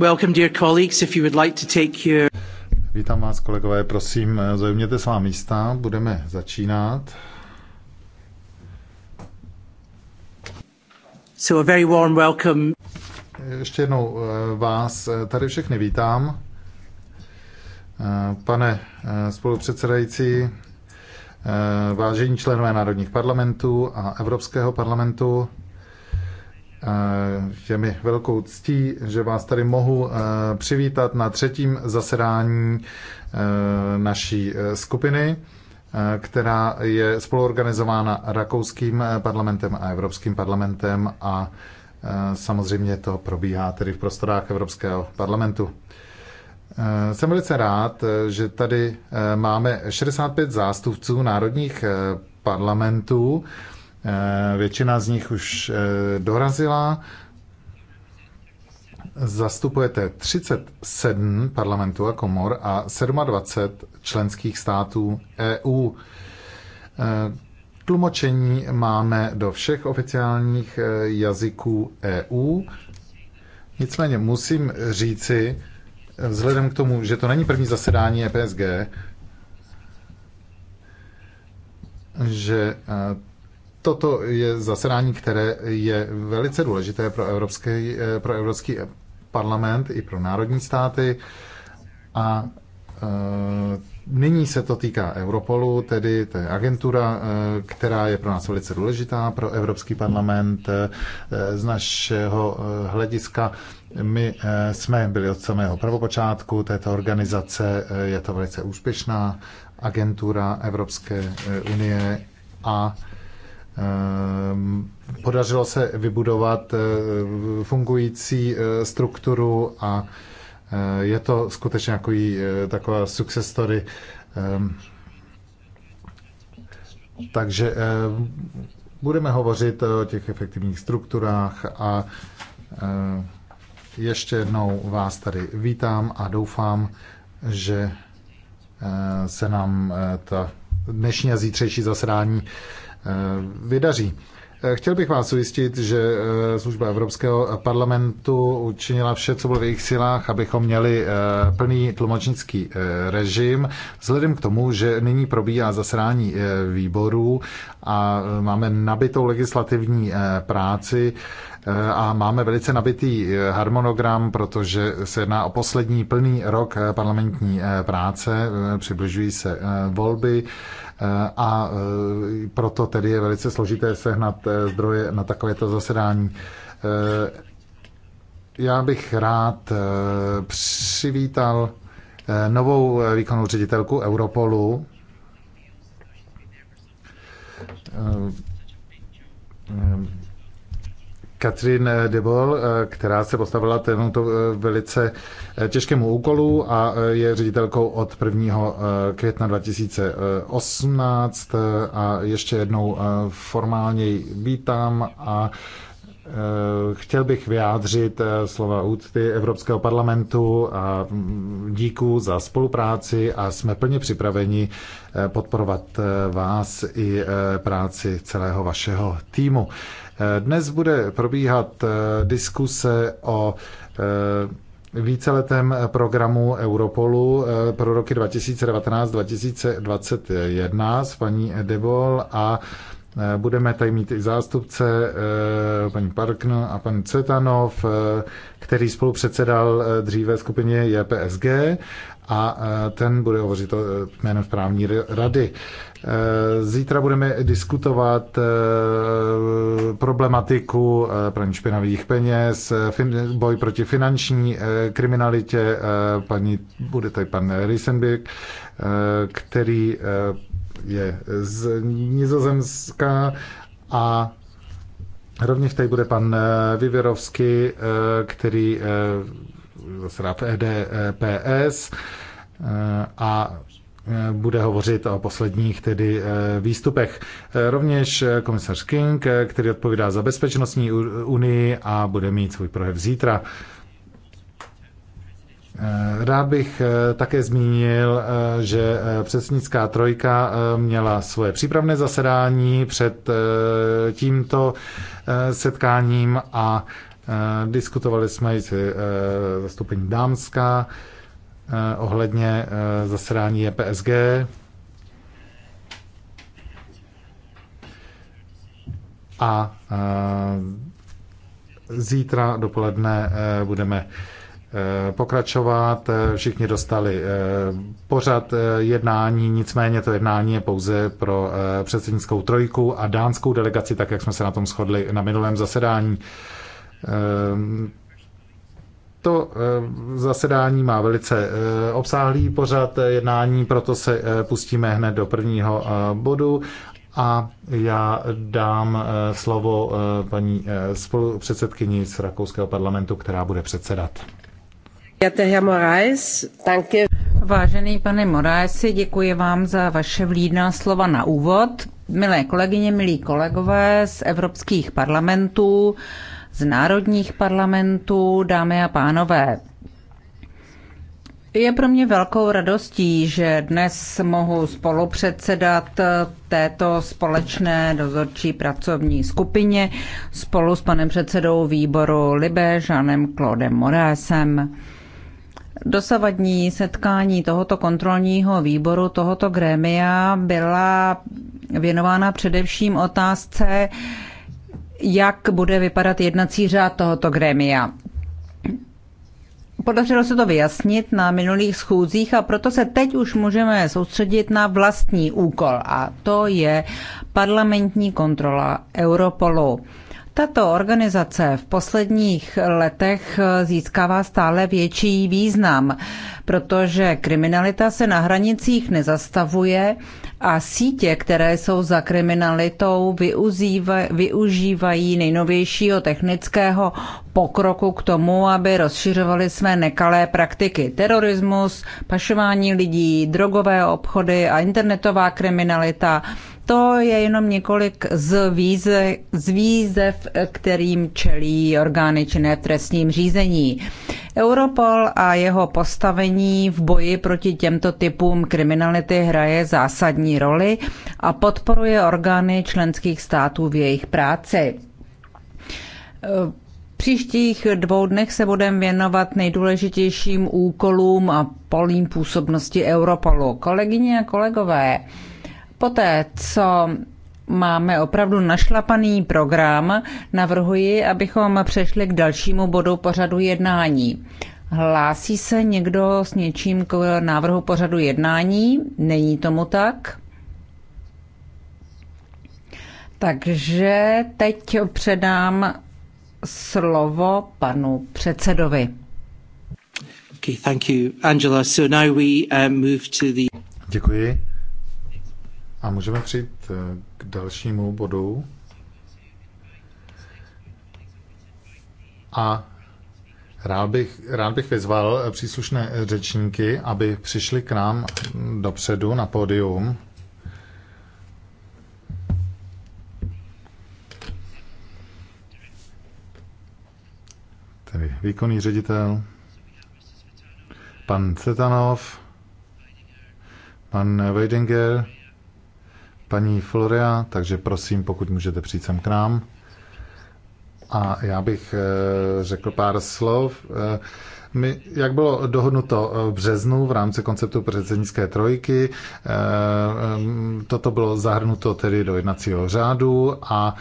Welcome, dear colleagues, if you would like to take your... Vítám vás, kolegové, prosím, zajměte svá místa, budeme začínat. So a very warm welcome. Ještě jednou eh, vás eh, tady všechny vítám. Eh, pane spolupředsedající, vážení členové národních parlamentů a Evropského parlamentu, Eh, je mi velkou ctí, že vás tady mohu eh, přivítat na třetím zasedání eh, naší skupiny, která je spoluorganizována Rakouským parlamentem a Evropským parlamentem a samozřejmě to probíhá tedy v prostorách Evropského parlamentu. Jsem velice rád, že tady máme 65 zástupců národních parlamentů. Eh, většina z nich už eh, dorazila. Zastupujete 37 parlamentů a komor a 27 členských států EU. Eh, tlumočení máme do všech oficiálních jazyků EU. Nicméně musím říci, vzhledem k tomu, že to není první zasedání EPSG, že Toto je zasedání, které je velice důležité pro Evropský, eh, pro Evropský parlament i pro národní státy. A eh, Nyní se to týká Europolu, tedy to je agentura, eh, která je pro nás velice důležitá, pro Evropský parlament. Z našeho hlediska my jsme byli od samého prvopočátku této organizace, je to velice úspěšná agentura Evropské unie a Ehm, podařilo se vybudovat eh, fungující eh, strukturu a eh, je to skutečně jako taková success story. Ehm, takže budeme hovořit o těch efektivních strukturách a ještě jednou vás tady vítám a doufám, že se nám ta dnešní a zítřejší zasedání Eh, vydaří. Eh, chtěl bych vás ujistit, že eh, služba Evropského parlamentu učinila vše, co bylo v jejich silách, abychom měli plný tlumočnický režim. Vzhledem k tomu, že nyní probíhá zasrání výborů a máme nabitou legislativní práci a máme velice nabitý harmonogram, protože se jedná o poslední plný rok parlamentní práce, přibližují se volby a e, proto tedy je velice složité sehnat e, zdroje na takovéto zasedání. E, já bych rád přivítal novou výkonnou ředitelku Europolu. Katrin eh, Debol, eh, která se postavila tomuto eh, velice těžkému úkolu a je ředitelkou od 1. května 2018 a ještě jednou formálně vítám a Chtěl bych vyjádřit slova úcty Evropského parlamentu a mm, díku za spolupráci a jsme plně připraveni podporovat vás i práci celého vašeho týmu. Dnes bude probíhat eh, diskuse o eh, víceletém programu Europolu eh, pro roky 2019-2021 s paní Debol a budeme tady mít i zástupce paní Parkn a pan Cetanov, který spolu dříve skupině JPSG a e, ten bude hovořit e, jménem správní rady. E, zítra budeme diskutovat problematiku praní špinavých peněz, boj proti finanční kriminalitě. Paní, bude tady pan Risenbeck, který je z Nizozemska a rovněž tady bude pan Viverovský, který zasedá v EDPS a e, bude hovořit o posledních tedy e, výstupech. E, rovněž komisař King, který odpovídá za bezpečnostní unii a bude mít svůj projev zítra. Rád bych také zmínil, že předsednická trojka měla svoje přípravné zasedání před tímto setkáním a diskutovali jsme i zastoupení Dámska, Eh, ohledně eh, zasedání EPSG. A eh, zítra dopoledne budeme pokračovat. Všichni dostali pořad jednání, nicméně to jednání je pouze pro předsednickou trojku a dánskou delegaci, tak jak jsme se na tom shodli na minulém zasedání to eh, zasedání má velice eh, obsáhlý pořad jednání, proto se eh, pustíme hned do prvního bodu a já dám slovo paní spolupředsedkyni z Rakouského parlamentu, která bude předsedat. Vážený pane Moraesi, děkuji vám za vaše vlídná slova na úvod. Milé kolegyně, milí kolegové z evropských parlamentů, z národních parlamentů, dámy a pánové. Je pro mě velkou radostí, že dnes mohu spolupředsedat této společné dozorčí pracovní skupině spolu s panem předsedou výboru Libe, Žanem Claudem Moresem. Dosavadní setkání tohoto kontrolního výboru, tohoto grémia, byla věnována především otázce, jak bude vypadat jednací řád tohoto grémia. Podařilo se to vyjasnit na minulých schůzích a proto se teď už můžeme soustředit na vlastní úkol a to je parlamentní kontrola Europolu. Tato organizace v posledních letech eh, získává stále větší význam, protože kriminalita se na hranicích nezastavuje a sítě, které jsou za kriminalitou, využívají nejnovějšího technického pokroku k tomu, aby rozšiřovaly své nekalé praktiky. Terorismus, pašování lidí, drogové obchody a internetová kriminalita to je jenom několik z víze, z výzev kterým čelí orgány činné v trestním řízení. Europol a jeho postavení v boji proti těmto typům kriminality hraje zásadní roli a podporuje orgány členských států v jejich práci. V příštích dvou dnech se budeme věnovat nejdůležitějším úkolům a polím působnosti Europolu. Kolegyně a kolegové, Poté, co máme opravdu našlapaný program, navrhuji, abychom přešli k dalšímu bodu pořadu jednání. Hlásí se někdo s něčím k návrhu pořadu jednání? Není tomu tak? Takže teď předám slovo panu předsedovi. Angela. Uh, Děkuji. A můžeme přijít eh, k dalšímu bodu. A rád bych, rád bych vyzval příslušné řečníky, aby přišli k nám dopředu na pódium. Tedy výkonný ředitel, pan Cetanov, pan Weidinger, paní Floria, takže prosím, pokud můžete přijít sem k nám. A já bych eh, řekl pár slov. Eh, my, jak bylo dohodnuto eh, v březnu v rámci konceptu předsednické trojky, toto bylo zahrnuto tedy do jednacího řádu a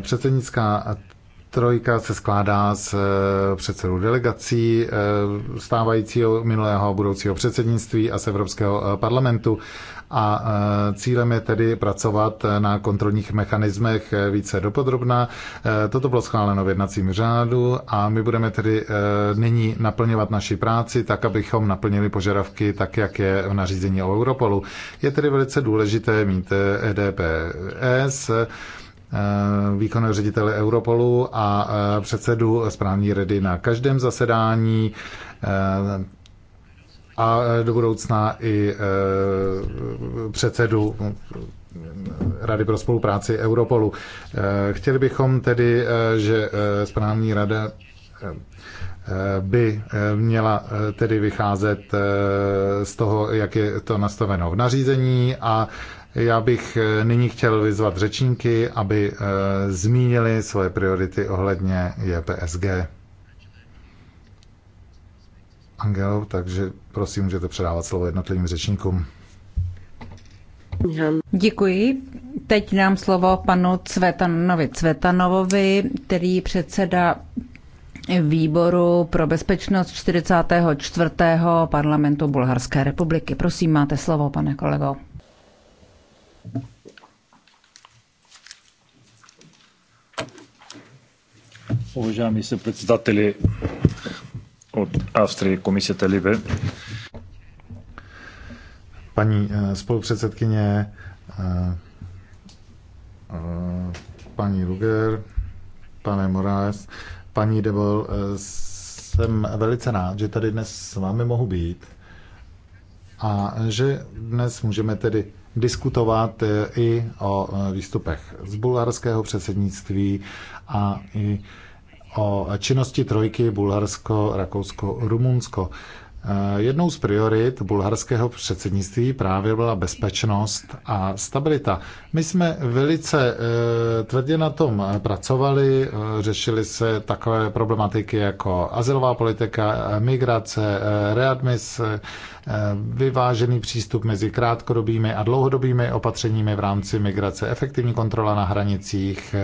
předsednická trojka se skládá z předsedů delegací stávajícího, minulého a budoucího předsednictví a z Evropského parlamentu a e, cílem je tedy pracovat e, na kontrolních mechanismech e, více dopodrobná. Toto bylo schváleno v jednacím řádu a my budeme tedy nyní naplňovat naši práci tak, abychom naplnili požadavky tak, jak je v nařízení o Europolu. Je tedy velice důležité mít EDPS, výkonného ředitele Europolu a předsedu správní rady na každém zasedání a e, do budoucna i e, předsedu no, Rady pro spolupráci Europolu. E, chtěli bychom tedy, že správní rada by měla tedy vycházet z toho, jak je to nastaveno v nařízení a já bych nyní chtěl vyzvat řečníky, aby zmínili svoje priority ohledně JPSG. Angel, takže prosím, můžete předávat slovo jednotlivým řečníkům. Děkuji. Teď nám slovo panu Cvetanovi Cvetanovovi, který předseda výboru pro bezpečnost 44. parlamentu Bulharské republiky. Prosím, máte slovo, pane kolego. Уважаеми съпредседатели, od Austrie, komisията Libe. Paní eh, spolupředsedkyně, eh, eh, paní Ruger, pane Morales, paní Debol, jsem velice rád, že tady dnes s vámi mohu být a že dnes můžeme tedy diskutovat i o výstupech z bulharského předsednictví a i o činnosti trojky Bulharsko, Rakousko, Rumunsko. Eh, jednou z priorit bulharského předsednictví právě byla bezpečnost a stabilita. My jsme velice eh, tvrdě na tom pracovali, eh, řešili se takové problematiky jako azylová politika, migrace, readmis, vyvážený přístup mezi krátkodobými a dlouhodobými opatřeními v rámci migrace, efektivní kontrola na hranicích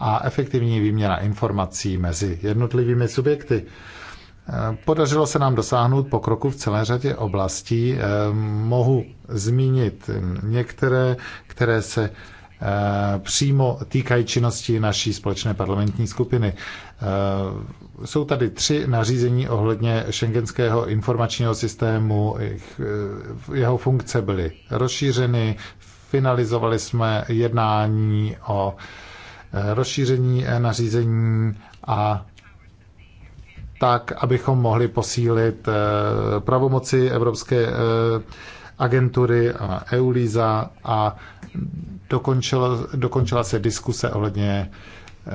a efektivní výměna informací mezi jednotlivými subjekty. Eh, podařilo se nám dosáhnout pokroku v celé řadě oblastí. Eh, mohu zmínit eh, některé, které se přímo týkají činnosti naší společné parlamentní skupiny. Jsou tady tři nařízení ohledně šengenského informačního systému. Jeho funkce byly rozšířeny, finalizovali jsme jednání o rozšíření nařízení a tak, abychom mohli posílit eh, pravomoci Evropské eh, agentury a EULISA a dokončila, dokončila se diskuse ohledně eh,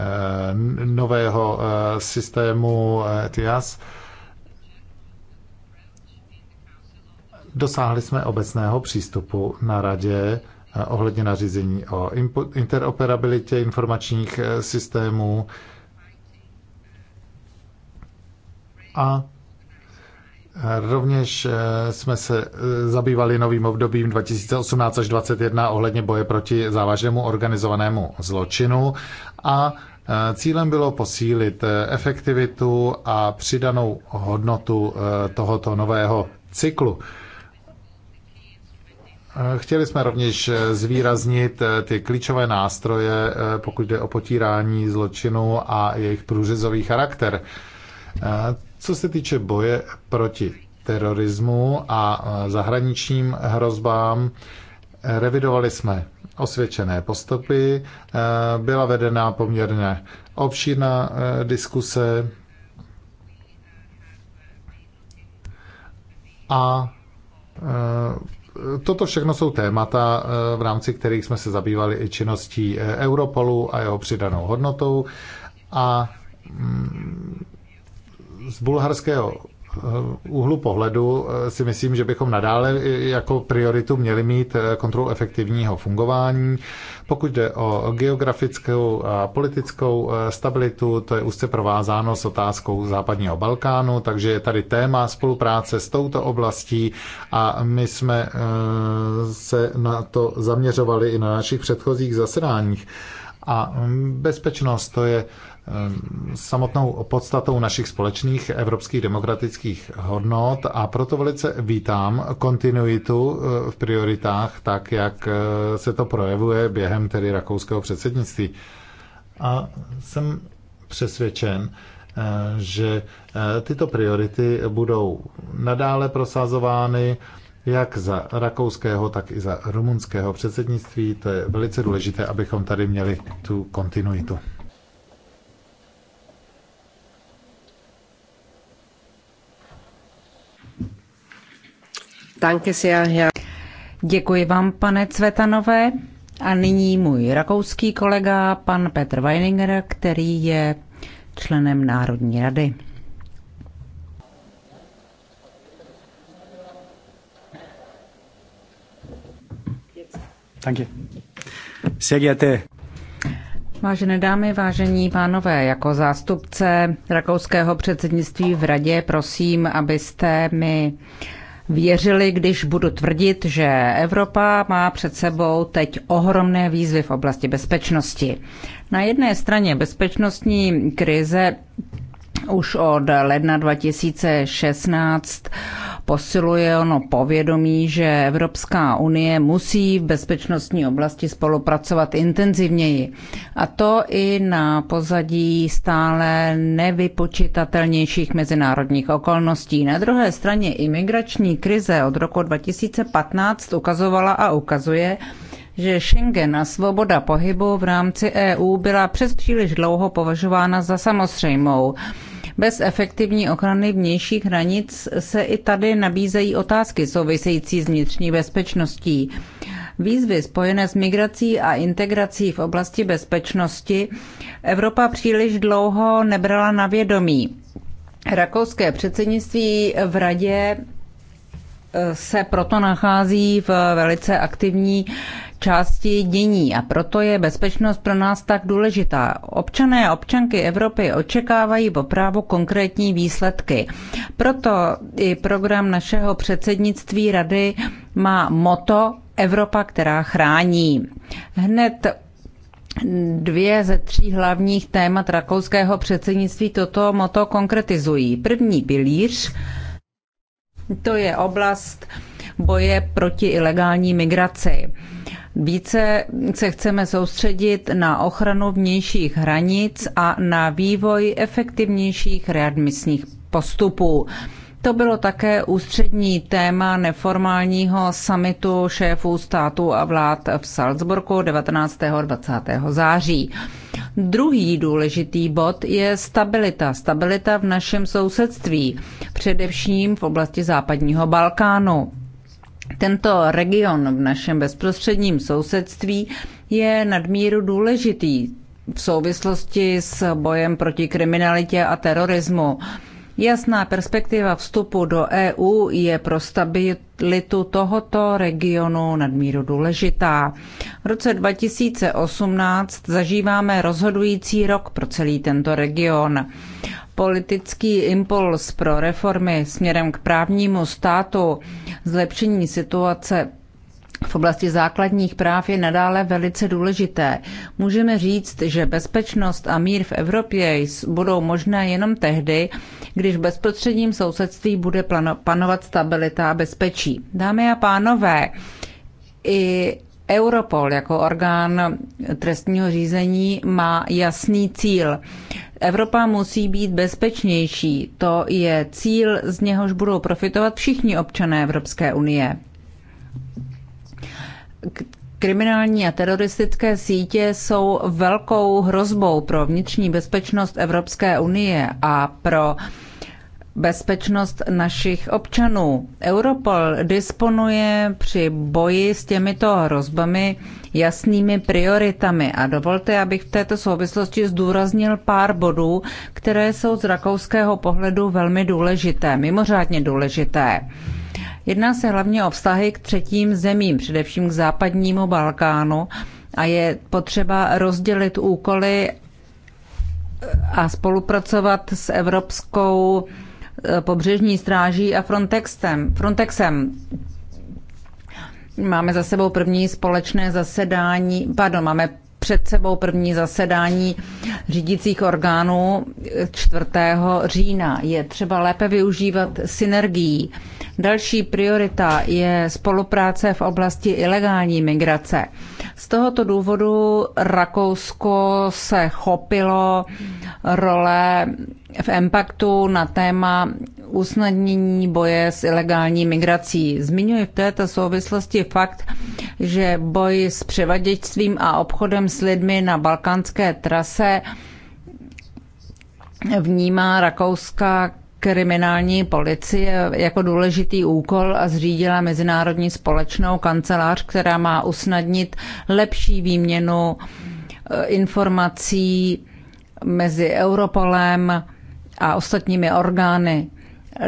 nového systému ETIAS. Dosáhli jsme obecného přístupu na radě ohledně nařízení o interoperabilitě informačních systémů a e, Rovněž e, jsme se e, zabývali novým obdobím 2018 až 2021 ohledně boje proti závažnému organizovanému zločinu a cílem bylo posílit efektivitu a přidanou hodnotu tohoto nového cyklu. Chtěli jsme rovněž zvýraznit ty klíčové nástroje, pokud jde o potírání zločinu a jejich průřezový charakter. Co se týče boje proti terorismu a e, zahraničním hrozbám, revidovali jsme osvědčené postupy, e, byla vedena poměrně obšírná e, diskuse a Toto všechno jsou témata, v rámci kterých jsme se zabývali i činností Europolu a jeho přidanou hodnotou. A mm, z bulharského eh, úhlu pohledu eh, si myslím, že bychom nadále eh, jako prioritu měli mít kontrolu efektivního fungování. Pokud jde o geografickou a politickou stabilitu, to je úzce provázáno s otázkou západního Balkánu, takže je tady téma spolupráce s touto oblastí a my jsme se na to zaměřovali i na našich předchozích zasedáních. A mm, bezpečnost to je mm, samotnou podstatou našich společných evropských demokratických hodnot a proto velice vítám kontinuitu e, v prioritách, tak jak e, se to projevuje během tedy rakouského předsednictví. A jsem přesvědčen, e, že tyto priority budou nadále prosazovány jak za rakouského, tak i za rumunského předsednictví. To je velice důležité, abychom tady měli tu kontinuitu. Děkuji vám, pane Cvetanové. A nyní můj rakouský kolega, pan Petr Weininger, který je členem Národní rady. Danke. Sehr geehrte Vážené dámy, vážení pánové, jako zástupce rakouského předsednictví v radě prosím, abyste mi věřili, když budu tvrdit, že Evropa má před sebou teď ohromné výzvy v oblasti bezpečnosti. Na jedné straně bezpečnostní krize už od ledna 2016 posiluje ono povědomí, že Evropská unie musí v bezpečnostní oblasti spolupracovat intenzivněji. A to i na pozadí stále nevypočitatelnějších mezinárodních okolností. Na druhé straně imigrační krize od roku 2015 ukazovala a ukazuje, že Schengen a svoboda pohybu v rámci EU byla přes příliš dlouho považována za samozřejmou. Bez efektivní ochrany vnějších hranic se i tady nabízejí otázky související s vnitřní bezpečností. Výzvy spojené s migrací a integrací v oblasti bezpečnosti Evropa příliš dlouho nebrala na vědomí. Rakouské předsednictví v radě eh, se proto nachází v velice aktivní části dění a proto je bezpečnost pro nás tak důležitá. Občané a občanky Evropy očekávají po právu konkrétní výsledky. Proto i program našeho předsednictví rady má moto Evropa, která chrání. Hned Dvě ze tří hlavních témat rakouského předsednictví toto moto konkretizují. První pilíř, to je oblast boje proti ilegální migraci. Více se chceme soustředit na ochranu vnějších hranic a na vývoj efektivnějších readmisních postupů. To bylo také ústřední téma neformálního samitu šéfů států a vlád v Salzburgu 19. a 20. září. Druhý důležitý bod je stabilita. Stabilita v našem sousedství, především v oblasti západního Balkánu. Tento region v našem bezprostředním sousedství je nadmíru důležitý v souvislosti s bojem proti kriminalitě a terorismu. Jasná perspektiva vstupu do EU je pro stabilitu tohoto regionu nadmíru důležitá. V roce 2018 zažíváme rozhodující rok pro celý tento region. Politický impuls pro reformy směrem k právnímu státu, zlepšení situace v oblasti základních práv je nadále velice důležité. Můžeme říct, že bezpečnost a mír v Evropě budou možné jenom tehdy, když v bezprostředním sousedství bude panovat stabilita a bezpečí. Dámy a pánové, i Europol jako orgán trestního řízení má jasný cíl. Evropa musí být bezpečnější. To je cíl, z něhož budou profitovat všichni občané Evropské unie. Kriminální a teroristické sítě jsou velkou hrozbou pro vnitřní bezpečnost Evropské unie a pro bezpečnost našich občanů. Europol disponuje při boji s těmito hrozbami jasnými prioritami a dovolte, abych v této souvislosti zdůraznil pár bodů, které jsou z rakouského pohledu velmi důležité, mimořádně důležité. Jedná se hlavně o vztahy k třetím zemím, především k západnímu Balkánu a je potřeba rozdělit úkoly a spolupracovat s Evropskou eh, pobřežní stráží a Frontexem. Frontexem. Máme za sebou první společné zasedání, pardon, máme před sebou první zasedání řídících orgánů 4. Eh, října. Je třeba lépe využívat synergií Další priorita je spolupráce v oblasti ilegální migrace. Z tohoto důvodu Rakousko se chopilo role v impactu na téma usnadnění boje s ilegální migrací. Zmiňuji v této souvislosti fakt, že boj s převaděčstvím a obchodem s lidmi na balkánské trase vnímá rakouská kriminální policie jako důležitý úkol a zřídila mezinárodní společnou kancelář, která má usnadnit lepší výměnu eh, informací mezi Europolem a ostatními orgány.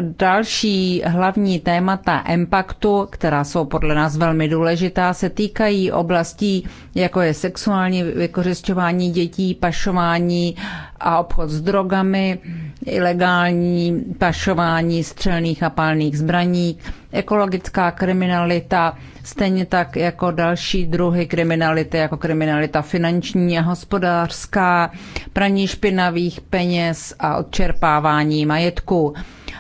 Další hlavní témata impactu, která jsou podle nás velmi důležitá, se týkají oblastí, jako je sexuální vykořišťování dětí, pašování a obchod s drogami, ilegální pašování střelných a pálných zbraní, ekologická kriminalita, stejně tak jako další druhy kriminality, jako kriminalita finanční a hospodářská, praní špinavých peněz a odčerpávání majetku.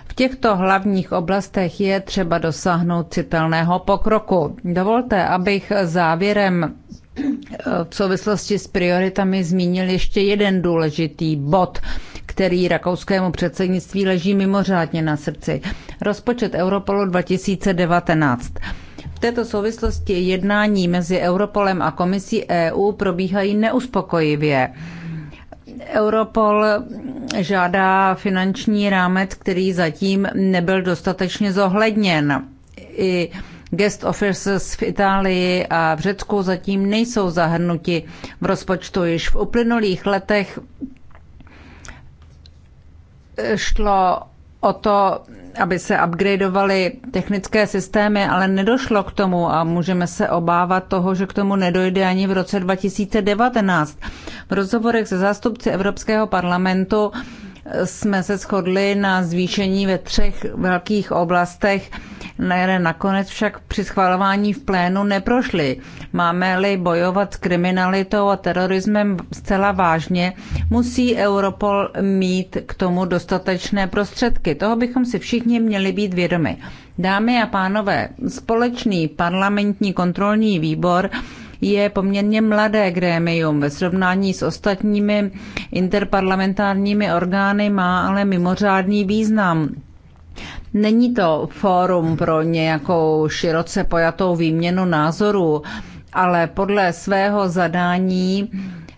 V těchto hlavních oblastech je třeba dosáhnout citelného pokroku. Dovolte, abych závěrem v souvislosti s prioritami zmínil ještě jeden důležitý bod, který rakouskému předsednictví leží mimořádně na srdci. Rozpočet Europolu 2019. V této souvislosti jednání mezi Europolem a komisí EU probíhají neuspokojivě. Europol žádá finanční rámec, který zatím nebyl dostatečně zohledněn. I guest officers v Itálii a v Řecku zatím nejsou zahrnuti v rozpočtu. Již v uplynulých letech eh, šlo o to, aby se upgradeovaly technické systémy, ale nedošlo k tomu a můžeme se obávat toho, že k tomu nedojde ani v roce 2019. V rozhovorech se zástupci Evropského parlamentu jsme se shodli na zvýšení ve třech velkých oblastech, které nakonec však při schvalování v plénu neprošly. Máme-li bojovat s kriminalitou a terorismem zcela vážně, musí Europol mít k tomu dostatečné prostředky. Toho bychom si všichni měli být vědomi. Dámy a pánové, společný parlamentní kontrolní výbor je poměrně mladé grémium. Ve srovnání s ostatními interparlamentárními orgány má ale mimořádný význam. Není to fórum pro nějakou široce pojatou výměnu názorů, ale podle svého zadání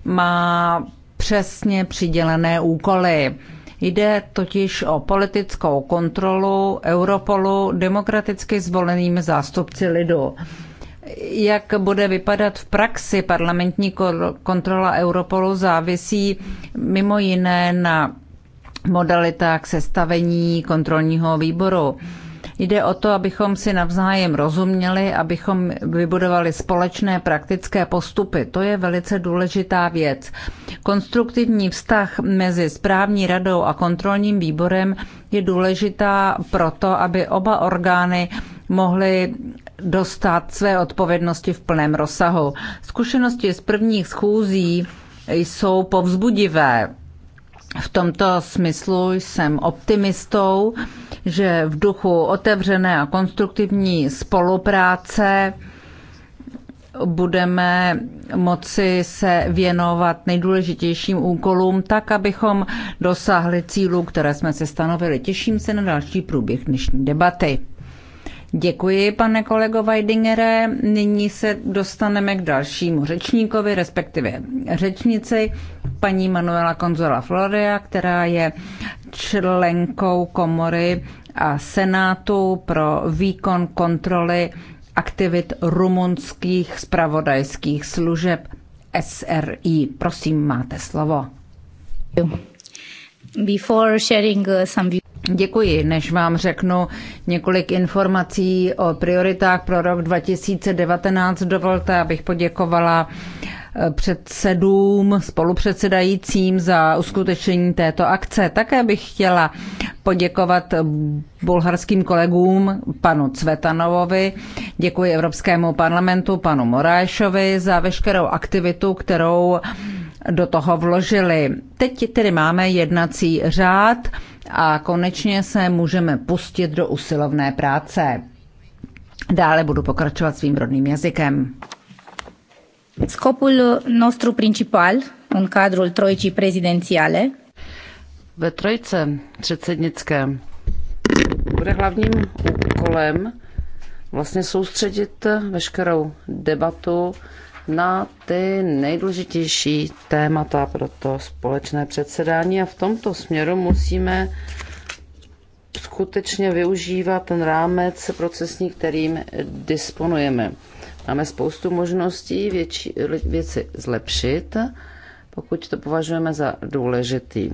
má přesně přidělené úkoly. Jde totiž o politickou kontrolu Europolu demokraticky zvolenými zástupci lidu jak bude vypadat v praxi parlamentní kontrola Europolu, závisí mimo jiné na modalitách sestavení kontrolního výboru. Jde o to, abychom si navzájem rozuměli, abychom vybudovali společné praktické postupy. To je velice důležitá věc. Konstruktivní vztah mezi správní radou a kontrolním výborem je důležitá proto, aby oba orgány mohly dostat své odpovědnosti v plném rozsahu. Zkušenosti z prvních schůzí jsou povzbudivé. V tomto smyslu jsem optimistou, že v duchu otevřené a konstruktivní spolupráce budeme moci se věnovat nejdůležitějším úkolům, tak abychom dosáhli cílů, které jsme si stanovili. Těším se na další průběh dnešní debaty. Děkuji, pane kolego Weidingere. Nyní se dostaneme k dalšímu řečníkovi, respektive řečnici, paní Manuela Konzola Floria, která je členkou komory a senátu pro výkon kontroly aktivit rumunských spravodajských služeb SRI. Prosím, máte slovo. Before sharing uh, some Děkuji. Než vám řeknu několik informací o prioritách pro rok 2019, dovolte, abych poděkovala eh, předsedům, spolupředsedajícím za uskutečení této akce. Také bych chtěla poděkovat bulharským kolegům, panu Cvetanovovi, děkuji Evropskému parlamentu, panu Morášovi za veškerou aktivitu, kterou do toho vložili. Teď tedy máme jednací řád a konečně se můžeme pustit do usilovné práce. Dále budu pokračovat svým rodným jazykem. Scopul nostru principal în cadrul troicii prezidențiale ve trojce předsednické bude hlavním úkolem vlastně soustředit veškerou debatu na ty nejdůležitější témata pro to společné předsedání a v tomto směru musíme skutečně využívat ten rámec procesní, kterým disponujeme. Máme spoustu možností větší, věci zlepšit, pokud to považujeme za důležitý.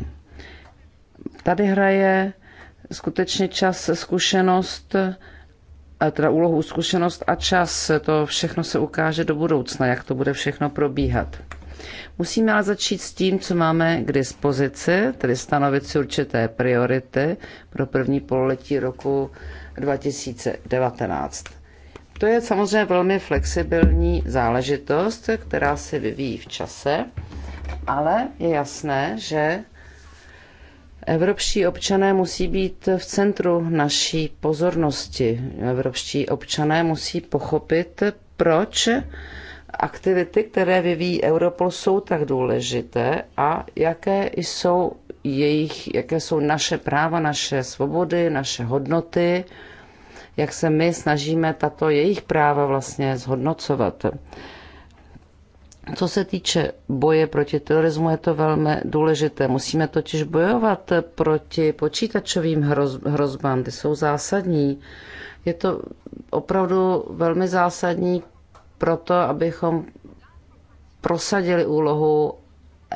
Tady hraje skutečně čas, zkušenost, teda úlohu zkušenost a čas. To všechno se ukáže do budoucna, jak to bude všechno probíhat. Musíme ale začít s tím, co máme k dispozici, tedy stanovit si určité priority pro první pololetí roku 2019. To je samozřejmě velmi flexibilní záležitost, která se vyvíjí v čase, ale je jasné, že Evropští občané musí být v centru naší pozornosti. Evropští občané musí pochopit, proč aktivity, které vyvíjí Europol, jsou tak důležité a jaké jsou jejich, jaké jsou naše práva, naše svobody, naše hodnoty, jak se my snažíme tato jejich práva vlastně zhodnocovat. Co se týče boje proti terorismu, je to velmi důležité. Musíme totiž bojovat proti počítačovým hrozbám, ty jsou zásadní. Je to opravdu velmi zásadní pro to, abychom prosadili úlohu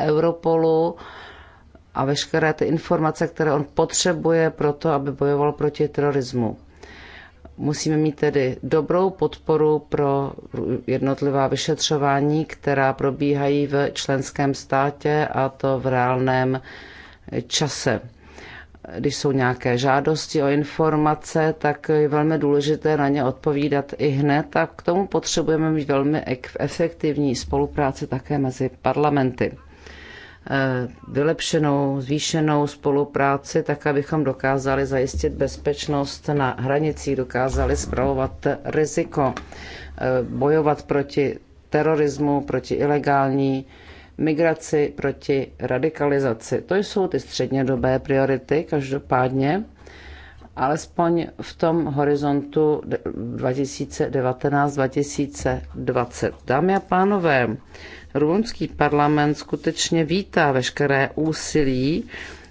Europolu a veškeré ty informace, které on potřebuje pro to, aby bojoval proti terorismu. Musíme mít tedy dobrou podporu pro jednotlivá vyšetřování, která probíhají v členském státě a to v reálném čase. Když jsou nějaké žádosti o informace, tak je velmi důležité na ně odpovídat i hned a k tomu potřebujeme mít velmi efektivní spolupráci také mezi parlamenty. Eh, vylepšenou, zvýšenou spolupráci, tak abychom dokázali zajistit bezpečnost na hranicích, dokázali zpravovat riziko, eh, bojovat proti terorismu, proti ilegální migraci, proti radikalizaci. To jsou ty střednědobé priority každopádně, alespoň v tom horizontu 2019-2020. Dámy a pánové, Rumunský parlament skutečně vítá veškeré úsilí,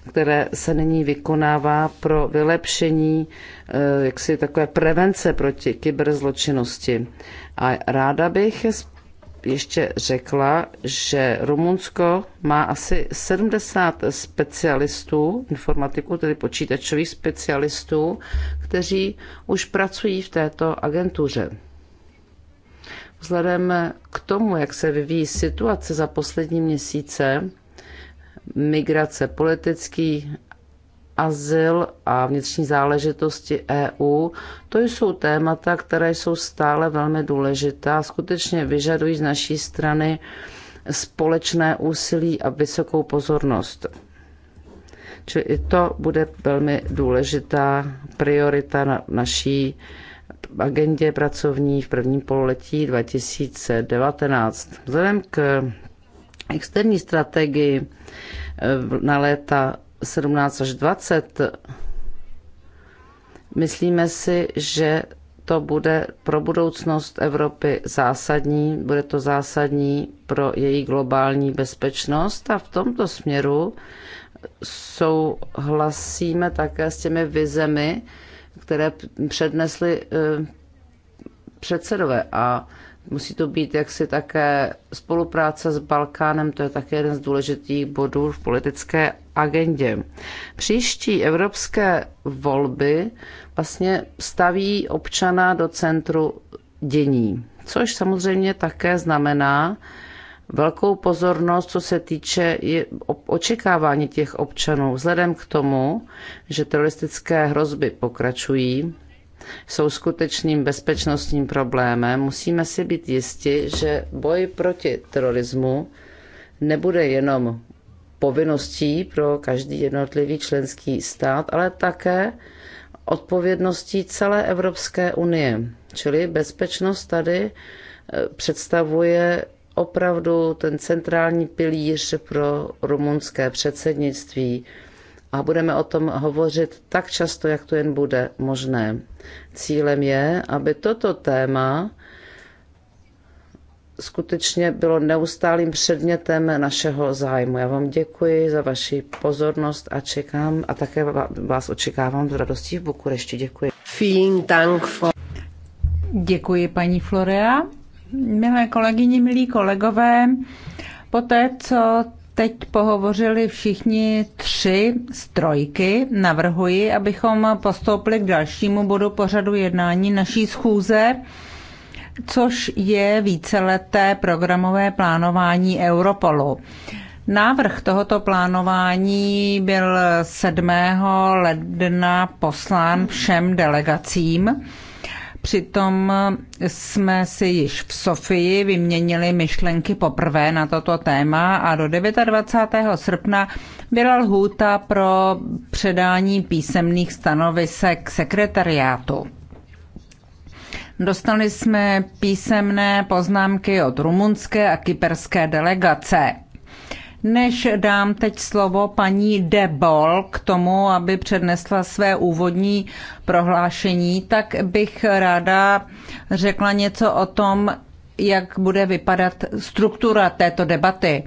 které se nyní vykonává pro vylepšení eh, jaksi takové prevence proti kyberzločinnosti. A ráda bych ještě řekla, že Rumunsko má asi 70 specialistů, informatiků, tedy počítačových specialistů, kteří už pracují v této agentuře. Vzhledem k tomu, jak se vyvíjí situace za poslední měsíce, migrace, politický azyl a vnitřní záležitosti EU, to jsou témata, které jsou stále velmi důležitá. a Skutečně vyžadují z naší strany společné úsilí a vysokou pozornost. Čili i to bude velmi důležitá priorita na naší agendě pracovní v prvním pololetí 2019. Vzhledem k externí strategii eh, na léta 17 až 20 myslíme si, že to bude pro budoucnost Evropy zásadní, bude to zásadní pro její globální bezpečnost a v tomto směru souhlasíme také s těmi vizemi, které přednesli eh, předsedové. A musí to být jaksi také spolupráce s Balkánem, to je také jeden z důležitých bodů v politické agendě. Příští evropské volby vlastně staví občana do centru dění, což samozřejmě také znamená, velkou pozornost, co se týče očekávání těch občanů. Vzhledem k tomu, že teroristické hrozby pokračují, jsou skutečným bezpečnostním problémem, musíme si být jisti, že boj proti terorismu nebude jenom povinností pro každý jednotlivý členský stát, ale také odpovědností celé Evropské unie. Čili bezpečnost tady eh, představuje opravdu ten centrální pilíř pro rumunské předsednictví a budeme o tom hovořit tak často, jak to jen bude možné. Cílem je, aby toto téma skutečně bylo neustálým předmětem našeho zájmu. Já vám děkuji za vaši pozornost a čekám a také vás očekávám s radostí v Bukurešti. Děkuji. Vielen Dank. Děkuji paní Florea Milé kolegyni, milí kolegové, po té, co teď pohovořili všichni tři strojky navrhuji, abychom postoupili k dalšímu bodu pořadu jednání naší schůze, což je víceleté programové plánování Europolu. Návrh tohoto plánování byl 7. ledna poslán všem delegacím. Přitom jsme si již v Sofii vyměnili myšlenky poprvé na toto téma a do 29. srpna byla lhůta pro předání písemných stanovisek sekretariátu. Dostali jsme písemné poznámky od rumunské a kyperské delegace. Než dám teď slovo paní De Bol k tomu, aby přednesla své úvodní prohlášení, tak bych ráda řekla něco o tom, jak bude vypadat struktura této debaty.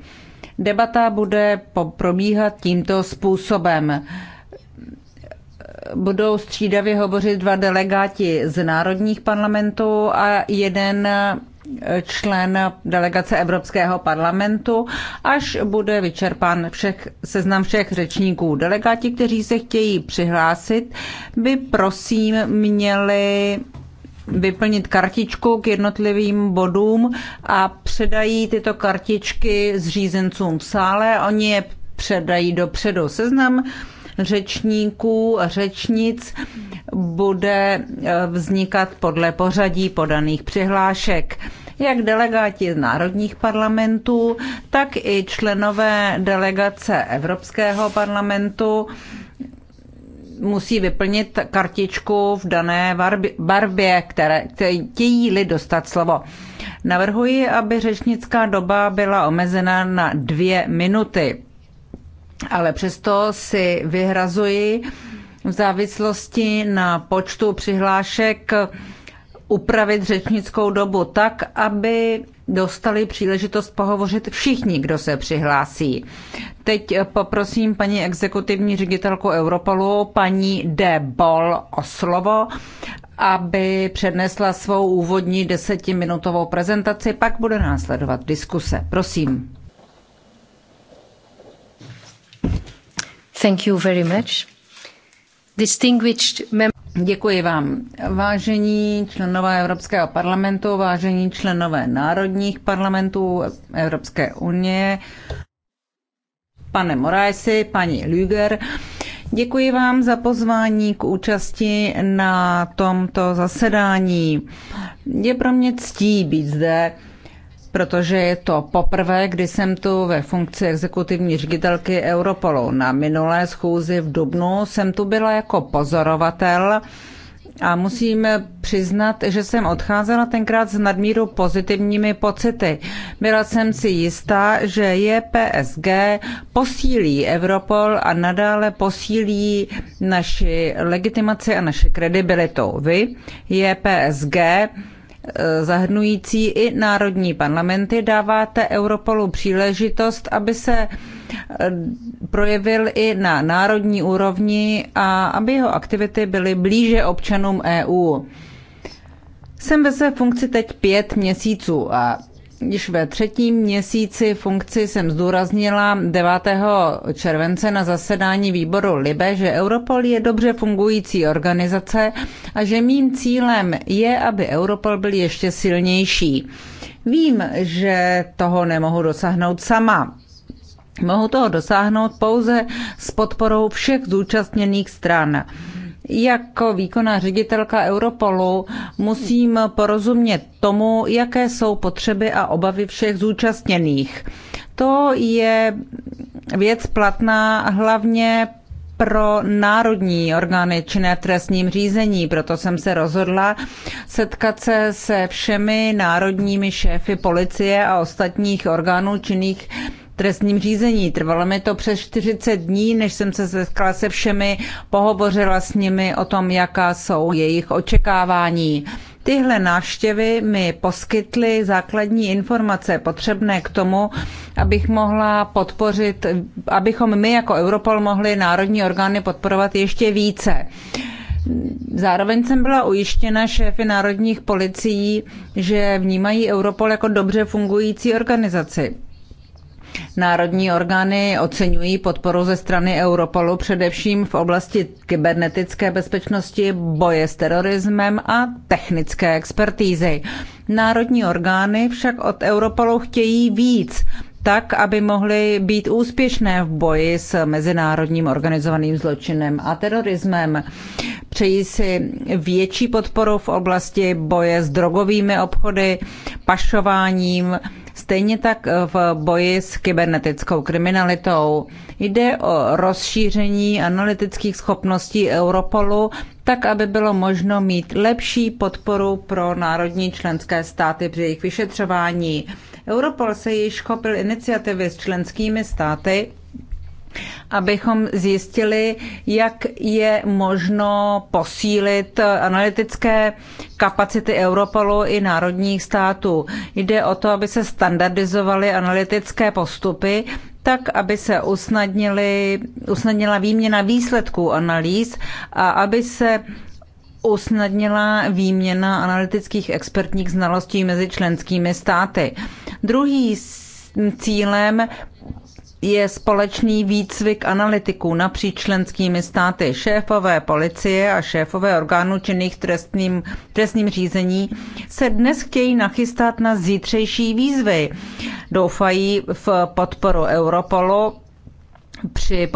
Debata bude probíhat tímto způsobem. Budou střídavě hovořit dva delegáti z národních parlamentů a jeden člen delegace Evropského parlamentu, až bude vyčerpán všech, seznam všech řečníků. Delegáti, kteří se chtějí přihlásit, by prosím měli vyplnit kartičku k jednotlivým bodům a předají tyto kartičky zřízencům v sále. Oni je předají dopředu. Seznam řečníků a řečnic bude eh, vznikat podle pořadí podaných přihlášek. Jak delegáti z národních parlamentů, tak i členové delegace Evropského parlamentu musí vyplnit kartičku v dané barbě, které chtějí-li dostat slovo. Navrhuji, aby řečnická doba byla omezena na dvě minuty ale přesto si vyhrazuji v závislosti na počtu přihlášek upravit řečnickou dobu tak, aby dostali příležitost pohovořit všichni, kdo se přihlásí. Teď poprosím paní exekutivní ředitelku Europolu, paní De Bol, o slovo, aby přednesla svou úvodní desetiminutovou prezentaci, pak bude následovat diskuse. Prosím. Děkuji vám. Vážení členové Evropského parlamentu, vážení členové národních parlamentů Evropské unie, pane Moraesi, paní Lüger, děkuji vám za pozvání k účasti na tomto zasedání. Je pro mě ctí být zde protože je to poprvé, kdy jsem tu ve funkci exekutivní ředitelky Europolu. Na minulé schůzi v Dubnu jsem tu byla jako pozorovatel a musím přiznat, že jsem odcházela tenkrát s nadmíru pozitivními pocity. Byla jsem si jistá, že JPSG posílí Europol a nadále posílí naši legitimaci a naši kredibilitu. Vy, JPSG, Eh, zahrnující i národní parlamenty, dáváte Europolu příležitost, aby se eh, projevil i na národní úrovni a aby jeho aktivity byly blíže občanům EU. Jsem ve své funkci teď pět měsíců a Již ve třetím měsíci funkci jsem zdůraznila 9. července na zasedání výboru Libe, že Europol je dobře fungující organizace a že mým cílem je, aby Europol byl ještě silnější. Vím, že toho nemohu dosáhnout sama. Mohu toho dosáhnout pouze s podporou všech zúčastněných stran. Jako výkonná ředitelka Europolu musím porozumět tomu, jaké jsou potřeby a obavy všech zúčastněných. To je věc platná hlavně pro národní orgány činné v trestním řízení. Proto jsem se rozhodla setkat se se všemi národními šéfy policie a ostatních orgánů činných trestním řízení. Trvalo mi to přes 40 dní, než jsem se setkala se všemi, pohovořila s nimi o tom, jaká jsou jejich očekávání. Tyhle návštěvy mi poskytly základní informace potřebné k tomu, abych mohla podpořit, abychom my jako Europol mohli národní orgány podporovat ještě více. Zároveň jsem byla ujištěna šéfy národních policií, že vnímají Europol jako dobře fungující organizaci. Národní orgány oceňují podporu ze strany Europolu především v oblasti kybernetické bezpečnosti, boje s terorismem a technické expertízy. Národní orgány však od Europolu chtějí víc, tak, aby mohly být úspěšné v boji s mezinárodním organizovaným zločinem a terorismem. Přejí si větší podporu v oblasti boje s drogovými obchody, pašováním, Stejně tak v boji s kybernetickou kriminalitou. Jde o rozšíření analytických schopností Europolu, tak aby bylo možno mít lepší podporu pro národní členské státy při jejich vyšetřování. Europol se již chopil iniciativy s členskými státy, abychom zjistili, jak je možno posílit analytické kapacity Europolu i národních států. Jde o to, aby se standardizovaly analytické postupy, tak, aby se usnadnili, usnadnila výměna výsledků analýz a aby se usnadnila výměna analytických expertních znalostí mezi členskými státy. Druhý cílem je společný výcvik analytiků napříč členskými státy. Šéfové policie a šéfové orgánů činných trestným, trestním řízení se dnes chtějí nachystat na zítřejší výzvy. Doufají v podporu Europolu při,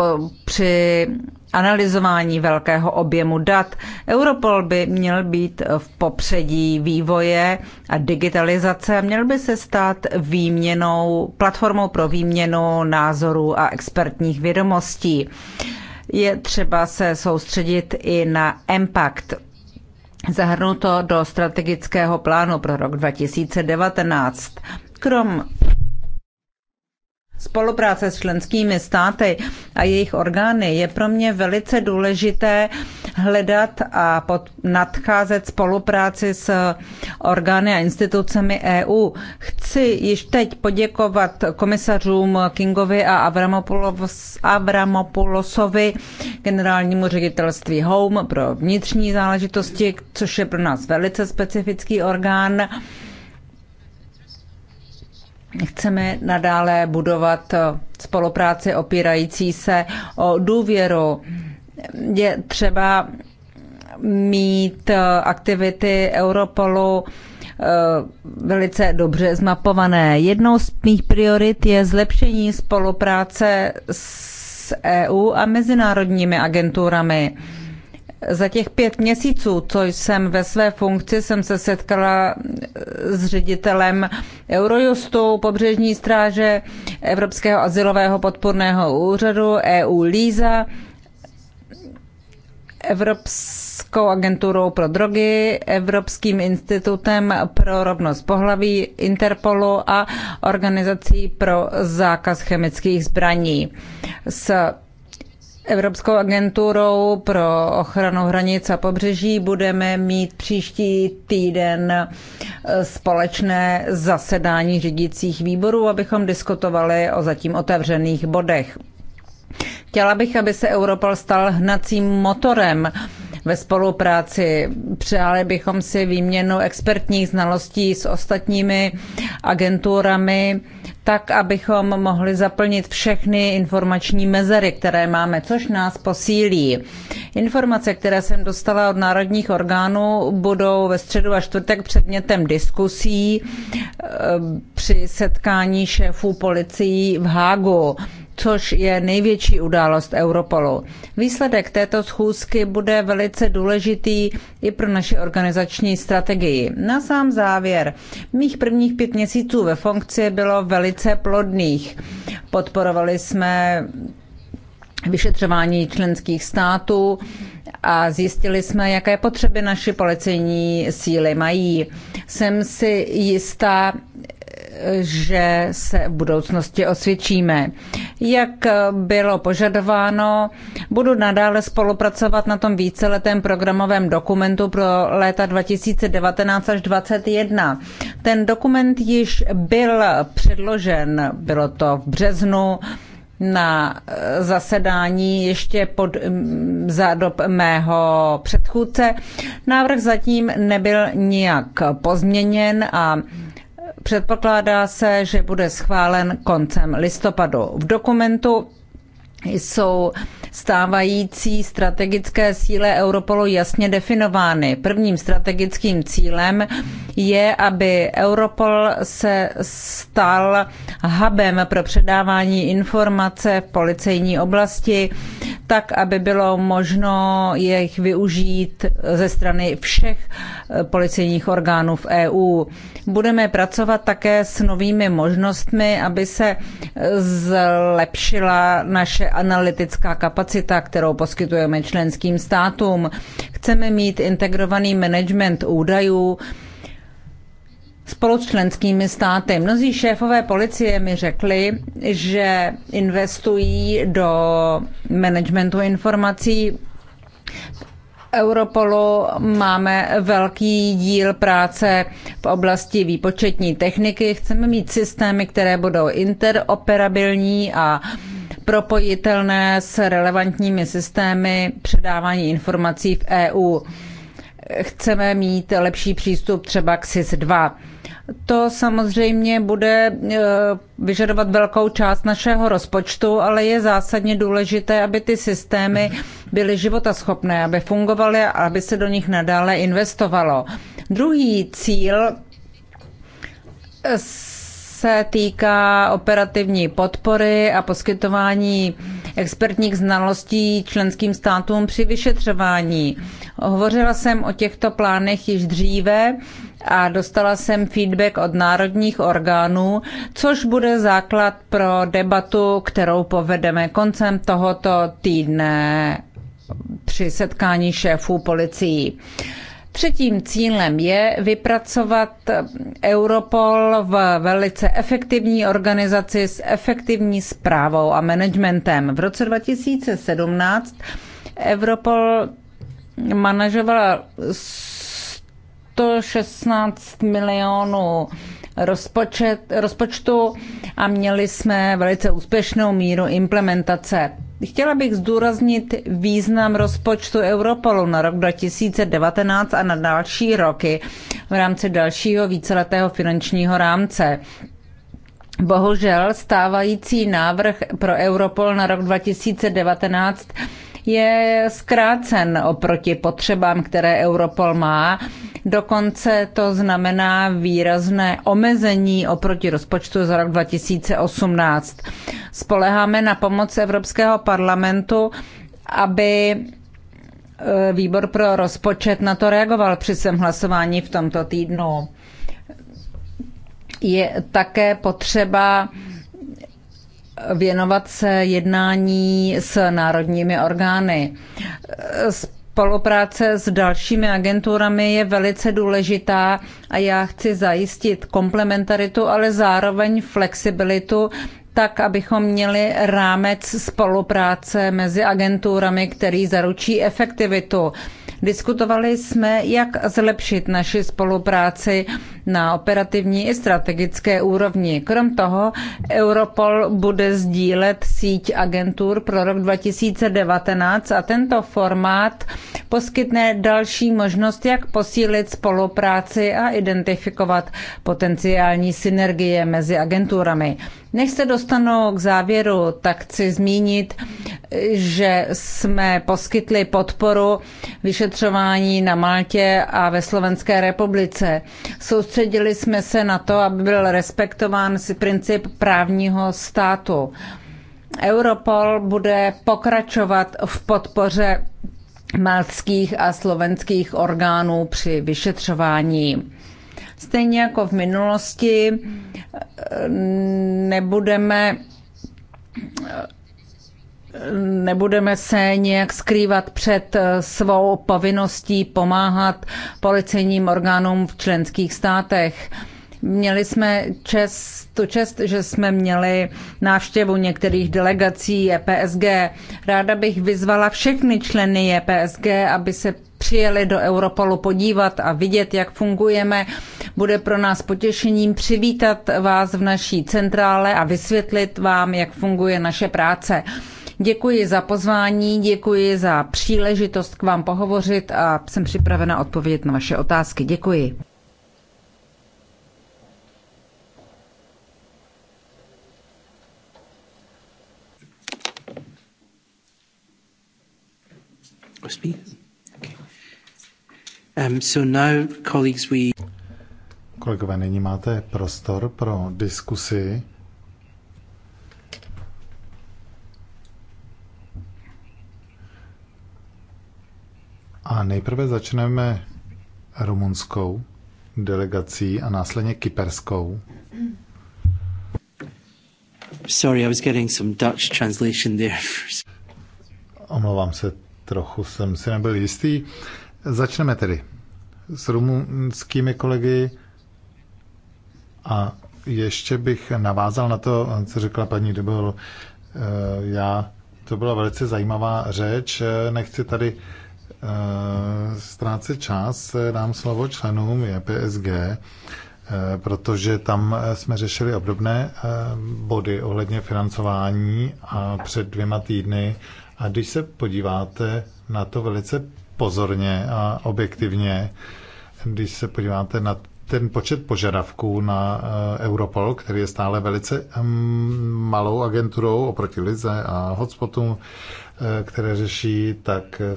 při analyzování velkého objemu dat. Europol by měl být v popředí vývoje a digitalizace, měl by se stát výměnou, platformou pro výměnu názorů a expertních vědomostí. Je třeba se soustředit i na impact zahrnuto do strategického plánu pro rok 2019. Krom spolupráce s členskými státy a jejich orgány je pro mě velice důležité hledat a pod, nadcházet spolupráci s orgány a institucemi EU. Chci již teď poděkovat komisařům Kingovi a Avramopoulosovi, generálnímu ředitelství Home pro vnitřní záležitosti, což je pro nás velice specifický orgán. Chceme nadále budovat eh, spolupráci opírající se o důvěru. Je třeba mít eh, aktivity Europolu eh, velice dobře zmapované. Jednou z mých priorit je zlepšení spolupráce s EU a mezinárodními agenturami. Za těch pět měsíců, co jsem ve své funkci, jsem se setkala s ředitelem Eurojustu, pobřežní stráže, Evropského asilového podporného úřadu, EU LISA, Evropskou agenturou pro drogy, Evropským institutem pro rovnost pohlaví, Interpolu a Organizací pro zákaz chemických zbraní. S Evropskou agenturou pro ochranu hranic a pobřeží budeme mít příští týden e, společné zasedání řídících výborů, abychom diskutovali o zatím otevřených bodech. Chtěla bych, aby se Europol stal hnacím motorem ve spolupráci. Přáli bychom si výměnu expertních znalostí s ostatními agenturami, tak abychom mohli zaplnit všechny informační mezery, které máme, což nás posílí. Informace, které jsem dostala od národních orgánů, budou ve středu a čtvrtek předmětem diskusí eh, při setkání šéfů policií v Hágu což je největší událost Europolu. Výsledek této schůzky bude velice důležitý i pro naši organizační strategii. Na sám závěr, mých prvních pět měsíců ve funkci bylo velice plodných. Podporovali jsme vyšetřování členských států a zjistili jsme, jaké potřeby naši policejní síly mají. Jsem si jistá, že se v budoucnosti osvědčíme. Jak bylo požadováno, budu nadále spolupracovat na tom víceletém programovém dokumentu pro léta 2019 až 2021. Ten dokument již byl předložen, bylo to v březnu na zasedání ještě pod, za dob mého předchůdce. Návrh zatím nebyl nijak pozměněn a Předpokládá se, že bude schválen koncem listopadu. V dokumentu jsou stávající strategické síle Europolu jasně definovány. Prvním strategickým cílem je, aby Europol se stal hubem pro předávání informace v policejní oblasti, tak, aby bylo možno jejich využít ze strany všech eh, policejních orgánů v EU. Budeme pracovat také s novými možnostmi, aby se eh, zlepšila naše analytická kapacita kapacita, kterou poskytujeme členským státům. Chceme mít integrovaný management údajů spolu s členskými státy. Mnozí šéfové policie mi řekli, že investují do managementu informací Europolu máme velký díl práce v oblasti výpočetní techniky. Chceme mít systémy, které budou interoperabilní a propojitelné s relevantními systémy předávání informací v EU. Chceme mít lepší přístup třeba k SIS-2. To samozřejmě bude e, vyžadovat velkou část našeho rozpočtu, ale je zásadně důležité, aby ty systémy byly životaschopné, aby fungovaly a aby se do nich nadále investovalo. Druhý cíl se týká operativní podpory a poskytování expertních znalostí členským státům při vyšetřování. Hovořila jsem o těchto plánech již dříve a dostala jsem feedback od národních orgánů, což bude základ pro debatu, kterou povedeme koncem tohoto týdne při setkání šéfů policií. Třetím cílem je vypracovat Europol v velice efektivní organizaci s efektivní zprávou a managementem. V roce 2017 Europol manažovala 116 milionů rozpočet, rozpočtu a měli jsme velice úspěšnou míru implementace. Chtěla bych zdůraznit význam rozpočtu Europolu na rok 2019 a na další roky v rámci dalšího víceletého finančního rámce. Bohužel stávající návrh pro Europol na rok 2019 je zkrácen oproti potřebám, které Europol má. Dokonce to znamená výrazné omezení oproti rozpočtu za rok 2018. Spoleháme na pomoc Evropského parlamentu, aby eh, výbor pro rozpočet na to reagoval při svém hlasování v tomto týdnu. Je také potřeba věnovat se jednání s národními orgány. Spolupráce s dalšími agenturami je velice důležitá a já chci zajistit komplementaritu, ale zároveň flexibilitu, tak abychom měli rámec spolupráce mezi agenturami, který zaručí efektivitu. Diskutovali jsme, jak zlepšit naši spolupráci na operativní i strategické úrovni. Krom toho, Europol bude sdílet síť agentur pro rok 2019 a tento formát poskytne další možnost, jak posílit spolupráci a identifikovat potenciální synergie mezi agenturami. Než se dostanu k závěru, tak chci zmínit, že jsme poskytli podporu vyšetřování na Maltě a ve Slovenské republice. Soustředili jsme se na to, aby byl respektován princip právního státu. Europol bude pokračovat v podpoře maltských a slovenských orgánů při vyšetřování. Stejně jako v minulosti eh, nebudeme eh, nebudeme se nějak skrývat před eh, svou povinností pomáhat policejním orgánům v členských státech. Měli jsme čest, tu čest, že jsme měli návštěvu některých delegací EPSG. Ráda bych vyzvala všechny členy EPSG, aby se přijeli do Europolu podívat a vidět, jak fungujeme. Bude pro nás potěšením přivítat vás v naší centrále a vysvětlit vám, jak funguje naše práce. Děkuji za pozvání, děkuji za příležitost k vám pohovořit a jsem připravena odpovědět na vaše otázky. Děkuji. speak. Um, so now, colleagues, we... Kolegové, nyní máte prostor pro diskusi. A nejprve začneme rumunskou delegací a následně kyperskou. Sorry, I was getting some Dutch translation there. Omlouvám se, trochu jsem si nebyl jistý. Uh, Začneme tedy s rumunskými kolegy a ještě bych navázal na to, co řekla paní Debel. Eh, já, to byla velice zajímavá řeč, nechci tady eh, ztrácet čas, dám slovo členům JPSG, eh, protože tam jsme řešili obdobné body ohledně financování a před dvěma týdny. A když se podíváte na to velice pozorně a objektivně, když se podíváte na ten počet požadavků na eh, Europol, který je stále velice mm, malou agenturou oproti Lize a hotspotům, eh, které řeší, tak eh,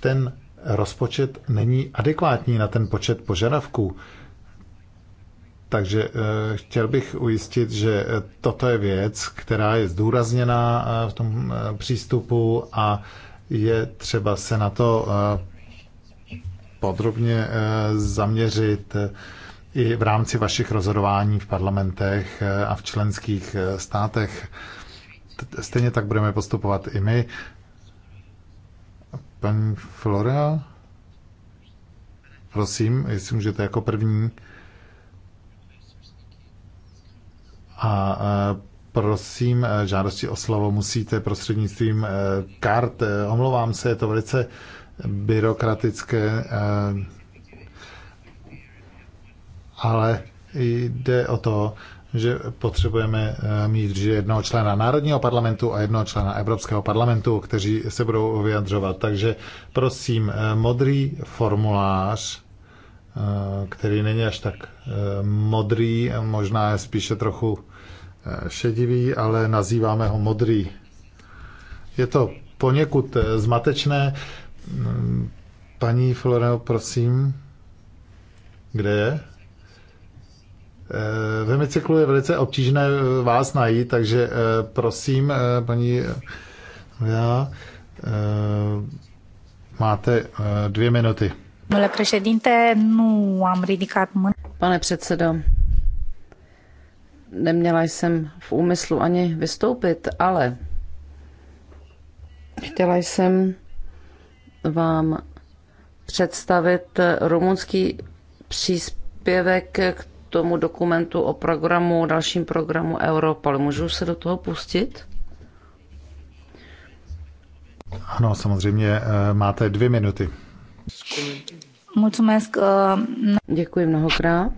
ten rozpočet není adekvátní na ten počet požadavků. Takže chtěl bych ujistit, že toto je věc, která je zdůrazněná v tom přístupu a je třeba se na to eh, podrobně eh, zaměřit eh, i v rámci vašich rozhodování v parlamentech a v členských státech. Stejně tak budeme postupovat i my. Paní Flora, prosím, jestli můžete jako první. A prosím, eh, žádosti o slovo musíte prostřednictvím eh, kart. Eh, omlouvám se, je to velice byrokratické, ale jde o to, že potřebujeme mít že jednoho člena Národního parlamentu a jednoho člena Evropského parlamentu, kteří se budou vyjadřovat. Takže prosím, modrý formulář, který není až tak modrý, možná je spíše trochu Eh, šedivý, ale nazýváme ho modrý. Je to poněkud eh, zmatečné. Mm, paní Floreo, prosím, kde je? Eh, v hemicyklu je velice obtížné vás najít, takže prosím, paní já, máte dvě minuty. Pane předsedo, neměla jsem v úmyslu ani vystoupit, ale chtěla jsem vám představit rumunský příspěvek k tomu dokumentu o programu, dalším programu Europol. Můžu se do toho pustit? Ano, samozřejmě eh, máte dvě minuty. Eh, Děkuji mnohokrát.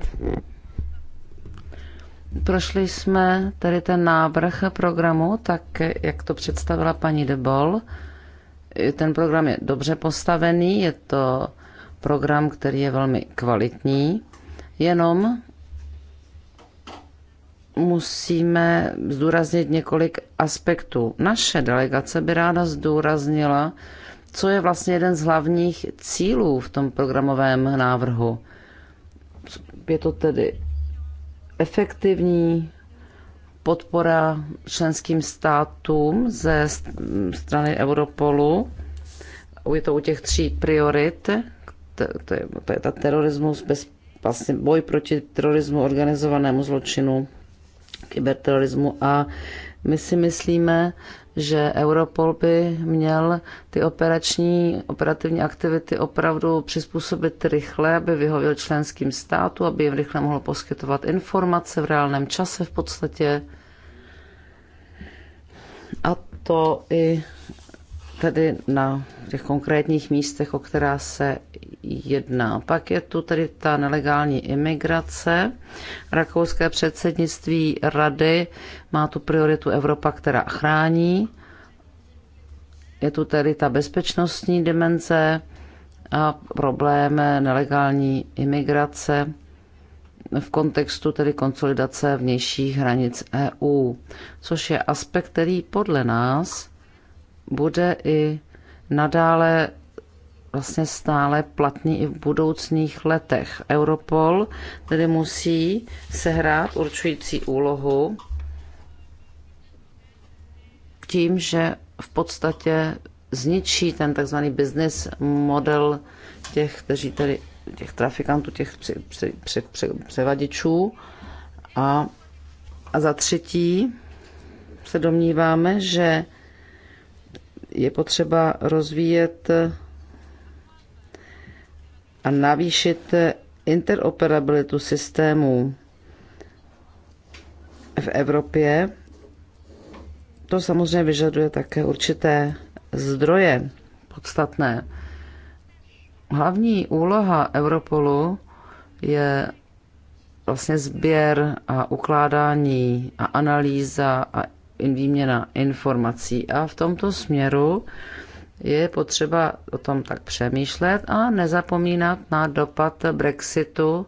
Prošli jsme tady ten návrh programu, tak jak to představila paní Debol. Ten program je dobře postavený, je to program, který je velmi kvalitní, jenom musíme zdůraznit několik aspektů. Naše delegace by ráda zdůraznila, co je vlastně jeden z hlavních cílů v tom programovém návrhu. Je to tedy efektivní podpora členským státům ze strany Europolu. Je to u těch tří priorit, to, to, je, to je ta terorismus, bez, vlastně boj proti terorismu, organizovanému zločinu, kyberterorismu a my si myslíme, že Europol by měl ty operační, operativní aktivity opravdu přizpůsobit rychle, aby vyhověl členským státu, aby jim rychle mohl poskytovat informace v reálném čase v podstatě. A to i tedy na těch konkrétních místech, o která se jedná. Pak je tu tedy ta nelegální imigrace. Rakouské předsednictví rady má tu prioritu Evropa, která chrání. Je tu tedy ta bezpečnostní dimenze a problém nelegální imigrace v kontextu tedy konsolidace vnějších hranic EU, což je aspekt, který podle nás bude i nadále vlastně stále platný i v budoucích letech. Europol tedy musí sehrát určující úlohu tím, že v podstatě zničí ten takzvaný business model těch, kteří tedy těch trafikantů, těch pře, pře, pře, pře, převadičů. A, a za třetí se domníváme, že je potřeba rozvíjet a navýšit interoperabilitu systémů v Evropě. To samozřejmě vyžaduje také určité zdroje podstatné. Hlavní úloha Europolu je vlastně sběr a ukládání a analýza a výměna informací. A v tomto směru je potřeba o tom tak přemýšlet a nezapomínat na dopad Brexitu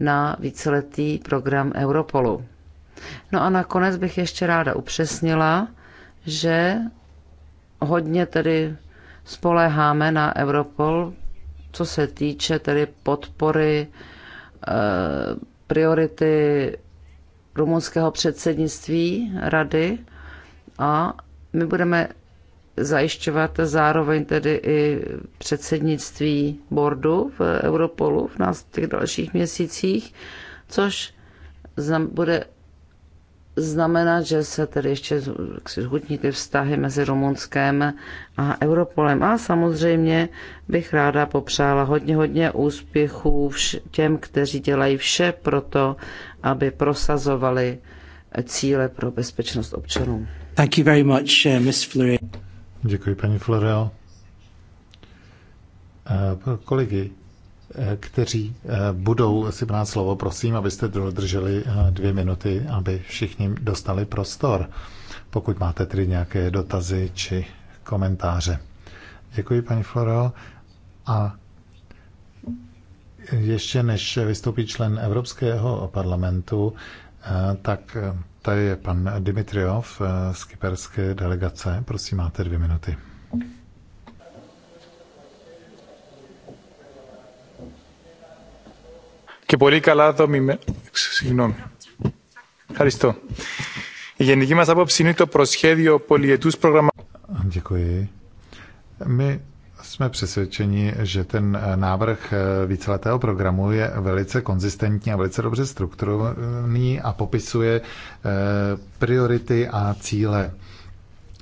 na víceletý program Europolu. No a nakonec bych ještě ráda upřesnila, že hodně tedy spoléháme na Europol, co se týče tedy podpory eh, priority rumunského předsednictví rady a my budeme zajišťovat zároveň tedy i předsednictví bordu v Europolu v nás těch dalších měsících, což bude znamenat, že se tedy ještě zhutní ty vztahy mezi Rumunskem a Europolem. A samozřejmě bych ráda popřála hodně, hodně úspěchů těm, kteří dělají vše pro to, aby prosazovali cíle pro bezpečnost občanů. Thank you very much, uh, Miss Fleury. Děkuji, paní Florel. Uh, eh, kolegy, Eh, kteří eh, budou si brát slovo, prosím, abyste dodrželi eh, dvě minuty, aby všichni dostali prostor, pokud máte tedy nějaké dotazy či komentáře. Děkuji, paní Floro. A ještě než vystoupí člen Evropského parlamentu, tak tady je pan Dimitriov z kyperské delegace. Prosím, máte dvě minuty. Okay. και πολύ καλά δομημένο. Συγγνώμη. Ευχαριστώ. Η γενική μας άποψη είναι το προσχέδιο πολιετούς προγραμματισμού. Děkuji. My jsme přesvědčeni, že ten eh, návrh eh, víceletého programu je velice konzistentní a velice dobře strukturovaný a popisuje eh, priority a cíle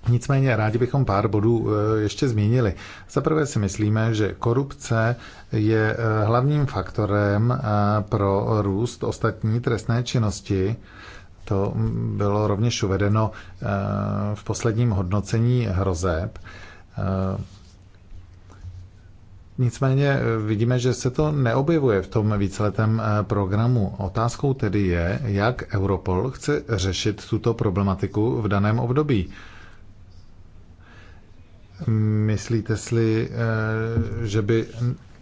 Nicméně rádi bychom pár bodů eh, ještě zmínili. Za prvé si myslíme, že korupce je eh, hlavním faktorem eh, pro růst ostatní trestné činnosti. To bylo rovněž uvedeno v posledním hodnocení hrozeb. Nicméně vidíme, že se to neobjevuje v tom víceletém programu. Otázkou tedy je, jak Europol chce řešit tuto problematiku v daném období. Myslíte si, eh, že by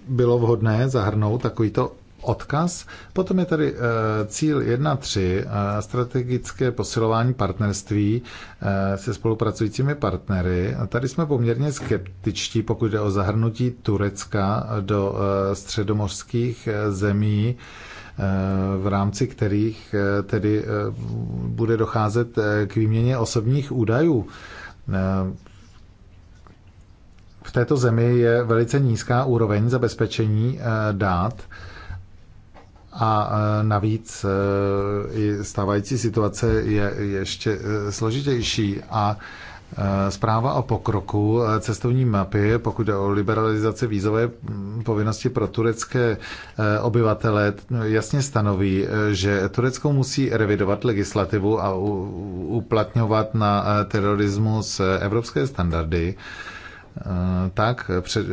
bylo vhodné zahrnout takovýto odkaz? Potom je tady eh, cíl 1.3, eh, strategické posilování partnerství se spolupracujícími partnery. tady jsme poměrně skeptičtí, pokud jde o zahrnutí Turecka do středomořských zemí v rámci kterých tedy bude docházet k výměně osobních údajů v této zemi je velice nízká úroveň zabezpečení eh, dát a eh, navíc eh, i stávající situace je ještě složitější a Zpráva o pokroku cestovní mapy, pokud jde o liberalizaci vízové mm, povinnosti pro turecké obyvatele, jasně stanoví, že Turecko musí revidovat legislativu a uplatňovat na terorismus evropské standardy. Eh, tak,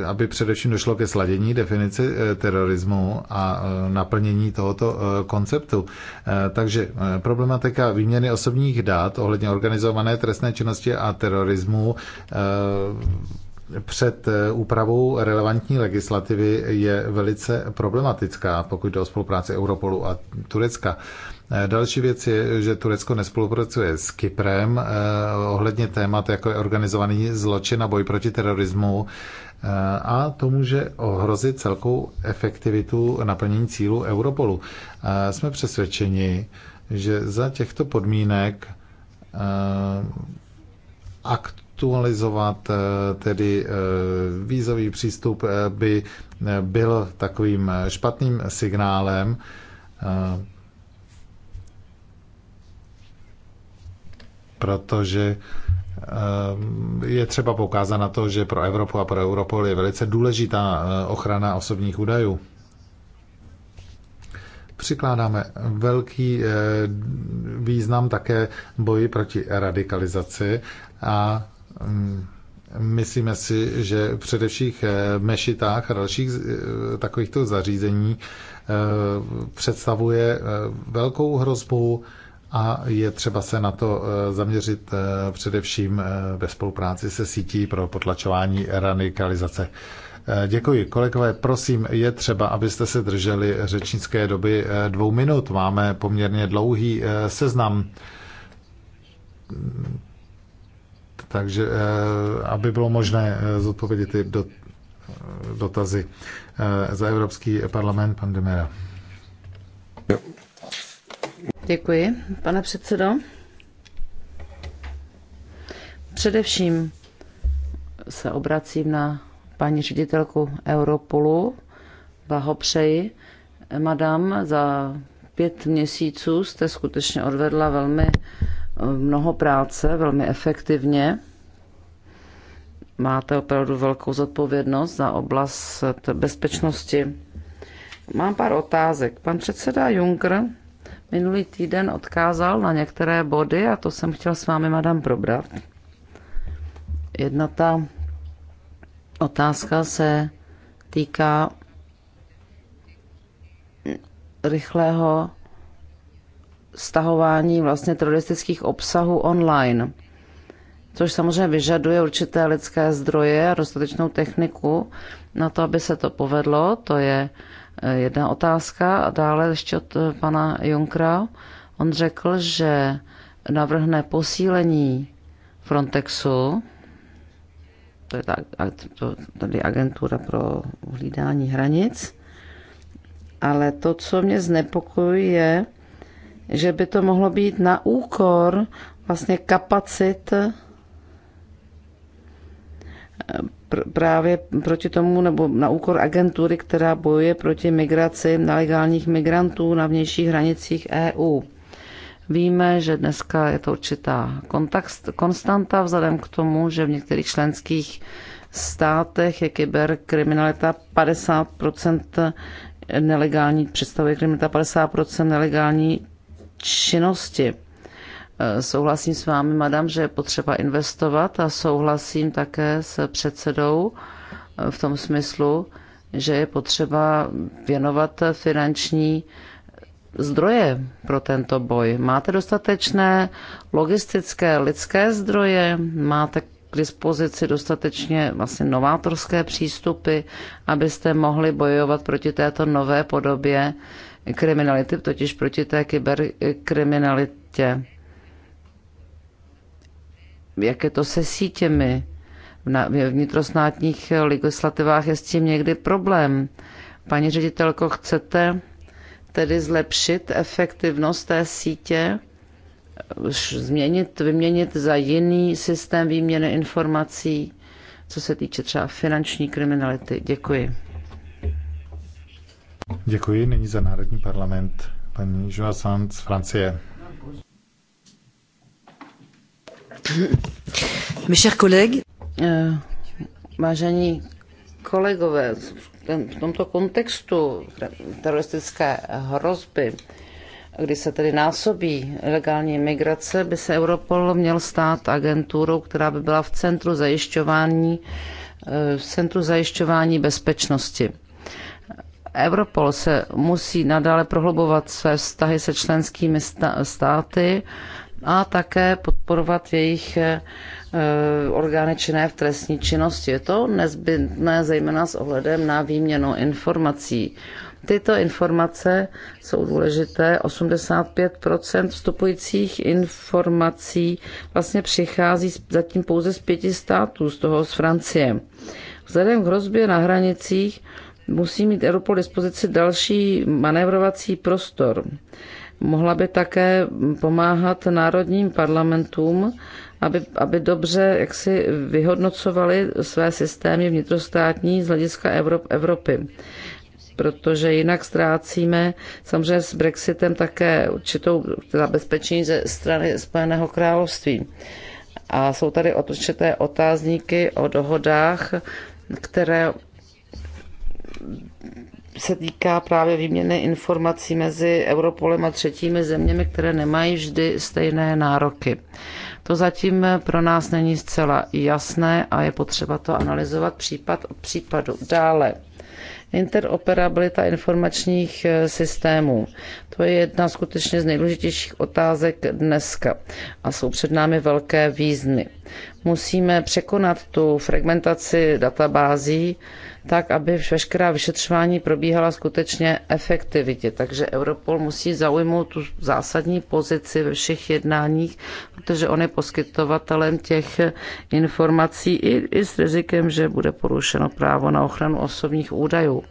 aby především došlo ke sladění definici eh, terorismu a eh, naplnění tohoto konceptu. Takže problematika výměny osobních dat ohledně organizované trestné činnosti a terorismu před eh, úpravou relevantní legislativy je velice problematická, pokud jde o spolupráci Europolu a Turecka. Eh, další věc je, že Turecko nespolupracuje s Kyprem eh, ohledně témat, jako je organizovaný zločin a boj proti terorismu. A to může ohrozit celkou efektivitu naplnění cílů Europolu. Jsme přesvědčeni, že za těchto podmínek akt aktualizovat, eh, tedy eh, vízový přístup eh, by byl takovým špatným signálem. Protože je třeba poukázat na to, že pro Evropu a pro Europol je velice důležitá ochrana osobních údajů. Přikládáme velký význam také boji proti radikalizaci a Ehm, myslíme si, že především v eh, mešitách a dalších eh, takovýchto zařízení eh, představuje velkou hrozbu a je třeba se na to zaměřit především ve spolupráci se sítí pro potlačování radikalizace. Děkuji. Kolegové, prosím, je třeba, abyste se drželi řečnické doby dvou minut. Máme poměrně dlouhý seznam takže eh, aby bylo možné eh, zodpovědět ty eh, dotazy za Evropský parlament, pan Demera. Děkuji, pane předsedo. Především se obracím na paní ředitelku Europolu. Blahopřeji, madam, za pět měsíců jste skutečně odvedla velmi mnoho práce, velmi efektivně. Máte opravdu velkou zodpovědnost za oblast bezpečnosti. Mám pár otázek. Pan předseda Juncker minulý týden odkázal na některé body a to jsem chtěl s vámi, madam, probrat. Jedna ta otázka se týká rychlého stahování vlastně teroristických obsahů online, což samozřejmě vyžaduje určité lidské zdroje a dostatečnou techniku na to, aby se to povedlo. To je eh, jedna otázka. A dále ještě od eh, pana Junkra. On řekl, že navrhne posílení Frontexu, to je ta, to, tady agentura pro hlídání hranic, ale to, co mě znepokojuje, že by to mohlo být na úkor vlastně kapacit eh, pr- právě proti tomu, nebo na úkor agentury, která bojuje proti migraci nelegálních migrantů na vnějších hranicích EU. Víme, že dneska je to určitá kontext, konstanta vzhledem k tomu, že v některých členských státech je kyberkriminalita 50 nelegální, představuje kriminalita 50 nelegální činnosti. E, souhlasím s vámi, madam, že je potřeba investovat a souhlasím také s předsedou e, v tom smyslu, že je potřeba věnovat finanční zdroje pro tento boj. Máte dostatečné logistické, lidské zdroje, máte k dispozici dostatečně vlastně novátorské přístupy, abyste mohli bojovat proti této nové podobě kriminality, totiž proti té kyberkriminalitě. Jak je to se sítěmi? V vnitrostátních legislativách je s tím někdy problém. Paní ředitelko, chcete tedy zlepšit efektivnost té sítě, změnit, vyměnit za jiný systém výměny informací, co se týče třeba finanční kriminality. Děkuji. Děkuji. Nyní za Národní parlament paní Joassan z Francie. Mes chers collègues, eh, vážení kolegové, v tomto kontextu teroristické hrozby, kdy se tedy násobí legální migrace, by se Europol měl stát agenturou, která by byla v centru zajišťování, eh, v centru zajišťování bezpečnosti. Europol se musí nadále prohlubovat své vztahy se členskými státy a také podporovat jejich eh, orgány činné v trestní činnosti. Je to nezbytné zejména s ohledem na výměnu informací. Tyto informace jsou důležité. 85 vstupujících informací vlastně přichází zatím pouze z pěti států, z toho z Francie. Vzhledem k hrozbě na hranicích musí mít Europol dispozici další manévrovací prostor. Mohla by také pomáhat národním parlamentům, aby, aby dobře jaksi vyhodnocovali své systémy vnitrostátní z hlediska Evropy protože jinak ztrácíme samozřejmě s Brexitem také určitou zabezpečení ze strany Spojeného království. A jsou tady určité otázníky o dohodách, které se týká právě výměny informací mezi Europolem a třetími zeměmi, které nemají vždy stejné nároky. To zatím pro nás není zcela jasné a je potřeba to analyzovat případ od případu. Dále, interoperabilita informačních eh, systémů. To je jedna skutečně z nejdůležitějších otázek dneska a jsou před námi velké výzvy musíme překonat tu fragmentaci databází, tak aby veškerá vyšetřování probíhala skutečně efektivitě. Takže Europol musí zaujmout tu zásadní pozici ve všech jednáních, protože on je poskytovatelem těch informací i, i s rizikem, že bude porušeno právo na ochranu osobních údajů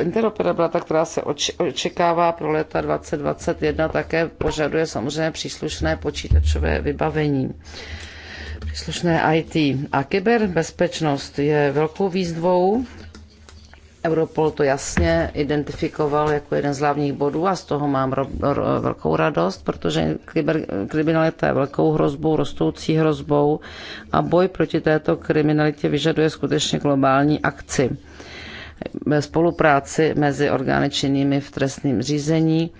interoperabilita, která se očekává pro léta 2021, také požaduje samozřejmě příslušné počítačové vybavení. Slušné IT. A kyberbezpečnost je velkou výzvou. Europol to jasně identifikoval jako jeden z hlavních bodů a z toho mám ro- ro- velkou radost, protože kyber- kriminalita je velkou hrozbou, rostoucí hrozbou a boj proti této kriminalitě vyžaduje skutečně globální akci. Spolupráci mezi orgány činnými v trestním řízení,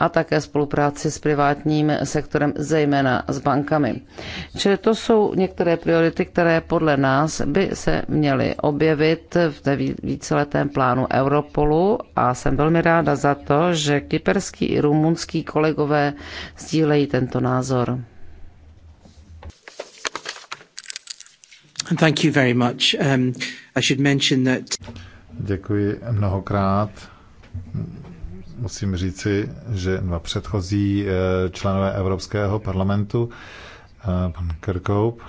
a také spolupráci s privátním sektorem, zejména s bankami. Čili to jsou některé priority, které podle nás by se měly objevit v víceletém plánu Europolu a jsem velmi ráda za to, že kyperský i rumunský kolegové sdílejí tento názor. Thank you very much. Um, I should mention that... Děkuji mnohokrát musím říci, že dva předchozí eh, členové Evropského parlamentu, eh, pan Kirkoup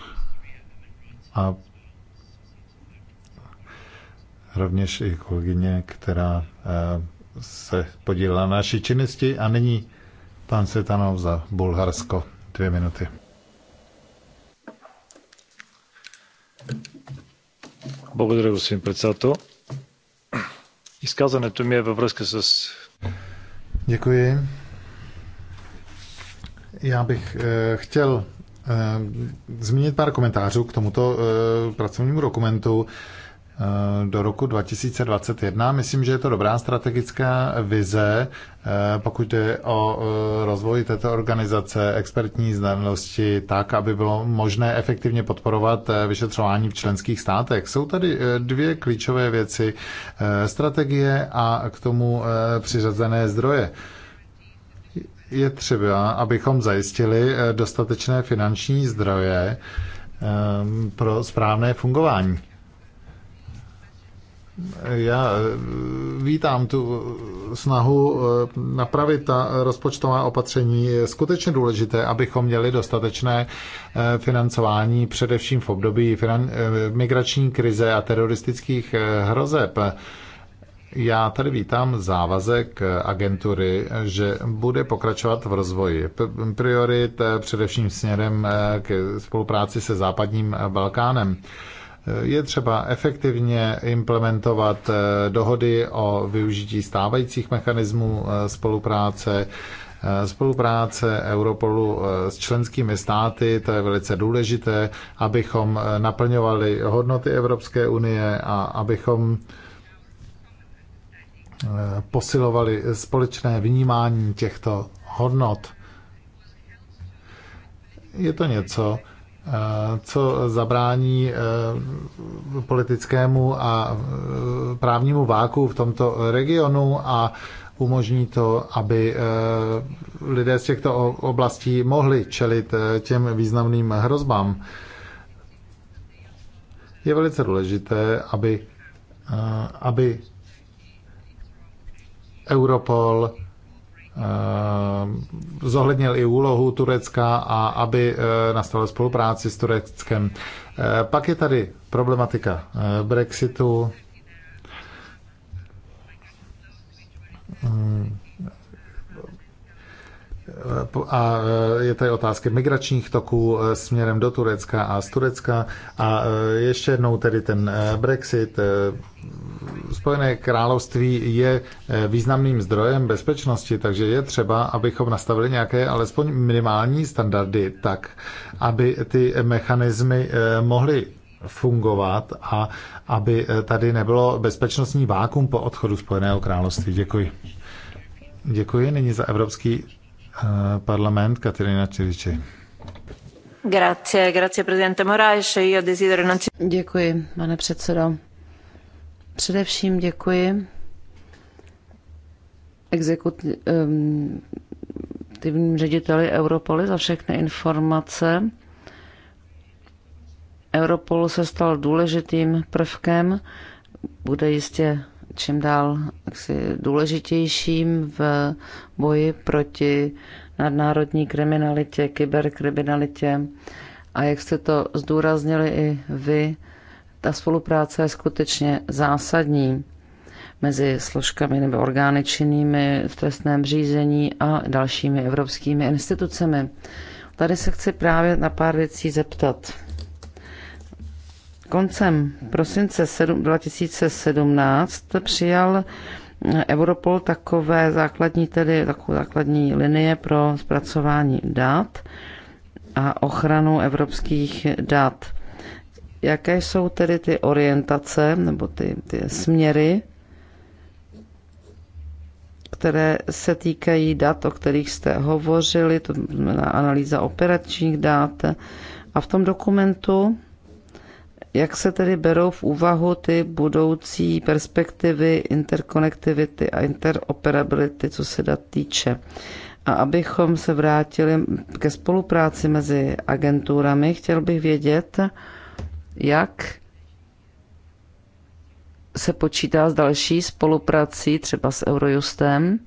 a rovněž i kolegyně, která eh, se podílela na naší činnosti a nyní pan Setanov za Bulharsko. Dvě minuty. Благодаря, господин председател. Изказването ми е във връзка с Děkuji. Já bych eh, chtěl eh, zmínit pár komentářů k tomuto eh, pracovnímu dokumentu. Eh, do roku 2021. Myslím, že je to dobrá strategická vize, eh, pokud jde o eh, rozvoj této organizace, expertní znalosti, tak, aby bylo možné efektivně podporovat vyšetřování v členských státech. Jsou tady dvě klíčové věci, strategie a k tomu přiřazené zdroje je třeba, abychom zajistili dostatečné finanční zdroje pro správné fungování. Já eh, vítám tu snahu eh, napravit ta rozpočtová opatření. Je skutečně důležité, abychom měli dostatečné eh, financování, především v období migrační krize a teroristických hrozeb. Já tady vítám závazek agentury, že bude pokračovat v rozvoji priorit především směrem k spolupráci se západním Balkánem. Je třeba efektivně implementovat eh, dohody o využití stávajících mechanismů eh, spolupráce, eh, spolupráce Europolu s členskými státy, to je velice důležité, abychom naplňovali hodnoty Evropské unie a abychom posilovali společné vnímání těchto hodnot. Je to něco, co zabrání eh, politickému a eh, právnímu váku v tomto regionu a umožní to, aby eh, lidé z těchto oblastí mohli čelit těm významným hrozbám. Je velice důležité, aby, aby Europol Eh, zohlednil i úlohu Turecka a aby eh, nastala spolupráci s Tureckem. Eh, pak je tady problematika Brexitu. Hmm a e, je tady otázky migračních toků e, směrem do Turecka a z Turecka a e, ještě jednou tedy ten Brexit. Spojené království je významným zdrojem bezpečnosti, takže je třeba, abychom nastavili nějaké alespoň minimální standardy tak, aby ty mechanismy mohly fungovat a aby tady nebylo bezpečnostní vákum po odchodu Spojeného království. Děkuji. Děkuji. Nyní za Evropský Eh, parlament Katerina Čiliči. Grazie, grazie Moraes. Io desidero Děkuji, pane předsedo. Především děkuji exekutivním řediteli Europoli za všechny informace. Europol se stal důležitým prvkem, bude jistě čím dál jaksi důležitějším v boji proti nadnárodní kriminalitě, kyberkriminalitě. A jak jste to zdůraznili i vy, ta spolupráce je skutečně zásadní mezi složkami nebo orgány činnými v trestném řízení a dalšími evropskými institucemi. Tady se chci právě na pár věcí zeptat koncem prosince 2017 přijal eh, Europol takové základní, tedy, takové základní linie pro zpracování dat a ochranu evropských dat. Jaké jsou tedy ty orientace nebo ty, ty směry, které se týkají dat, o kterých jste hovořili, to znamená analýza operačních dat. A v tom dokumentu jak se tedy berou v úvahu ty budoucí perspektivy interkonektivity a interoperability, co se dat týče? A abychom se vrátili ke spolupráci mezi agenturami, chtěl bych vědět, jak se počítá s další spoluprací, třeba s Eurojustem,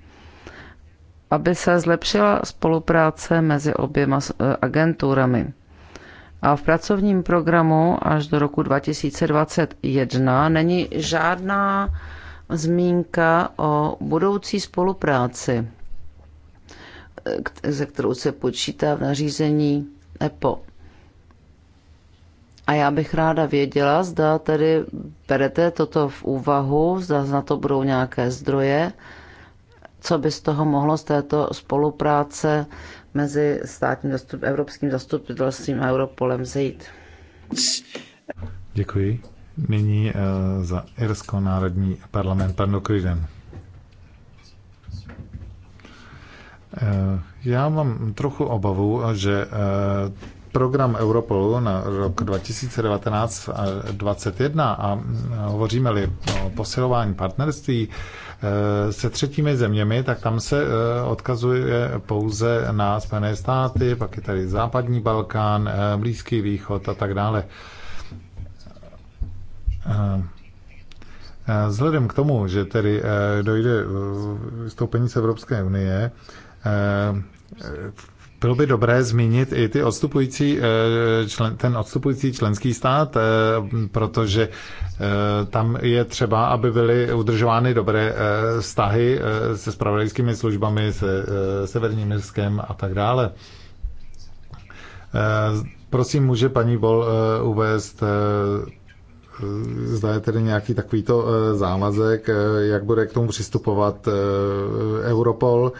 aby se zlepšila spolupráce mezi oběma eh, agenturami. A v pracovním programu až do roku 2021 není žádná zmínka o budoucí spolupráci, ze kterou se počítá v nařízení EPO. A já bych ráda věděla, zda tedy berete toto v úvahu, zda na to budou nějaké zdroje, co by z toho mohlo z této spolupráce mezi státním zastup, evropským zastupitelstvím a Europolem zejít. Děkuji. Nyní uh, za Irsko národní parlament pan Dokryden. Eh, já mám trochu obavu, že eh, program Europolu na rok 2019 a 2021 a hm, hovoříme-li o posilování partnerství, Eh, se třetími zeměmi, tak tam se eh, odkazuje pouze na Spojené státy, pak je tady Západní Balkán, eh, Blízký východ a tak dále. Vzhledem k tomu, že tedy dojde vystoupení z Evropské unie, bylo by dobré zmínit i ty odstupující, eh, člen, ten odstupující členský stát, eh, protože eh, tam je třeba, aby byly udržovány dobré vztahy se spravodajskými službami, se Severním Jirskem a tak dále. Prosím, může paní Bol uvést zda je tedy nějaký takovýto závazek, jak bude k tomu přistupovat Europol.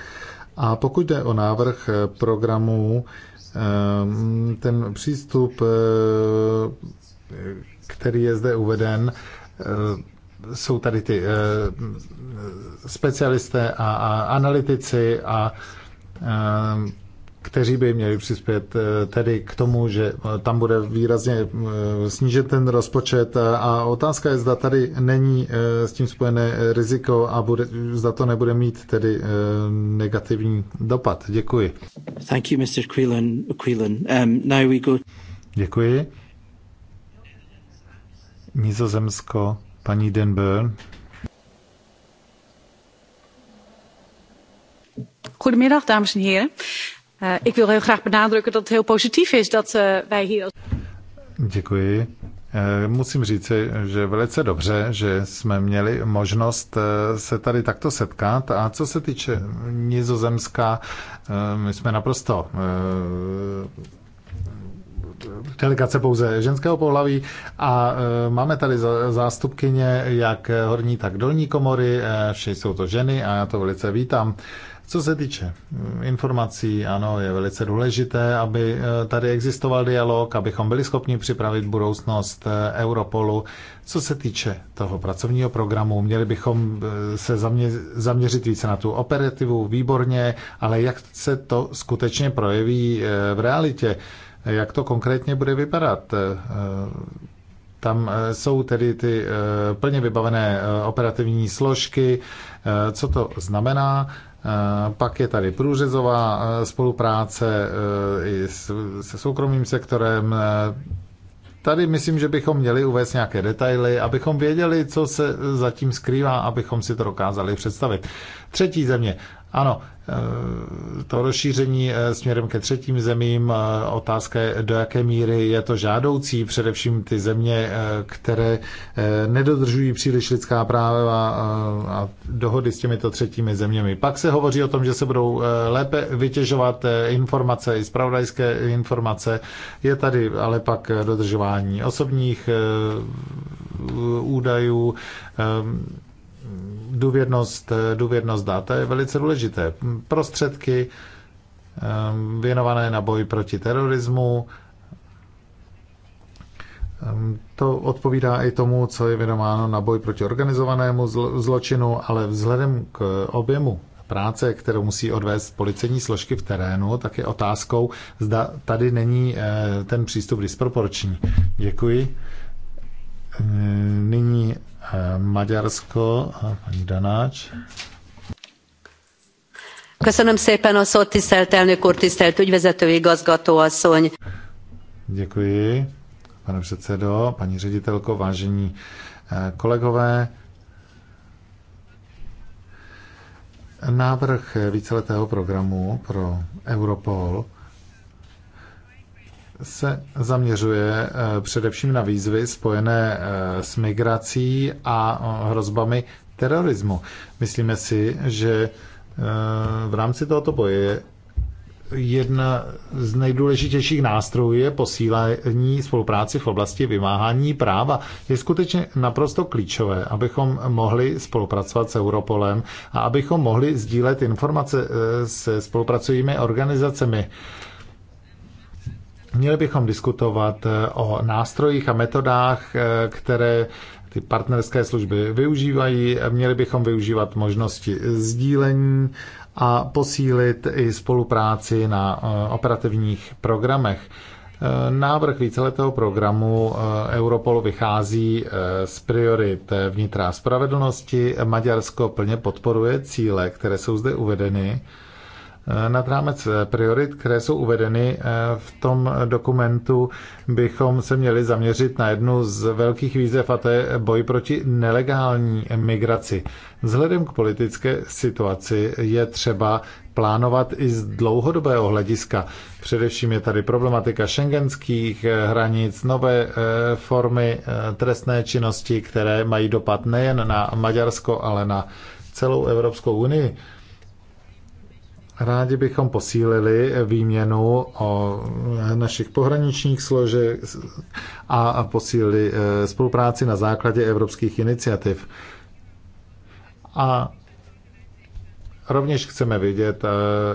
A pokud jde o návrh eh, programů, eh, ten přístup, eh, který je zde uveden, jsou tady ty specialisté a, a analytici a kteří by měli přispět eh, tedy k tomu, že eh, tam bude výrazně eh, snížen ten rozpočet a otázka je, zda tady není s tím spojené riziko a bude, zda to nebude mít tedy negativní dopad. Děkuji. Thank you, Mr. Quillen. Quillen. Um, now we go... Děkuji. Nizozemsko, paní Den Goedemiddag, dames en heren. Eh, ik wil heel graag benadrukken dat het heel positief is dat eh, wij hier. Děkuji. Eh, musím říct, že velice dobře, že jsme měli možnost se tady takto setkat. A co se týče Nizozemska, my jsme naprosto delegace pouze ženského pohlaví a máme tady zástupkyně jak horní, tak dolní komory. Všichni jsou to ženy a já to velice vítám. Co se týče mm, informací, ano, je velice důležité, aby eh, tady existoval dialog, abychom byli schopni připravit budoucnost eh, Europolu. Co se týče toho pracovního programu, měli bychom eh, se zaměřit více na tu operativu, výborně, ale jak se to skutečně projeví v realitě, jak to konkrétně bude vypadat. Tam jsou tedy ty plně vybavené operativní složky. Co to znamená? Pak je tady průřezová e, spolupráce e, i se soukromým sektorem. E, tady myslím, že bychom měli uvést nějaké detaily, abychom věděli, co se zatím skrývá, abychom si to dokázali představit. Třetí země. Ano, Eh, to rozšíření eh, směrem ke třetím zemím. Otázka je, do jaké míry je to žádoucí, především ty země, eh, které nedodržují příliš lidská práva a dohody s těmito třetími zeměmi. Pak se hovoří o tom, že se budou lépe vytěžovat informace, i zpravodajské informace. Je tady ale pak dodržování osobních údajů, důvěrnost, důvěrnost data je velice důležité. Prostředky ehm, věnované na boj proti terorismu, ehm, to odpovídá i tomu, co je věnováno na boj proti organizovanému zločinu, ale vzhledem k objemu práce, kterou musí odvést policejní složky v terénu, tak je otázkou, zda tady není eh, ten přístup disproporční. Děkuji. Nyní eh, Maďarsko a paní Danáč. Köszönöm szépen a szót, tisztelt elnök úr, tisztelt ügyvezető igazgató asszony. Děkuji, pane předsedo, paní ředitelko, vážení eh, kolegové. Návrh víceletého programu pro Europol se zaměřuje eh, především na výzvy spojené eh, s migrací a eh, hrozbami terorismu. Myslíme si, že v rámci tohoto boje jedna z nejdůležitějších nástrojů je posílení spolupráci v oblasti vymáhání práva. Je skutečně naprosto klíčové, abychom mohli spolupracovat s Europolem a abychom mohli sdílet informace se spolupracujícími organizacemi. Měli bychom diskutovat eh, o nástrojích a metodách, eh, které ty partnerské služby využívají. Měli bychom využívat možnosti sdílení a posílit i spolupráci na eh, operativních programech. Návrh víceletého programu Europolu vychází z priorit vnitra spravedlnosti. Maďarsko plně podporuje cíle, které jsou zde uvedeny. Nad rámec priorit, které jsou uvedeny eh, v tom dokumentu, bychom se měli zaměřit na jednu z velkých výzev, a to je boj proti nelegální migraci. Vzhledem k politické situaci je třeba plánovat i z dlouhodobého hlediska. Především je tady problematika šengenských eh, hranic, nové eh, formy trestné činnosti, které mají dopad nejen na Maďarsko, ale na celou Evropskou unii. Rádi bychom posílili výměnu o našich pohraničních složek a posílili eh, spolupráci na základě evropských iniciativ. A rovněž chceme vidět eh,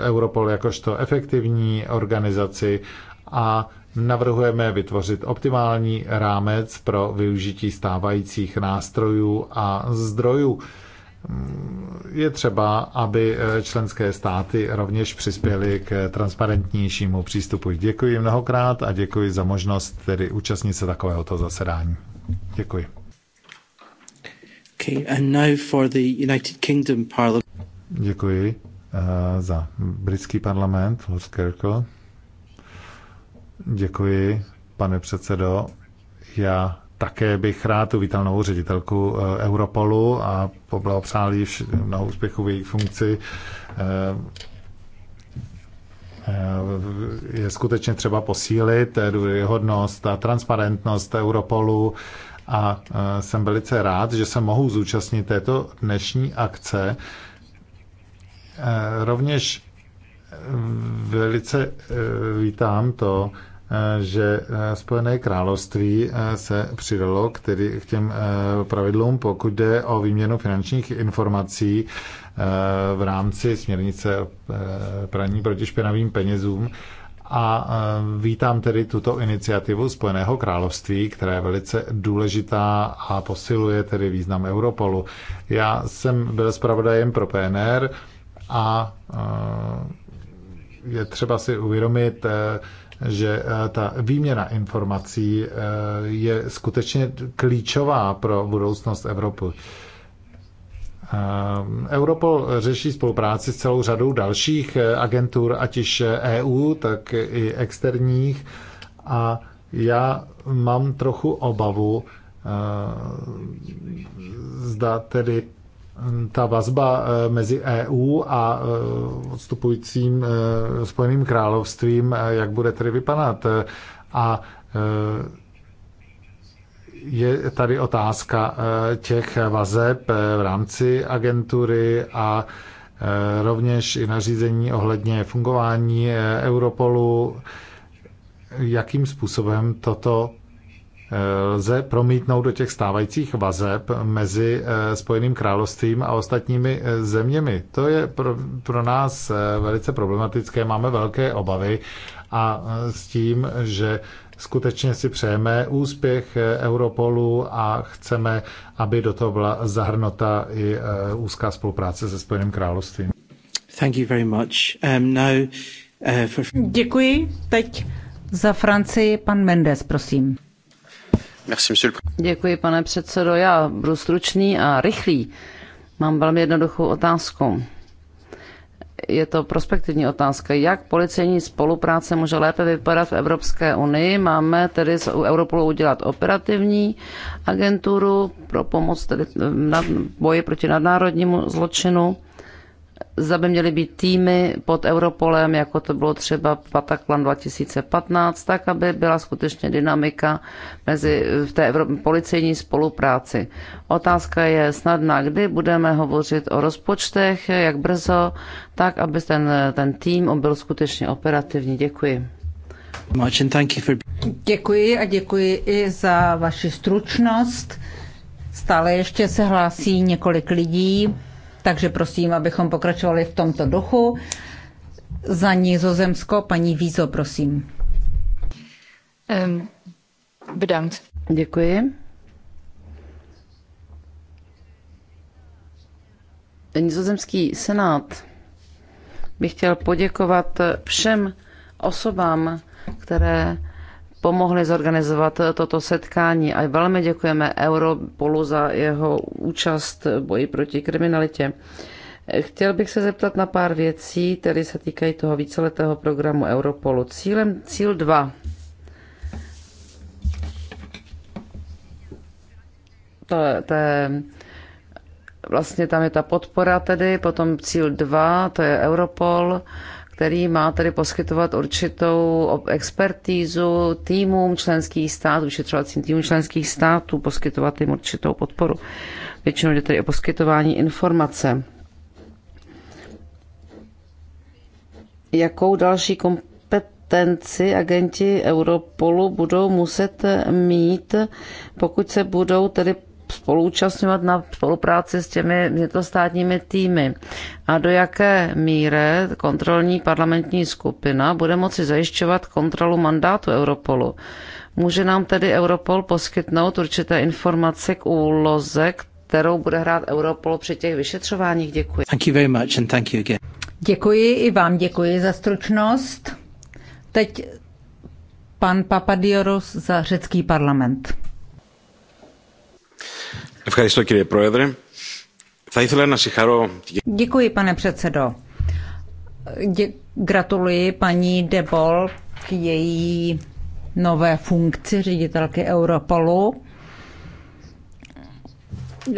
Europol jakožto efektivní organizaci a navrhujeme vytvořit optimální rámec pro využití stávajících nástrojů a zdrojů je třeba, aby eh, členské státy rovněž přispěly k transparentnějšímu přístupu. Děkuji mnohokrát a děkuji za možnost tedy účastnit se takovéhoto zasedání. Děkuji. Okay, and now for the United Kingdom Parliament. Děkuji uh, za britský parlament, Lord Kirkle. Děkuji, pane předsedo. Já také bych rád uvítal novou ředitelku eh, Europolu a poblahopřál jí na úspěchu v její funkci. Eh, eh, je skutečně třeba posílit důvěryhodnost a transparentnost Europolu a jsem velice rád, že se mohu zúčastnit této dnešní akce. Rovněž velice vítám to, že eh, Spojené království eh, se přidalo k, tedy, k těm eh, pravidlům, pokud jde o výměnu finančních informací v rámci směrnice praní proti špinavým penězům. A vítám tedy tuto iniciativu Spojeného království, která je velice důležitá a posiluje tedy význam Europolu. Já jsem byl zpravodajem pro PNR a je třeba si uvědomit, že eh, ta výměna informací eh, je skutečně klíčová pro budoucnost Evropy. Eh, Europol řeší spolupráci s celou řadou dalších agentur, ať již EU, e tak i externích. A já mám trochu obavu, zda tedy ta vazba eh, mezi EU a eh, odstupujícím eh, Spojeným královstvím, jak bude tedy vypadat. A je tady otázka těch vazeb v rámci agentury a rovněž i nařízení ohledně fungování Europolu, jakým způsobem toto lze promítnout do těch stávajících vazeb mezi eh, Spojeným královstvím a ostatními eh, zeměmi. To je pro, pro nás eh, velice problematické, máme velké obavy a s tím, že skutečně si přejeme úspěch Europolu a chceme, aby do toho byla zahrnuta i úzká spolupráce se Spojeným královstvím. Thank you very much. Um, now, uh, for... Děkuji. Teď za Francii pan Mendes, prosím. Děkuji, pane předsedo. Já budu stručný a rychlý. Mám velmi jednoduchou otázku. Je to prospektivní otázka. Jak policejní spolupráce může lépe vypadat v Evropské unii? Máme tedy z Europolu udělat operativní agenturu pro pomoc tedy na boji proti nadnárodnímu zločinu zda by měly být týmy pod Europolem, jako to bylo třeba Bataclan 2015, tak aby byla skutečně dynamika mezi v té Evrop- policejní spolupráci. Otázka je snadná, kdy budeme hovořit o rozpočtech, jak brzo, tak aby ten, ten tým byl skutečně operativní. Děkuji. Děkuji a děkuji i za vaši stručnost. Stále ještě se hlásí několik lidí. Takže prosím, abychom pokračovali v tomto duchu. Za Nizozemsko paní Vízo, prosím. Um, Děkuji. Nizozemský senát bych chtěl poděkovat všem osobám, které pomohli zorganizovat toto setkání a velmi děkujeme Europolu za jeho účast v boji proti kriminalitě. Chtěl bych se zeptat na pár věcí, které se týkají toho víceletého programu Europolu. Cílem, cíl 2. To, to je, vlastně tam je ta podpora tedy, potom cíl 2, to je Europol, který má tedy poskytovat určitou expertízu týmům členských států, ušetřovacím týmům členských států, poskytovat jim určitou podporu. Většinou jde tedy o poskytování informace. Jakou další kompetenci agenti Europolu budou muset mít, pokud se budou tedy spoluúčastňovat na spolupráci s těmi vnitrostátními týmy a do jaké míry kontrolní parlamentní skupina bude moci zajišťovat kontrolu mandátu Europolu. Může nám tedy Europol poskytnout určité informace k úloze, kterou bude hrát Europol při těch vyšetřováních? Děkuji. Thank you very much and thank you again. Děkuji i vám děkuji za stručnost. Teď pan Papadioros za řecký parlament. Děkuji, pane předsedo. Dě- gratuluji paní Debol k její nové funkci ředitelky Europolu.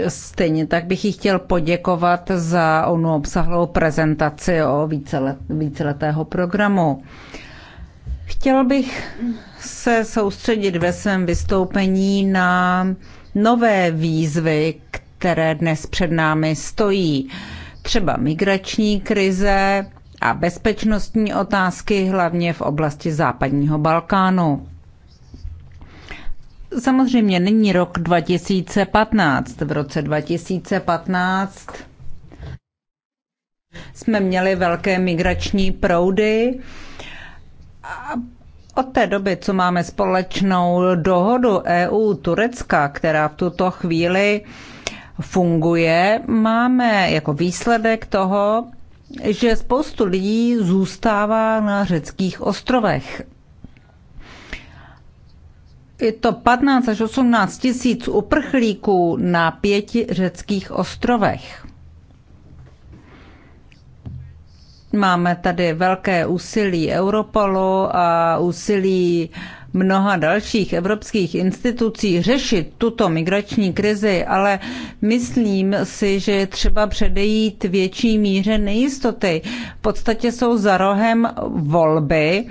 Stejně tak bych jí chtěl poděkovat za onu obsahlou prezentaci o vícelet, víceletého programu. Chtěl bych se soustředit ve svém vystoupení na nové výzvy, které dnes před námi stojí. Třeba migrační krize a bezpečnostní otázky, hlavně v oblasti západního Balkánu. Samozřejmě není rok 2015. V roce 2015 jsme měli velké migrační proudy a od té doby, co máme společnou dohodu EU-Turecka, která v tuto chvíli funguje, máme jako výsledek toho, že spoustu lidí zůstává na řeckých ostrovech. Je to 15 až 18 tisíc uprchlíků na pěti řeckých ostrovech. Máme tady velké úsilí Europolu a úsilí mnoha dalších evropských institucí řešit tuto migrační krizi, ale myslím si, že je třeba předejít větší míře nejistoty. V podstatě jsou za rohem volby,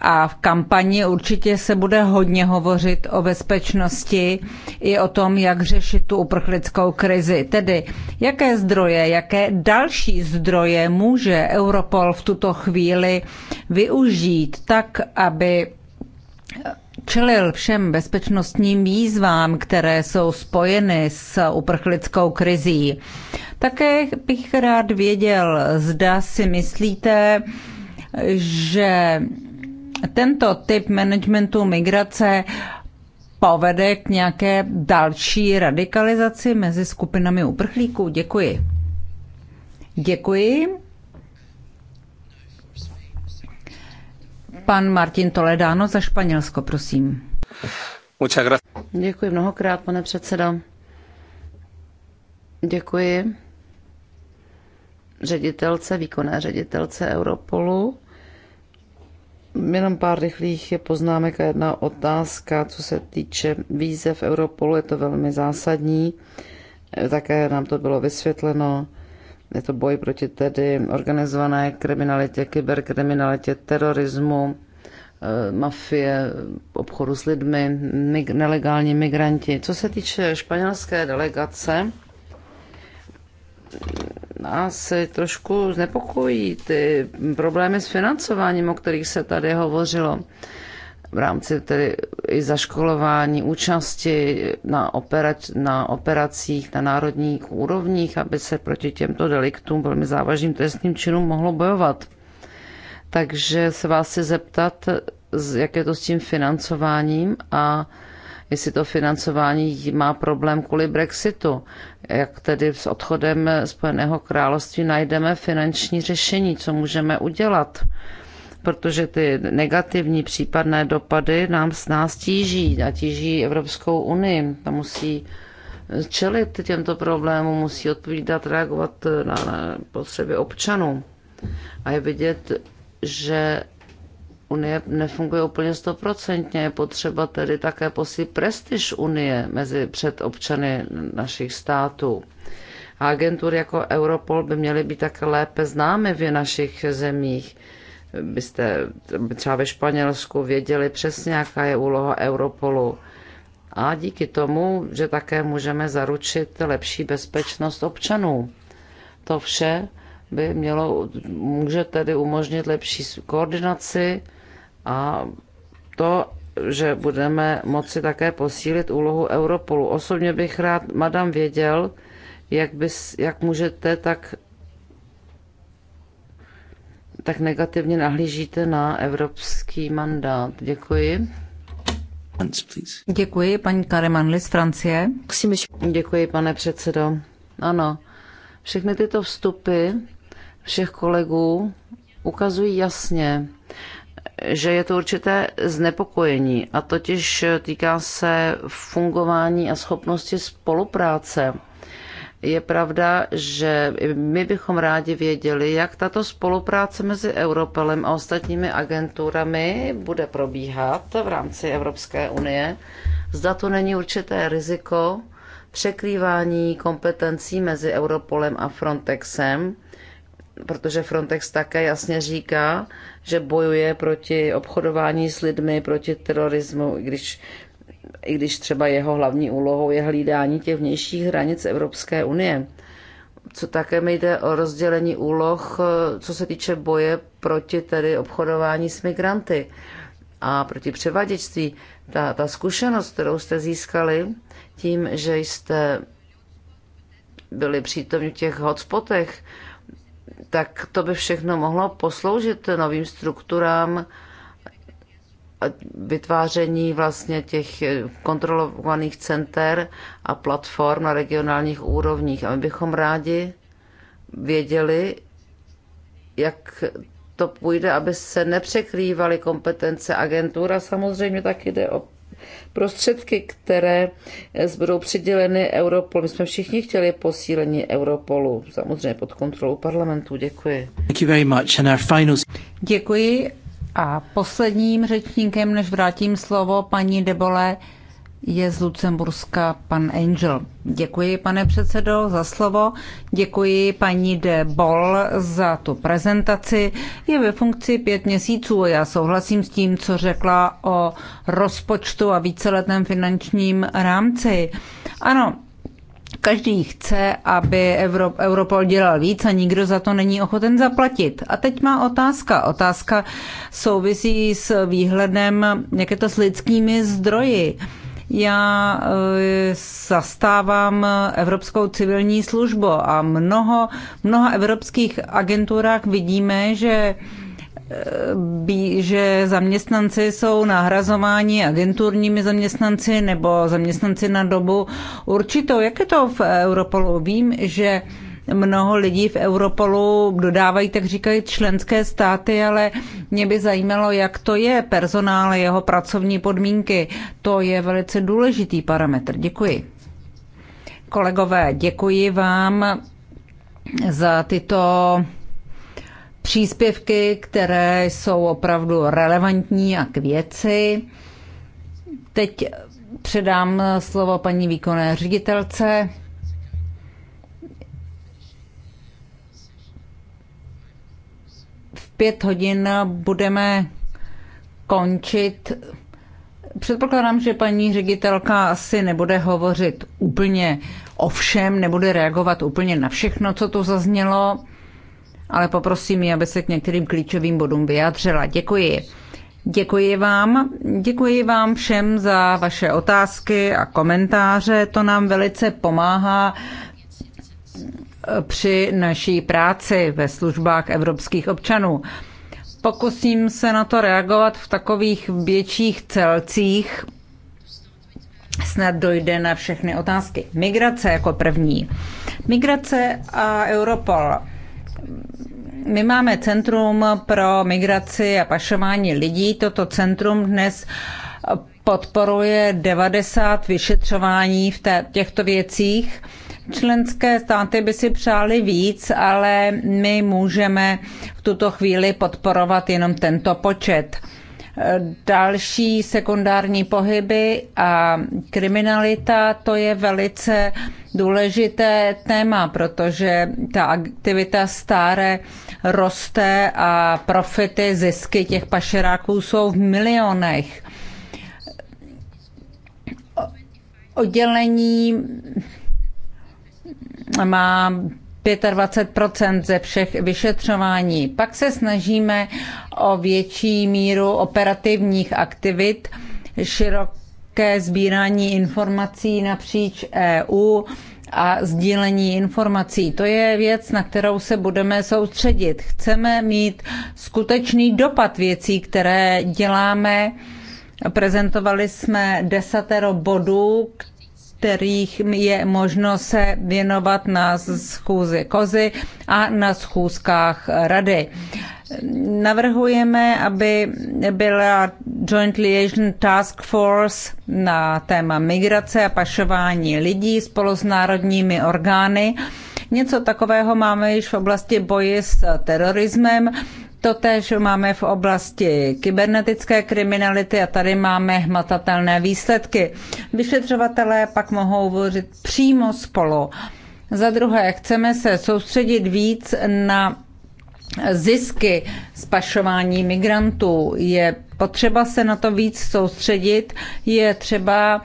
a v kampani určitě se bude hodně hovořit o bezpečnosti i o tom, jak řešit tu uprchlickou krizi. Tedy, jaké zdroje, jaké další zdroje může Europol v tuto chvíli využít tak, aby čelil všem bezpečnostním výzvám, které jsou spojeny s uprchlickou krizí. Také bych rád věděl, zda si myslíte, že tento typ managementu migrace povede k nějaké další radikalizaci mezi skupinami uprchlíků? Děkuji. Děkuji. Pan Martin Toledano za Španělsko, prosím. Děkuji mnohokrát, pane předsedo. Děkuji ředitelce, výkonné ředitelce Europolu Jenom pár rychlých poznámek a jedna otázka, co se týče výzev Europolu, je to velmi zásadní. Také nám to bylo vysvětleno. Je to boj proti tedy organizované kriminalitě, kyberkriminalitě, terorismu, eh, mafie, obchodu s lidmi, nelegální migranti. Co se týče španělské delegace, nás trošku znepokojí ty problémy s financováním, o kterých se tady hovořilo v rámci tedy i zaškolování, účasti na, operač, na operacích na národních úrovních, aby se proti těmto deliktům, velmi závažným trestním činům mohlo bojovat. Takže se vás chci zeptat, jak je to s tím financováním a jestli to financování má problém kvůli Brexitu jak tedy s odchodem Spojeného království najdeme finanční řešení, co můžeme udělat, protože ty negativní případné dopady nám s nás tíží a tíží Evropskou unii. Ta musí čelit těmto problémům, musí odpovídat, reagovat na, na potřeby občanů. A je vidět, že Unie nefunguje úplně stoprocentně. Je potřeba tedy také posílit prestiž Unie mezi před občany našich států. A agentury jako Europol by měly být také lépe známy v našich zemích. Byste třeba ve Španělsku věděli přesně, jaká je úloha Europolu. A díky tomu, že také můžeme zaručit lepší bezpečnost občanů. To vše by mělo, může tedy umožnit lepší koordinaci a to, že budeme moci také posílit úlohu Europolu. Osobně bych rád, madam, věděl, jak, bys, jak můžete tak tak negativně nahlížíte na evropský mandát. Děkuji. Děkuji, paní Karemanli z Francie. Děkuji, pane předsedo. Ano, všechny tyto vstupy všech kolegů ukazují jasně, že je to určité znepokojení, a totiž týká se fungování a schopnosti spolupráce. Je pravda, že my bychom rádi věděli, jak tato spolupráce mezi Europelem a ostatními agenturami bude probíhat v rámci Evropské unie. Zda to není určité riziko překrývání kompetencí mezi Europolem a Frontexem, protože Frontex také jasně říká, že bojuje proti obchodování s lidmi, proti terorismu, i když, i když třeba jeho hlavní úlohou je hlídání těch vnějších hranic Evropské unie. Co také mi jde o rozdělení úloh, co se týče boje proti tedy obchodování s migranty a proti převaděčství. Ta, ta zkušenost, kterou jste získali tím, že jste byli přítomni v těch hotspotech, tak to by všechno mohlo posloužit novým strukturám vytváření vlastně těch kontrolovaných center a platform na regionálních úrovních. A my bychom rádi věděli, jak to půjde, aby se nepřekrývaly kompetence agentura. a samozřejmě tak jde o Prostředky, které eh, budou přiděleny Europol, my jsme všichni chtěli posílení Europolu, samozřejmě pod kontrolou parlamentu. Děkuji. Thank you very much. And our final... Děkuji. A posledním řečníkem, než vrátím slovo paní Debole, je z Lucemburska pan Angel. Děkuji, pane předsedo, za slovo. Děkuji paní de Bol za tu prezentaci. Je ve funkci pět měsíců a já souhlasím s tím, co řekla o rozpočtu a víceletém finančním rámci. Ano, Každý chce, aby Europol dělal víc a nikdo za to není ochoten zaplatit. A teď má otázka. Otázka souvisí s výhledem, jak je to s lidskými zdroji. Já eh, zastávám Evropskou civilní službu a mnoho, mnoha evropských agenturách vidíme, že eh, že zaměstnanci jsou nahrazováni agenturními zaměstnanci nebo zaměstnanci na dobu určitou. Jak je to v Europolu? Vím, že Mnoho lidí v Europolu dodávají, tak říkají, členské státy, ale mě by zajímalo, jak to je personál, jeho pracovní podmínky. To je velice důležitý parametr. Děkuji. Kolegové, děkuji vám za tyto příspěvky, které jsou opravdu relevantní a k věci. Teď předám slovo paní výkonné ředitelce. pět hodin budeme končit. Předpokládám, že paní ředitelka asi nebude hovořit úplně o všem, nebude reagovat úplně na všechno, co tu zaznělo, ale poprosím ji, aby se k některým klíčovým bodům vyjádřila. Děkuji. Děkuji vám. Děkuji vám všem za vaše otázky a komentáře. To nám velice pomáhá při naší práci ve službách evropských občanů. Pokusím se na to reagovat v takových větších celcích. Snad dojde na všechny otázky. Migrace jako první. Migrace a Europol. My máme Centrum pro migraci a pašování lidí. Toto centrum dnes podporuje 90 vyšetřování v těchto věcích Členské státy by si přáli víc, ale my můžeme v tuto chvíli podporovat jenom tento počet. Další sekundární pohyby a kriminalita, to je velice důležité téma, protože ta aktivita stáre roste a profity, zisky těch pašeráků jsou v milionech. Oddělení má 25 ze všech vyšetřování. Pak se snažíme o větší míru operativních aktivit, široké sbírání informací napříč EU a sdílení informací. To je věc, na kterou se budeme soustředit. Chceme mít skutečný dopad věcí, které děláme. Prezentovali jsme desatero bodů, které kterých je možno se věnovat na schůzi kozy a na schůzkách rady. Navrhujeme, aby byla Joint Liaison Task Force na téma migrace a pašování lidí spolu s národními orgány. Něco takového máme již v oblasti boje s terorismem. Totež máme v oblasti kybernetické kriminality a tady máme hmatatelné výsledky. Vyšetřovatelé pak mohou hovořit přímo spolu. Za druhé, chceme se soustředit víc na zisky z pašování migrantů. Je potřeba se na to víc soustředit, je třeba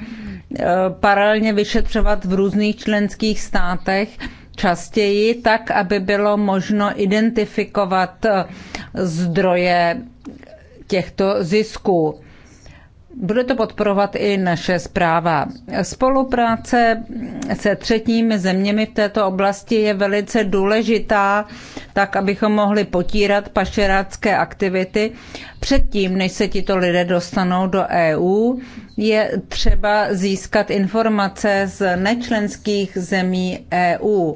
eh, paralelně vyšetřovat v různých členských státech častěji, tak aby bylo možno identifikovat eh, zdroje těchto zisků. Bude to podporovat i naše zpráva. Spolupráce se třetími zeměmi v této oblasti je velice důležitá, tak abychom mohli potírat pašerácké aktivity. Předtím, než se tito lidé dostanou do EU, je třeba získat informace z nečlenských zemí EU.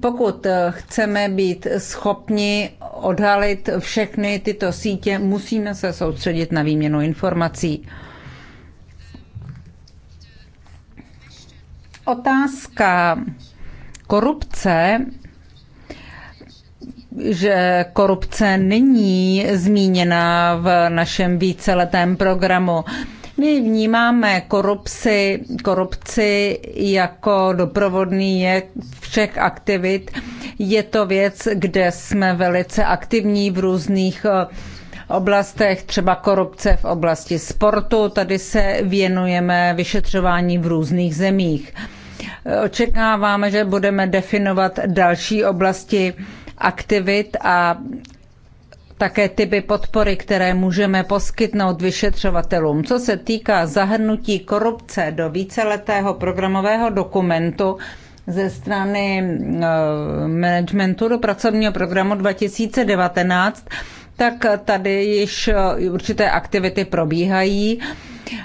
Pokud eh, chceme být schopni odhalit všechny tyto sítě, musíme se soustředit na výměnu informací. Otázka korupce že korupce není zmíněna v našem víceletém programu. My vnímáme korupci, korupci jako doprovodný je všech aktivit. Je to věc, kde jsme velice aktivní v různých eh, oblastech, třeba korupce v oblasti sportu. Tady se věnujeme vyšetřování v různých zemích. Eh, očekáváme, že budeme definovat další oblasti aktivit a také typy podpory, které můžeme poskytnout vyšetřovatelům. Co se týká zahrnutí korupce do víceletého programového dokumentu, ze strany eh, managementu do pracovního programu 2019 tak tady již eh, určité aktivity probíhají.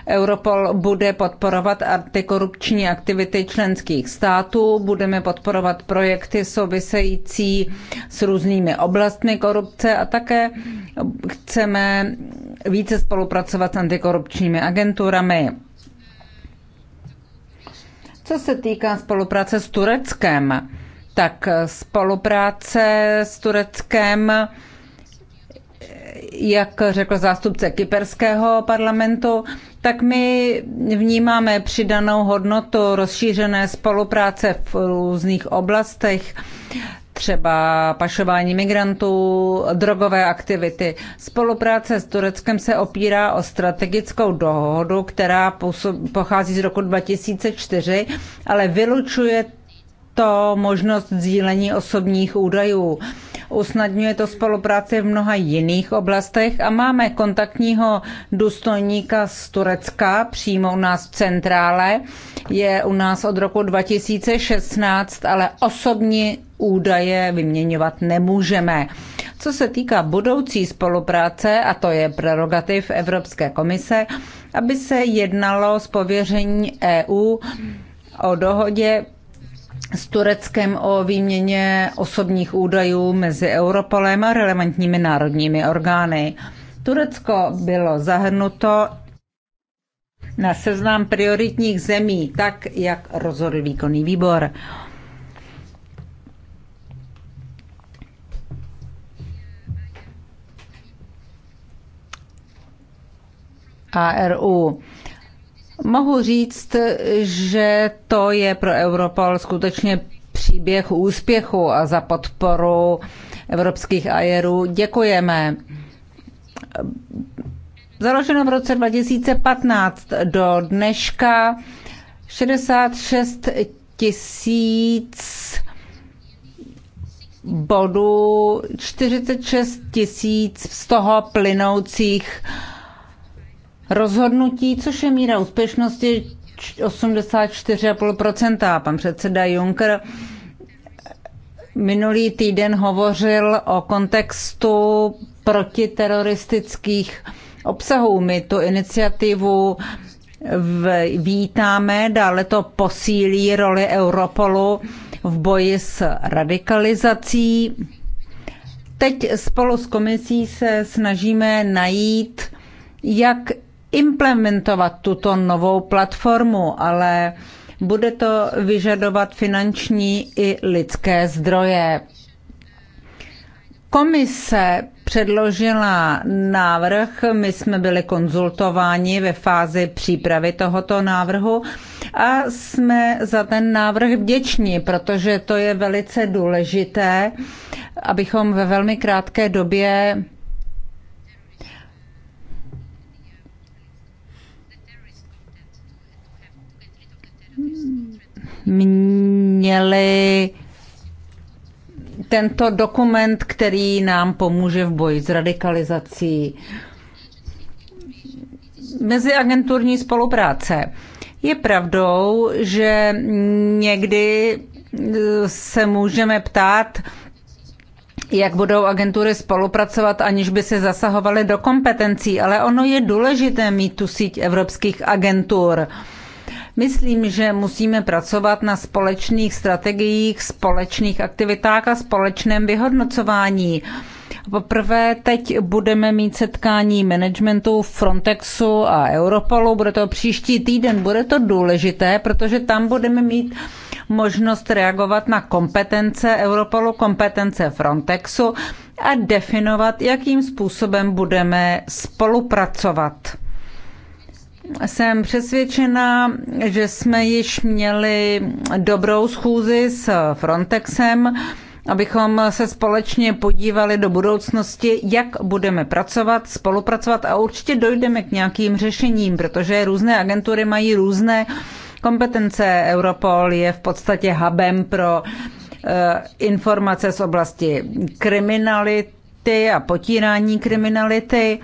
Europol bude podporovat antikorupční aktivity členských států, budeme podporovat projekty související s různými oblastmi korupce a také chceme více spolupracovat s antikorupčními agenturami. Co se týká spolupráce s Tureckem, tak spolupráce s Tureckem jak řekl zástupce kyperského parlamentu, tak my vnímáme přidanou hodnotu rozšířené spolupráce v různých oblastech, třeba pašování migrantů, drogové aktivity. Spolupráce s Tureckem se opírá o strategickou dohodu, která pochází z roku 2004, ale vylučuje to možnost sdílení osobních údajů. Usnadňuje to spolupráci v mnoha jiných oblastech a máme kontaktního důstojníka z Turecka přímo u nás v centrále. Je u nás od roku 2016, ale osobní údaje vyměňovat nemůžeme. Co se týká budoucí spolupráce, a to je prerogativ Evropské komise, aby se jednalo s pověření EU o dohodě s Tureckem o výměně osobních údajů mezi Europolem a relevantními národními orgány. Turecko bylo zahrnuto na seznam prioritních zemí, tak jak rozhodl výkonný výbor. ARU. Mohu říct, že to je pro Europol skutečně příběh úspěchu a za podporu evropských ajerů děkujeme. Založeno v roce 2015 do dneška 66 tisíc bodů, 46 tisíc z toho plynoucích rozhodnutí, což je míra úspěšnosti 84,5%. Pan předseda Juncker minulý týden hovořil o kontextu protiteroristických obsahů. My tu iniciativu vítáme, dále to posílí roli Europolu v boji s radikalizací. Teď spolu s komisí se snažíme najít, jak implementovat tuto novou platformu, ale bude to vyžadovat finanční i lidské zdroje. Komise předložila návrh, my jsme byli konzultováni ve fázi přípravy tohoto návrhu a jsme za ten návrh vděční, protože to je velice důležité, abychom ve velmi krátké době měli tento dokument, který nám pomůže v boji s radikalizací. Meziagenturní spolupráce. Je pravdou, že někdy eh, se můžeme ptát, jak budou agentury spolupracovat, aniž by se zasahovaly do kompetencí, ale ono je důležité mít tu síť evropských agentur. Myslím, že musíme pracovat na společných strategiích, společných aktivitách a společném vyhodnocování. Poprvé teď budeme mít setkání managementu Frontexu a Europolu, bude to příští týden, bude to důležité, protože tam budeme mít možnost reagovat na kompetence Europolu, kompetence Frontexu a definovat, jakým způsobem budeme spolupracovat. Jsem přesvědčena, že jsme již měli dobrou schůzi s Frontexem, abychom se společně podívali do budoucnosti, jak budeme pracovat, spolupracovat a určitě dojdeme k nějakým řešením, protože různé agentury mají různé kompetence. Europol je v podstatě hubem pro eh, informace z oblasti kriminality a potírání kriminality.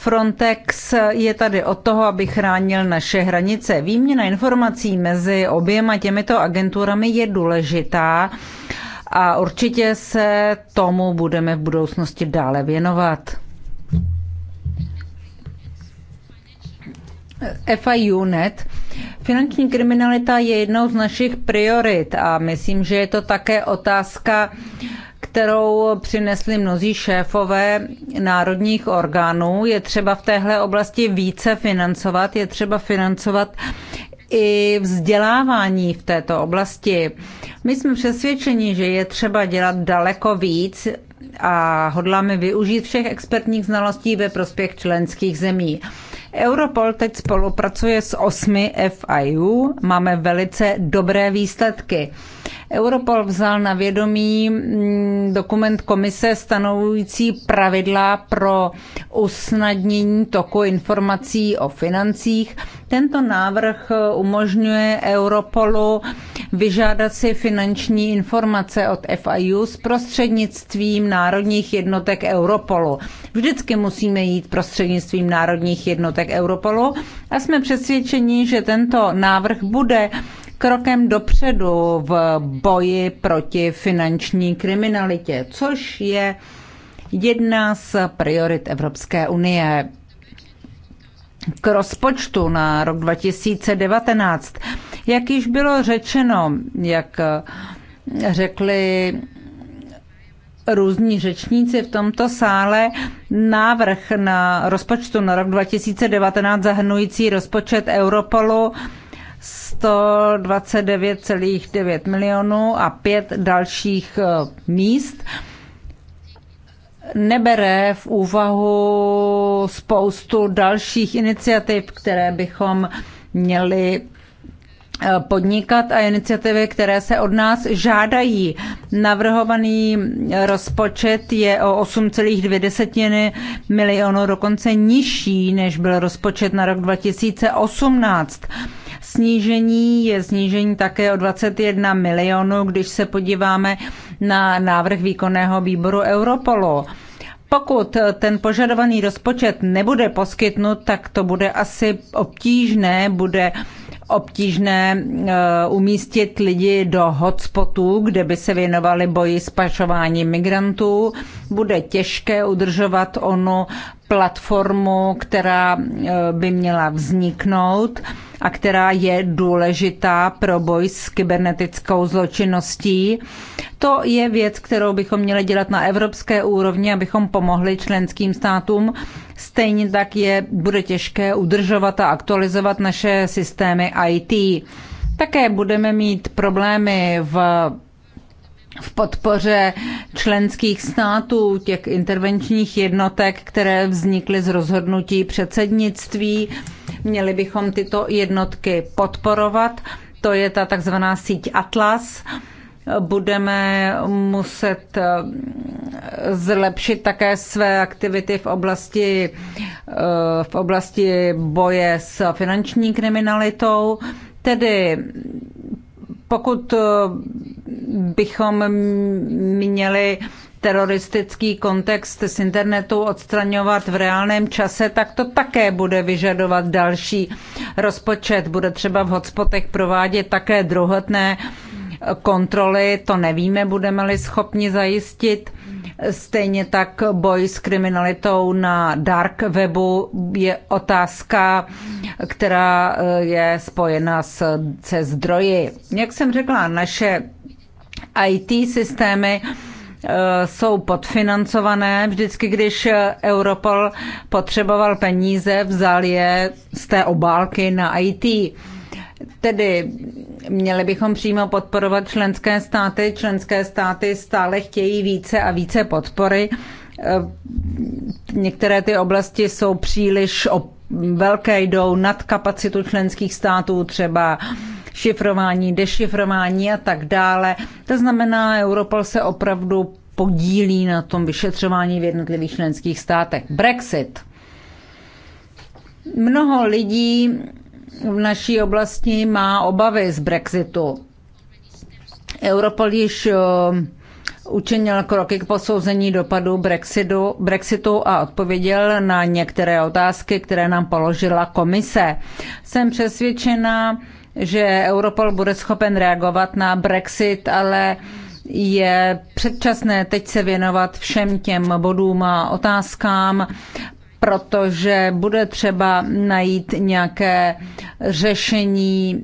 Frontex je tady od toho, aby chránil naše hranice. Výměna informací mezi oběma těmito agenturami je důležitá a určitě se tomu budeme v budoucnosti dále věnovat. FIUNET. Finanční kriminalita je jednou z našich priorit a myslím, že je to také otázka uh, kterou přinesli mnozí šéfové národních orgánů. Je třeba v téhle oblasti více financovat, je třeba financovat i vzdělávání v této oblasti. My jsme přesvědčeni, že je třeba dělat daleko víc a hodláme využít všech expertních znalostí ve prospěch členských zemí. Europol teď spolupracuje s osmi FIU, máme velice dobré výsledky. Europol vzal na vědomí mm, dokument komise stanovující pravidla pro usnadnění toku informací o financích. Tento návrh umožňuje Europolu vyžádat si finanční informace od FIU s prostřednictvím národních jednotek Europolu. Vždycky musíme jít prostřednictvím národních jednotek Europolu a jsme přesvědčeni, že tento návrh bude krokem dopředu v boji proti finanční kriminalitě, což je jedna z priorit Evropské unie. K rozpočtu na rok 2019. Jak již bylo řečeno, jak řekli různí řečníci v tomto sále, návrh na rozpočtu na rok 2019 zahrnující rozpočet Europolu 129,9 milionů a pět dalších eh, míst nebere v úvahu spoustu dalších iniciativ, které bychom měli eh, podnikat a iniciativy, které se od nás žádají. Navrhovaný rozpočet je o 8,2 milionů dokonce nižší, než byl rozpočet na rok 2018 snížení je snížení také o 21 milionů, když se podíváme na návrh výkonného výboru Europolu. Pokud ten požadovaný rozpočet nebude poskytnut, tak to bude asi obtížné, bude obtížné eh, umístit lidi do hotspotů, kde by se věnovali boji s pašováním migrantů. Bude těžké udržovat onu platformu, která eh, by měla vzniknout a která je důležitá pro boj s kybernetickou zločinností. To je věc, kterou bychom měli dělat na evropské úrovni, abychom pomohli členským státům. Stejně tak je, bude těžké udržovat a aktualizovat naše systémy IT. Také budeme mít problémy v v podpoře členských států, těch intervenčních jednotek, které vznikly z rozhodnutí předsednictví. Měli bychom tyto jednotky podporovat. To je ta takzvaná síť Atlas. Budeme muset eh, zlepšit také své aktivity v oblasti, eh, v oblasti boje s finanční kriminalitou. Tedy pokud eh, bychom měli teroristický kontext z internetu odstraňovat v reálném čase, tak to také bude vyžadovat další rozpočet. Bude třeba v hotspotech provádět také druhotné kontroly, to nevíme, budeme-li schopni zajistit. Stejně tak boj s kriminalitou na dark webu je otázka, která eh, je spojena s, se zdroji. Jak jsem řekla, naše IT systémy eh, jsou podfinancované. Vždycky, když Europol potřeboval peníze, vzal je z té obálky na IT. Tedy Měli bychom přímo podporovat členské státy. Členské státy stále chtějí více a více podpory. Eh, některé ty oblasti jsou příliš velké, jdou nad kapacitu členských států, třeba šifrování, dešifrování a tak dále. To znamená, Europol se opravdu podílí na tom vyšetřování v jednotlivých členských státech. Brexit. Mnoho lidí v naší oblasti má obavy z Brexitu. Europol již eh, učinil kroky k posouzení dopadu Brexitu, Brexitu a odpověděl na některé otázky, které nám položila komise. Jsem přesvědčena, že Europol bude schopen reagovat na Brexit, ale je předčasné teď se věnovat všem těm bodům a otázkám protože bude třeba najít nějaké řešení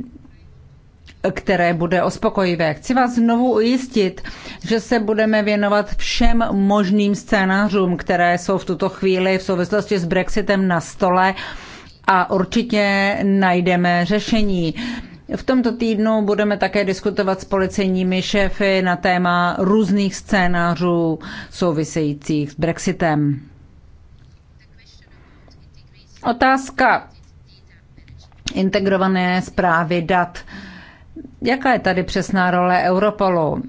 které bude ospokojivé. Chci vás znovu ujistit, že se budeme věnovat všem možným scénářům, které jsou v tuto chvíli v souvislosti s Brexitem na stole a určitě najdeme řešení. V tomto týdnu budeme také diskutovat s policejními šéfy na téma různých scénářů souvisejících s Brexitem. Otázka integrované zprávy dat. Jaká je tady přesná role Europolu?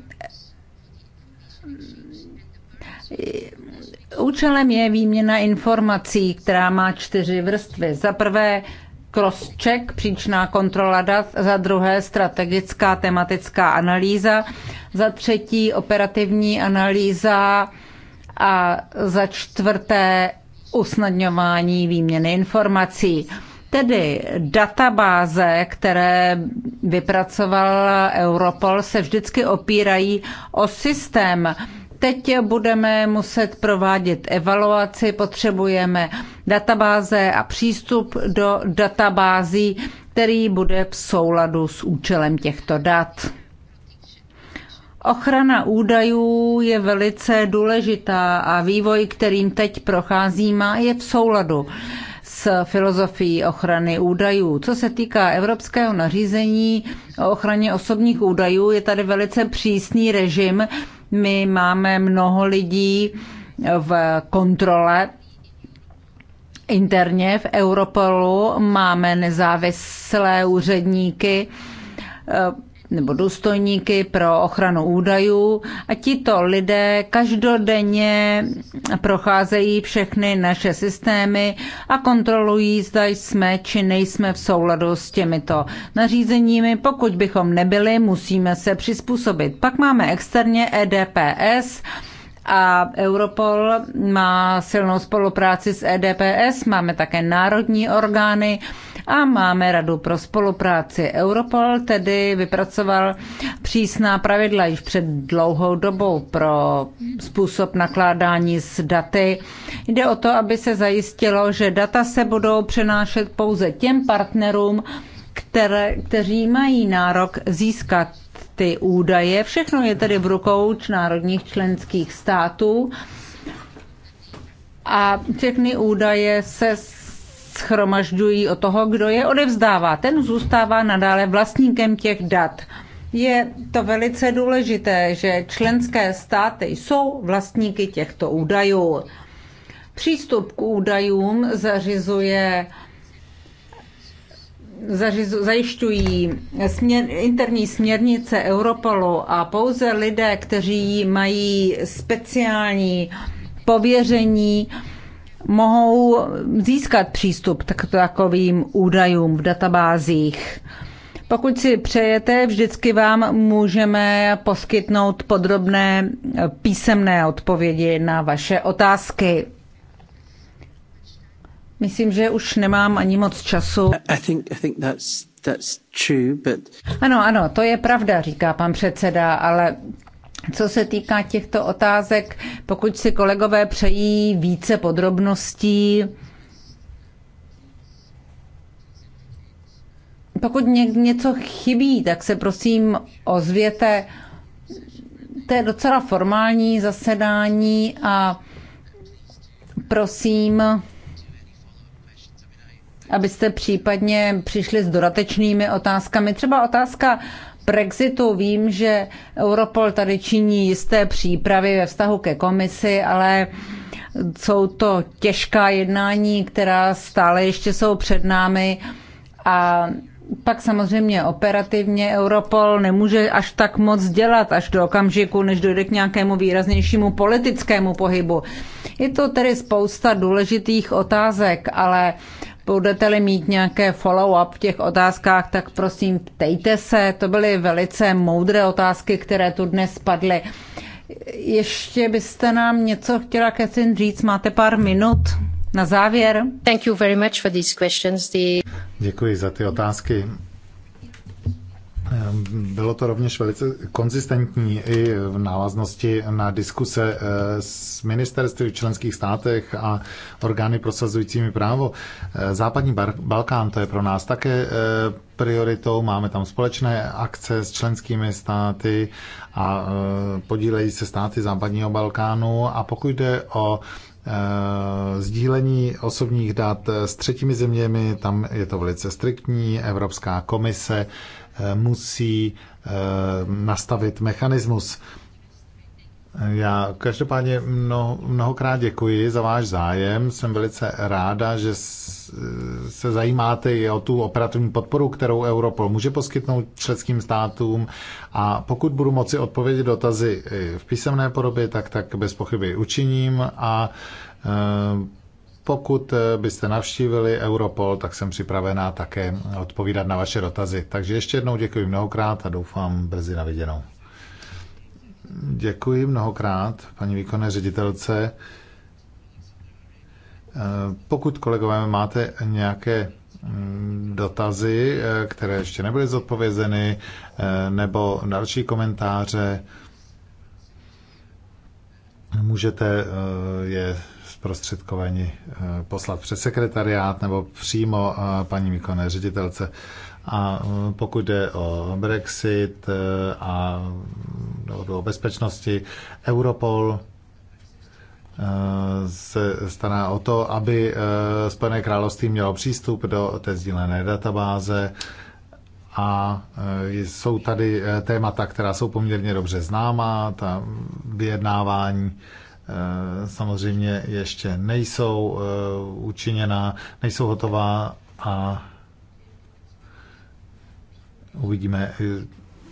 Účelem je výměna informací, která má čtyři vrstvy. Za prvé cross-check, příčná kontrola dat, za druhé strategická tematická analýza, za třetí operativní analýza a za čtvrté usnadňování výměny informací. Tedy databáze, které vypracoval Europol, se vždycky opírají o systém. Teď budeme muset provádět evaluaci, potřebujeme databáze a přístup do databází, který bude v souladu s účelem těchto dat. Ochrana údajů je velice důležitá a vývoj, kterým teď procházíme, je v souladu s filozofií ochrany údajů. Co se týká evropského nařízení o ochraně osobních údajů, je tady velice přísný režim. My máme mnoho lidí v kontrole interně v Europolu, máme nezávislé úředníky, nebo důstojníky pro ochranu údajů a tito lidé každodenně procházejí všechny naše systémy a kontrolují, zda jsme či nejsme v souladu s těmito nařízeními. Pokud bychom nebyli, musíme se přizpůsobit. Pak máme externě EDPS, a Europol má silnou spolupráci s EDPS, máme také národní orgány a máme Radu pro spolupráci. Europol tedy vypracoval přísná pravidla již před dlouhou dobou pro způsob nakládání s daty. Jde o to, aby se zajistilo, že data se budou přenášet pouze těm partnerům, které, kteří mají nárok získat ty údaje. Všechno je tedy v rukou národních členských států a všechny údaje se schromažďují od toho, kdo je odevzdává. Ten zůstává nadále vlastníkem těch dat. Je to velice důležité, že členské státy jsou vlastníky těchto údajů. Přístup k údajům zařizuje zařizu, zajišťují směr, interní směrnice Europolu a pouze lidé, kteří mají speciální pověření, mohou získat přístup k takovým údajům v databázích. Pokud si přejete, vždycky vám můžeme poskytnout podrobné písemné odpovědi na vaše otázky. Myslím, že už nemám ani moc času. I think, I think that's, that's true, but... Ano, ano, to je pravda, říká pan předseda, ale co se týká těchto otázek, pokud si kolegové přejí více podrobností, pokud něco chybí, tak se prosím ozvěte. To je docela formální zasedání a prosím, abyste případně přišli s dodatečnými otázkami. Třeba otázka Brexitu. Vím, že Europol tady činí jisté přípravy ve vztahu ke komisi, ale jsou to těžká jednání, která stále ještě jsou před námi a pak samozřejmě operativně Europol nemůže až tak moc dělat, až do okamžiku, než dojde k nějakému výraznějšímu politickému pohybu. Je to tedy spousta důležitých otázek, ale budete-li mít nějaké follow-up v těch otázkách, tak prosím ptejte se. To byly velice moudré otázky, které tu dnes padly. Ještě byste nám něco chtěla, Catherine, říct? Máte pár minut na závěr? Thank you very much for these questions. The... Děkuji za ty otázky. Ehm, bylo to rovněž velice konzistentní i v návaznosti na diskuse eh, s ministerstvy v členských státech a orgány prosazujícími právo. Eh, Západní Balkán to je pro nás také eh, prioritou, máme tam společné akce s členskými státy a podílejí se státy Západního Balkánu a pokud jde o sdílení osobních dat s třetími zeměmi, tam je to velice striktní, Evropská komise musí eh, nastavit mechanismus. Já každopádně mnoho, mnohokrát děkuji za váš zájem. Jsem velice ráda, že eh, se zajímáte i o tu operativní podporu, kterou Europol může poskytnout členským státům. A pokud budu moci odpovědět dotazy v písemné podobě, tak tak bez pochyby učiním a eh, pokud eh, byste navštívili Europol, tak jsem připravená také odpovídat na vaše dotazy. Takže ještě jednou děkuji mnohokrát a doufám brzy na viděnou. Děkuji mnohokrát, paní výkonné ředitelce. Eh, pokud kolegové máte nějaké mm, dotazy, eh, které ještě nebyly zodpovězeny, nebo další komentáře, můžete je zprostředkovaní eh, poslat přes sekretariát nebo přímo eh, paní výkonné ředitelce. A eh, pokud jde o Brexit a o bezpečnosti, Europol se stará o to, aby Spojené království mělo přístup do té sdílené databáze a jsou tady témata, která jsou poměrně dobře známá, ta vyjednávání Eh, samozřejmě ještě nejsou eh, učiněná, nejsou hotová a uvidíme eh,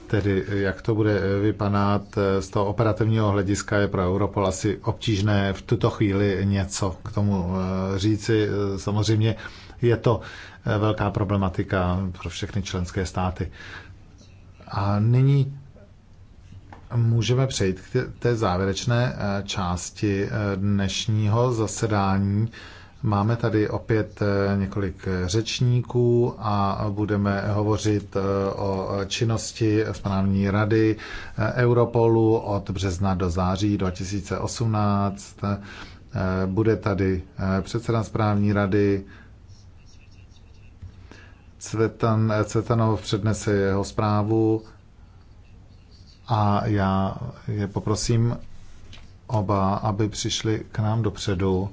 tedy, jak to bude vypadat. Z toho operativního hlediska je pro Europol asi obtížné v tuto chvíli něco k tomu říci. Samozřejmě je to velká problematika pro všechny členské státy. A nyní můžeme přejít k té závěrečné eh, části eh, dnešního zasedání. Máme tady opět eh, několik řečníků a budeme hovořit o činnosti správní rady Europolu od března do září 2018. Bude tady předseda správní rady Cvetan, Cvetanov přednese jeho zprávu a já je poprosím oba, aby přišli k nám dopředu.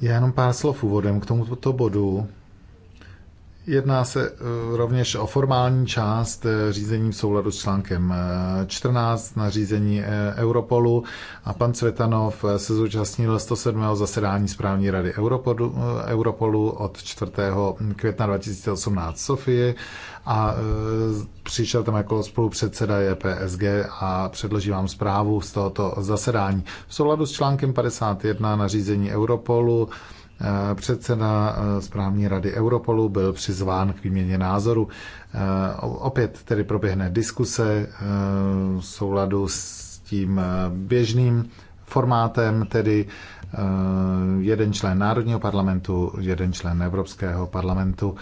Já jenom pár slov úvodem k tomuto bodu. Jedná se eh, rovněž o formální část eh, řízení v souladu s článkem 14 eh, na řízení Europolu a pan Cvetanov se zúčastnil 107. zasedání správní rady Europolu, Europolu od 4. května 2018 v Sofii a přišel tam jako spolupředseda JPSG a předloží vám zprávu z tohoto zasedání. V souladu s článkem 51 na řízení Europolu Eh, předseda eh, správní rady Europolu byl přizván k výměně názoru. Eh, opět tedy proběhne diskuse v souladu s tím běžným formátem, tedy jeden člen Národního parlamentu, jeden člen Evropského parlamentu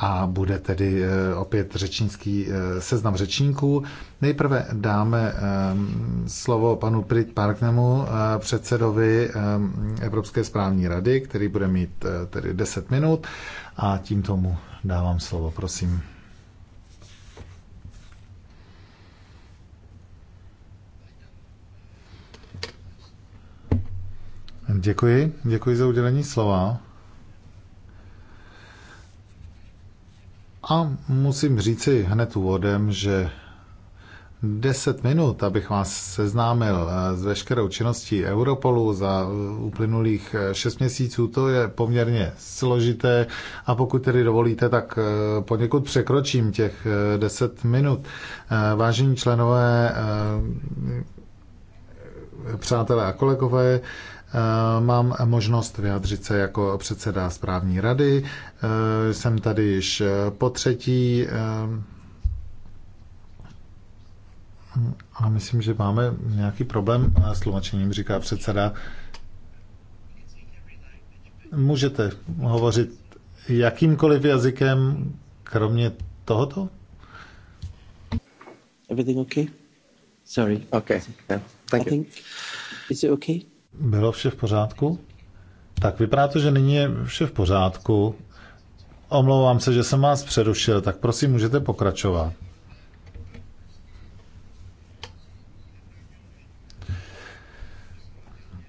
a bude tedy eh, opět řečnický eh, seznam řečníků. Nejprve dáme ehm, slovo panu Prit Parknemu, eh, předsedovi ehm, Evropské správní rady, který bude mít tedy 10 minut a tím tomu dávám slovo, prosím. Děkuji, děkuji za udělení slova. A musím říci hned úvodem, že 10 minut, abych vás seznámil eh, s veškerou činností Europolu za eh, uplynulých 6 eh, měsíců, to je poměrně složité a pokud tedy dovolíte, tak poněkud překročím těch 10 minut. Vážení členové, přátelé a kolegové, Eh, mám možnost vyjádřit se jako předseda správní rady. Eh, jsem tady již eh, po třetí. A myslím, že máme nějaký problém s tlumočením, říká předseda. Můžete hovořit jakýmkoliv jazykem, kromě tohoto? Everything okay? Sorry. Okay. Yeah. Thank I you. Think, is it okay? Bylo vše v pořádku? Tak vypadá to, že nyní je vše v pořádku. Omlouvám se, že jsem vás přerušil, tak prosím, můžete pokračovat.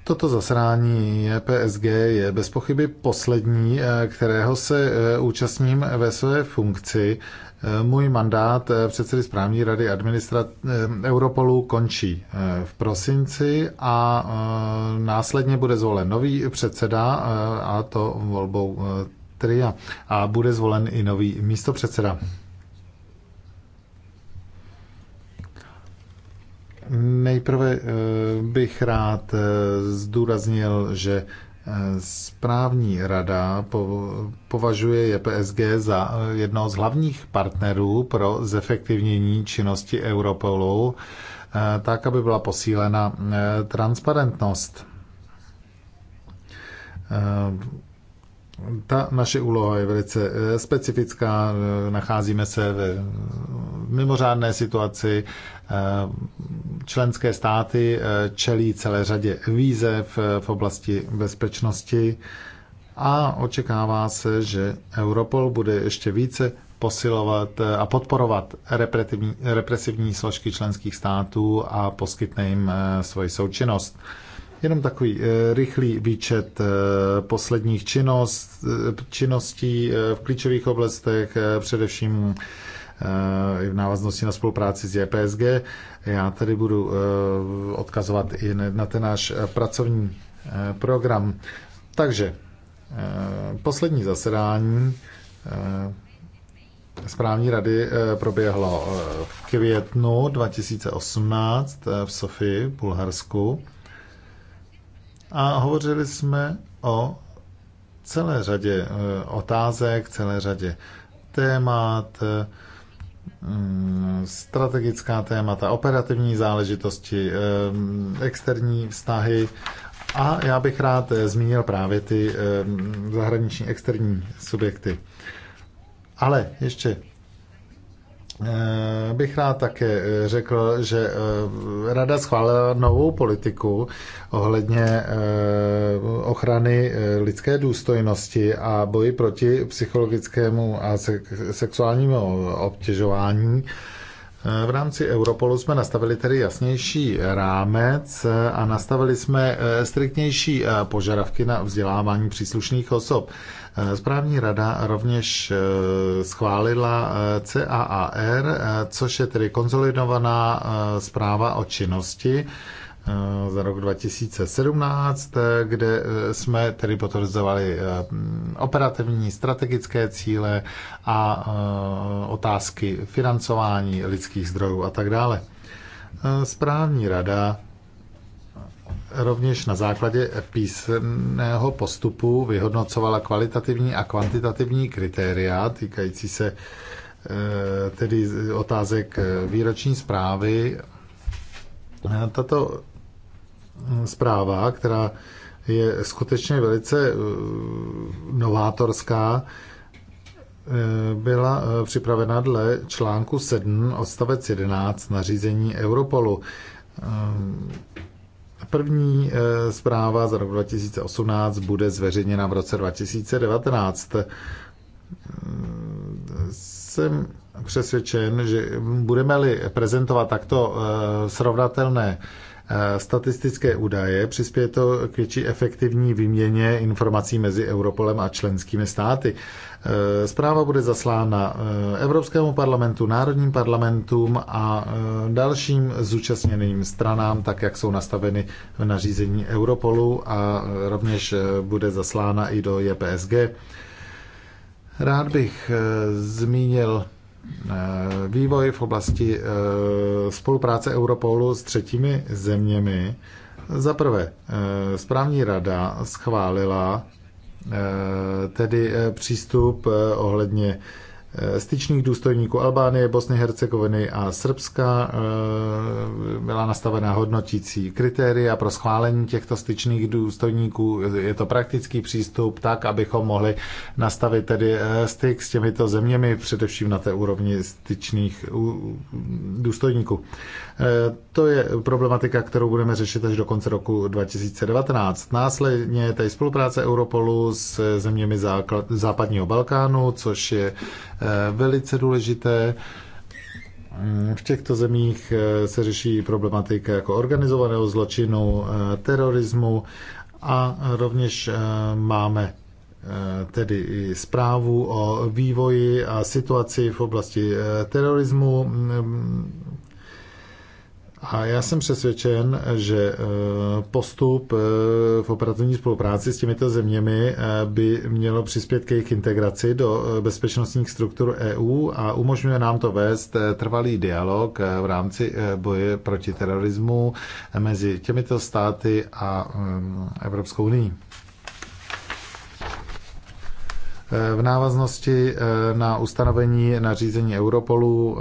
Toto zasedání e PSG je bez pochyby poslední, eh, kterého se eh, účastním ve své funkci můj mandát eh, předsedy správní rady administrat eh, Europolu končí eh, v prosinci a následně bude zvolen nový předseda a to volbou tria a bude zvolen i nový místopředseda. Nejprve bych rád zdůraznil, že Správní rada považuje JPSG za jednoho z hlavních partnerů pro zefektivnění činnosti Europolu, eh, tak, aby byla posílena eh, transparentnost eh, ta naše úloha je velice eh, specifická, eh, nacházíme se v mimořádné situaci. Eh, členské státy čelí celé řadě výzev v oblasti bezpečnosti a očekává se, že Europol bude ještě více posilovat a podporovat represivní, represivní složky členských států a poskytne jim svoji součinnost. Jenom takový eh, rychlý výčet eh, posledních činnost, eh, činností v klíčových oblastech, především i v návaznosti na spolupráci s JPSG. Já tady budu odkazovat i na ten náš pracovní program. Takže poslední zasedání správní rady proběhlo v květnu 2018 v Sofii, Bulharsku a hovořili jsme o celé řadě eh, otázek, celé řadě témat, eh, mm, strategická témata, operativní záležitosti, eh, externí vztahy. A já bych rád zmínil právě ty zahraniční externí subjekty. Ale ještě Eh, bych rád také eh, řekl, že eh, Rada schválila novou politiku ohledně ochrany lidské důstojnosti a boji proti psychologickému a sexuálnímu obtěžování. V rámci Europolu jsme nastavili tedy jasnější rámec a nastavili jsme striktnější požadavky na vzdělávání příslušných osob. Eh, správní rada rovněž eh, schválila eh, CAAR, což je tedy konzolidovaná zpráva o činnosti za rok 2017, kde jsme tedy potvrzovali mm, operativní, strategické cíle a otázky financování lidských zdrojů a tak dále. Správní rada rovněž na základě písemného postupu vyhodnocovala kvalitativní a kvantitativní kritéria týkající se e, tedy otázek e, výroční zprávy. E, tato zpráva, která je skutečně velice novátorská, byla připravena dle článku 7 odstavec 11 nařízení Europolu. První eh, zpráva za rok 2018 bude zveřejněna v roce 2019. Eh, jsem přesvědčen, že budeme-li prezentovat takto eh, srovnatelné Eh, statistické údaje, přispěje to k větší efektivní výměně informací mezi Europolem a členskými státy. Eh, zpráva bude zaslána eh, Evropskému parlamentu, národním parlamentům a dalším zúčastněným stranám, tak jak jsou nastaveny v nařízení Europolu a rovněž bude zaslána i do JPSG. Rád bych zmínil Eh, vývoj v oblasti eh, spolupráce Europolu s třetími zeměmi. Za prvé, eh, správní rada schválila tedy přístup ohledně Eh, styčných důstojníků Albánie, Bosny, Hercegoviny a Srbska eh, byla nastavená hodnotící kritéria pro schválení těchto styčných důstojníků. Je to praktický přístup tak, abychom mohli nastavit tedy eh, styk s těmito zeměmi, především na té úrovni styčných důstojníků. Eh, to je problematika, kterou budeme řešit až do konce roku 2019. Následně je tady spolupráce Europolu s zeměmi západního Balkánu, což je eh, velice důležité. Mm, v těchto zemích eh, se řeší problematika jako organizovaného zločinu, terorismu a rovněž máme tedy i zprávu o vývoji a situaci v oblasti terorismu. Mm, a já jsem přesvědčen, že eh, postup eh, v operativní spolupráci s těmito zeměmi eh, by mělo přispět k jejich integraci do bezpečnostních struktur EU a umožňuje nám to vést trvalý dialog v rámci boje proti terorismu mezi těmito státy a mm, Evropskou unii. V návaznosti eh, na ustanovení nařízení Europolu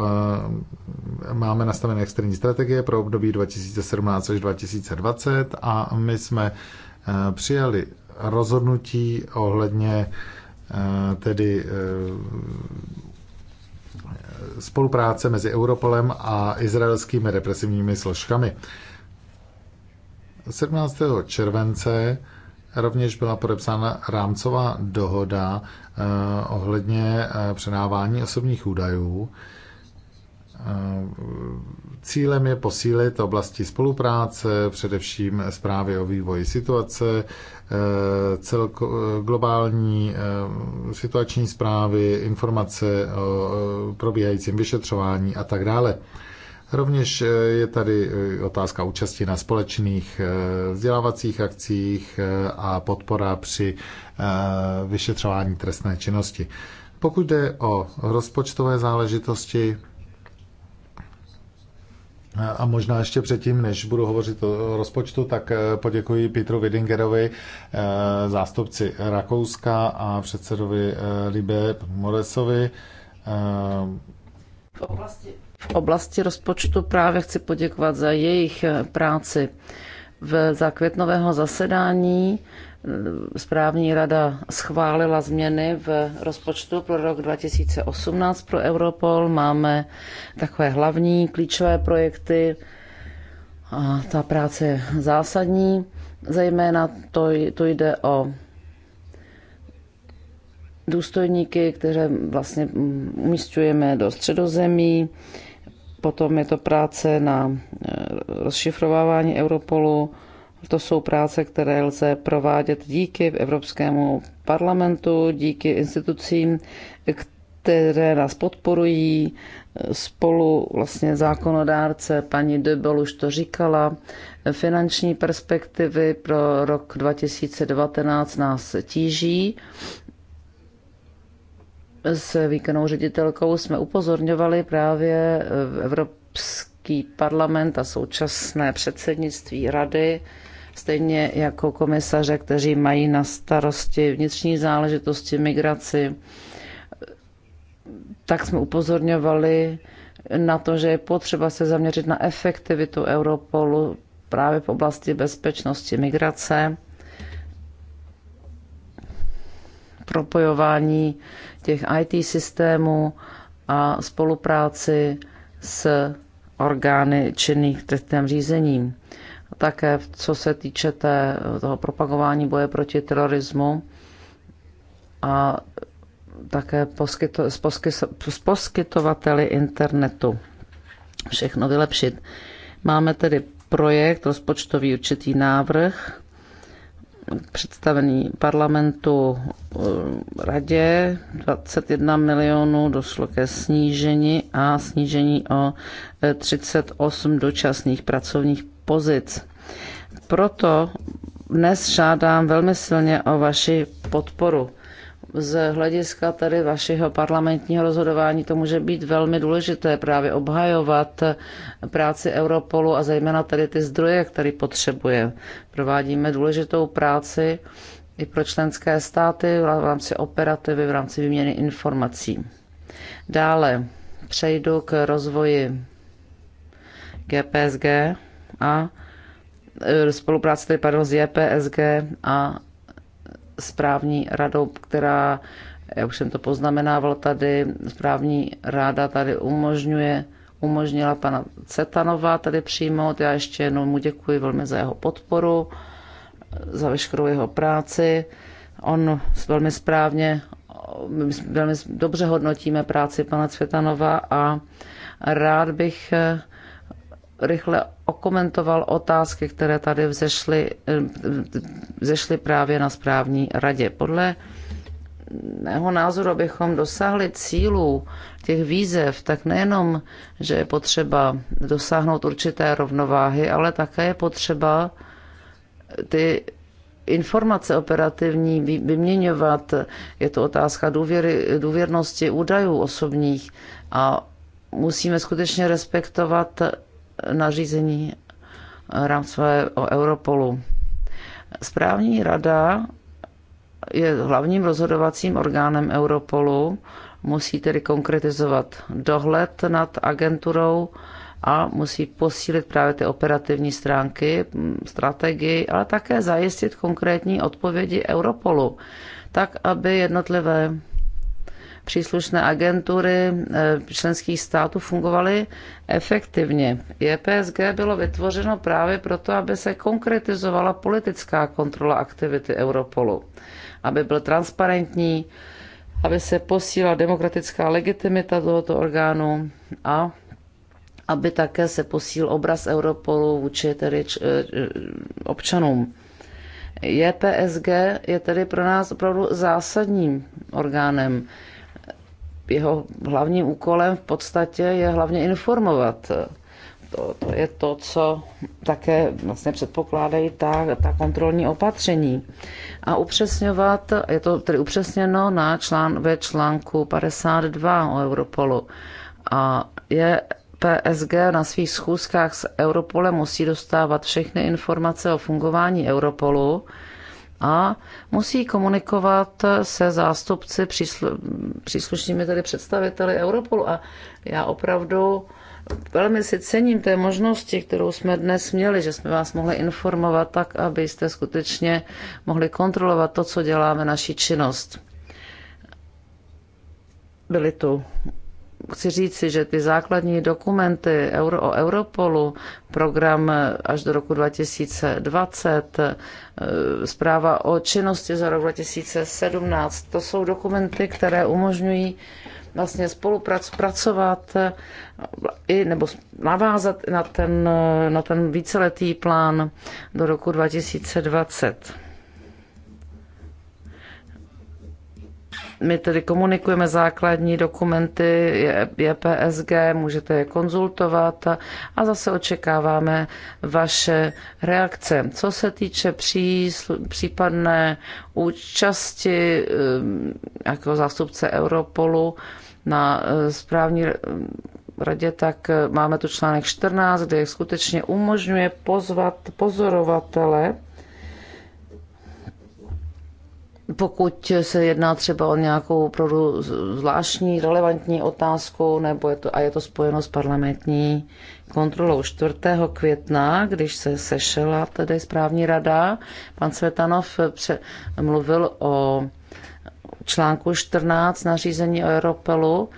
eh, máme nastavené externí strategie pro období 2017 až 2020 a my jsme eh, přijali rozhodnutí ohledně tedy spolupráce mezi Europolem a izraelskými represivními složkami. 17. července Rovněž byla podepsána rámcová dohoda eh, ohledně eh, předávání osobních údajů. Eh, cílem je posílit oblasti spolupráce, především zprávy o vývoji situace, celko, globální situační zprávy, informace o probíhajícím vyšetřování a tak dále. Rovněž eh, je tady eh, otázka účasti na společných eh, vzdělávacích akcích a podpora při vyšetřování trestné činnosti. Pokud jde o rozpočtové záležitosti, a možná ještě předtím, než budu hovořit o rozpočtu, tak poděkuji Petru Widingerovi, zástupci Rakouska a předsedovi Libe Moresovi. V oblasti v oblasti rozpočtu právě chci poděkovat za jejich eh, práci. V zákvětnového zasedání eh, správní rada schválila změny v rozpočtu pro rok 2018 pro Europol. Máme takové hlavní klíčové projekty a ta práce je zásadní. Zejména to, to jde o důstojníky, které vlastně mm, umístujeme do středozemí, Potom je to práce na eh, rozšifrovávání Europolu. To jsou práce, které lze provádět díky Evropskému parlamentu, díky institucím, které nás podporují. Spolu vlastně zákonodárce, paní Debel už to říkala, finanční perspektivy pro rok 2019 nás tíží s výkonnou ředitelkou jsme upozorňovali právě v Evropský parlament a současné předsednictví rady, stejně jako komisaře, kteří mají na starosti vnitřní záležitosti, migraci, tak jsme upozorňovali na to, že je potřeba se zaměřit na efektivitu Europolu právě v oblasti bezpečnosti migrace, propojování těch IT systémů a spolupráci s orgány činných trestném řízením. Také co se týče té, toho propagování boje proti terorismu a také poskyto, s, s poskytovateli internetu. Všechno vylepšit. Máme tedy projekt, rozpočtový určitý návrh představený parlamentu eh, radě. 21 milionů došlo ke snížení a snížení o 38 eh, dočasných pracovních pozic. Proto dnes žádám velmi silně o vaši podporu z hlediska tady vašeho parlamentního rozhodování to může být velmi důležité právě obhajovat práci Europolu a zejména tady ty zdroje, které potřebuje. Provádíme důležitou práci i pro členské státy v rámci operativy, v rámci výměny informací. Dále přejdu k rozvoji GPSG a e, spolupráci tedy, pardon, s JPSG a správní radou, která, já už jsem to poznamenával tady, správní ráda tady umožňuje, umožnila pana Cetanova tady přijmout. Já ještě jednou mu děkuji velmi za jeho podporu, za veškerou jeho práci. On velmi správně, velmi dobře hodnotíme práci pana Cvětanova a rád bych eh, rychle okomentoval otázky, které tady vzešly, eh, vzešly právě na správní radě. Podle mého názoru, abychom dosáhli cílů těch výzev, tak nejenom, že je potřeba dosáhnout určité rovnováhy, ale také je potřeba ty informace operativní vyměňovat. Je to otázka důvěry, důvěrnosti údajů osobních a musíme skutečně respektovat nařízení rámcové o Europolu. Správní rada je hlavním rozhodovacím orgánem Europolu, musí tedy konkretizovat dohled nad agenturou a musí posílit právě ty operativní stránky, strategii, ale také zajistit konkrétní odpovědi Europolu, tak aby jednotlivé příslušné agentury eh, členských států fungovaly efektivně. JPSG e bylo vytvořeno právě proto, aby se konkretizovala politická kontrola aktivity Europolu, aby byl transparentní, aby se posílila demokratická legitimita tohoto orgánu a aby také se posíl obraz Europolu vůči tedy eh, občanům. JPSG e je tedy pro nás opravdu zásadním orgánem jeho hlavním úkolem v podstatě je hlavně informovat. To, to je to, co také vlastně předpokládají ta, ta kontrolní opatření. A upřesňovat, je to tedy upřesněno na člán, ve článku 52 o Europolu. A je PSG na svých schůzkách s Europolem musí dostávat všechny informace o fungování Europolu, a musí komunikovat se zástupci příslu, příslušnými tedy představiteli Europolu. A já opravdu velmi si cením té možnosti, kterou jsme dnes měli, že jsme vás mohli informovat tak, abyste skutečně mohli kontrolovat to, co děláme, naši činnost. Byly tu chci říci, že ty základní dokumenty Euro o Europolu, program až do roku 2020, eh, zpráva o činnosti za rok 2017, to jsou dokumenty, které umožňují vlastně spolupracovat eh, i, nebo navázat na ten, eh, na ten víceletý plán do roku 2020. My tedy komunikujeme základní dokumenty JPSG, můžete je konzultovat a, a zase očekáváme vaše reakce. Co se týče pří, případné účasti eh, jako zástupce Europolu na eh, správní radě, tak eh, máme tu článek 14, kde skutečně umožňuje pozvat pozorovatele pokud se jedná třeba o nějakou opravdu zvláštní, relevantní otázku, nebo je to, a je to spojeno s parlamentní kontrolou 4. května, když se sešela tedy správní rada, pan Svetanov pře- mluvil o článku 14 nařízení o Europelu,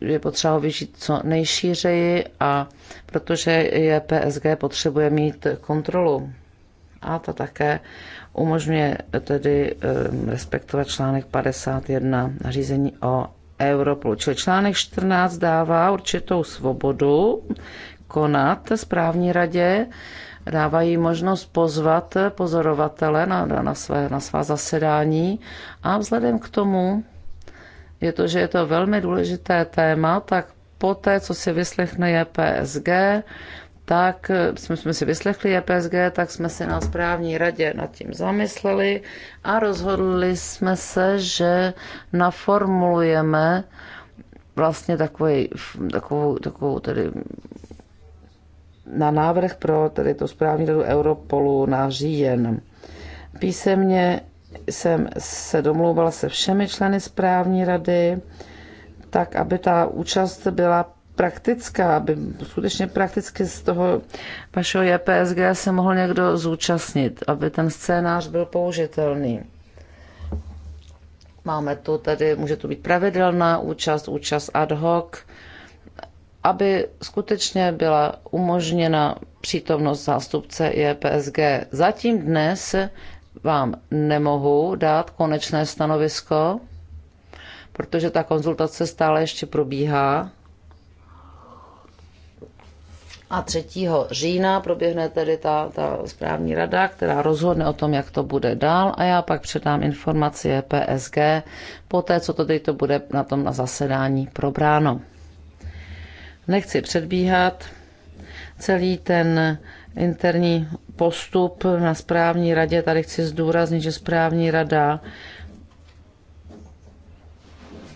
je potřeba ho vyžít co nejšířeji a protože je PSG potřebuje mít kontrolu. A to také umožňuje tedy respektovat článek 51 nařízení o Europolu. Čili článek 14 dává určitou svobodu konat správní radě, dávají možnost pozvat pozorovatele na, na, své, na svá zasedání a vzhledem k tomu, je to, že je to velmi důležité téma, tak poté, co si vyslechne PSG, tak jsme, jsme si vyslechli EPSG, tak jsme se na správní radě nad tím zamysleli a rozhodli jsme se, že naformulujeme vlastně takový, takovou, takovou tedy na návrh pro tedy to správní radu Europolu na říjen. Písemně jsem se domlouvala se všemi členy správní rady, tak aby ta účast byla praktická, aby skutečně prakticky z toho vašeho JPSG se mohl někdo zúčastnit, aby ten scénář byl použitelný. Máme tu tady, může tu být pravidelná účast, účast ad hoc, aby skutečně byla umožněna přítomnost zástupce JPSG. Zatím dnes vám nemohu dát konečné stanovisko, protože ta konzultace stále ještě probíhá a 3. října proběhne tedy ta, ta správní rada, která rozhodne o tom, jak to bude dál a já pak předám informaci PSG po té, co to teď to bude na tom na zasedání probráno. Nechci předbíhat celý ten interní postup na správní radě. Tady chci zdůraznit, že správní rada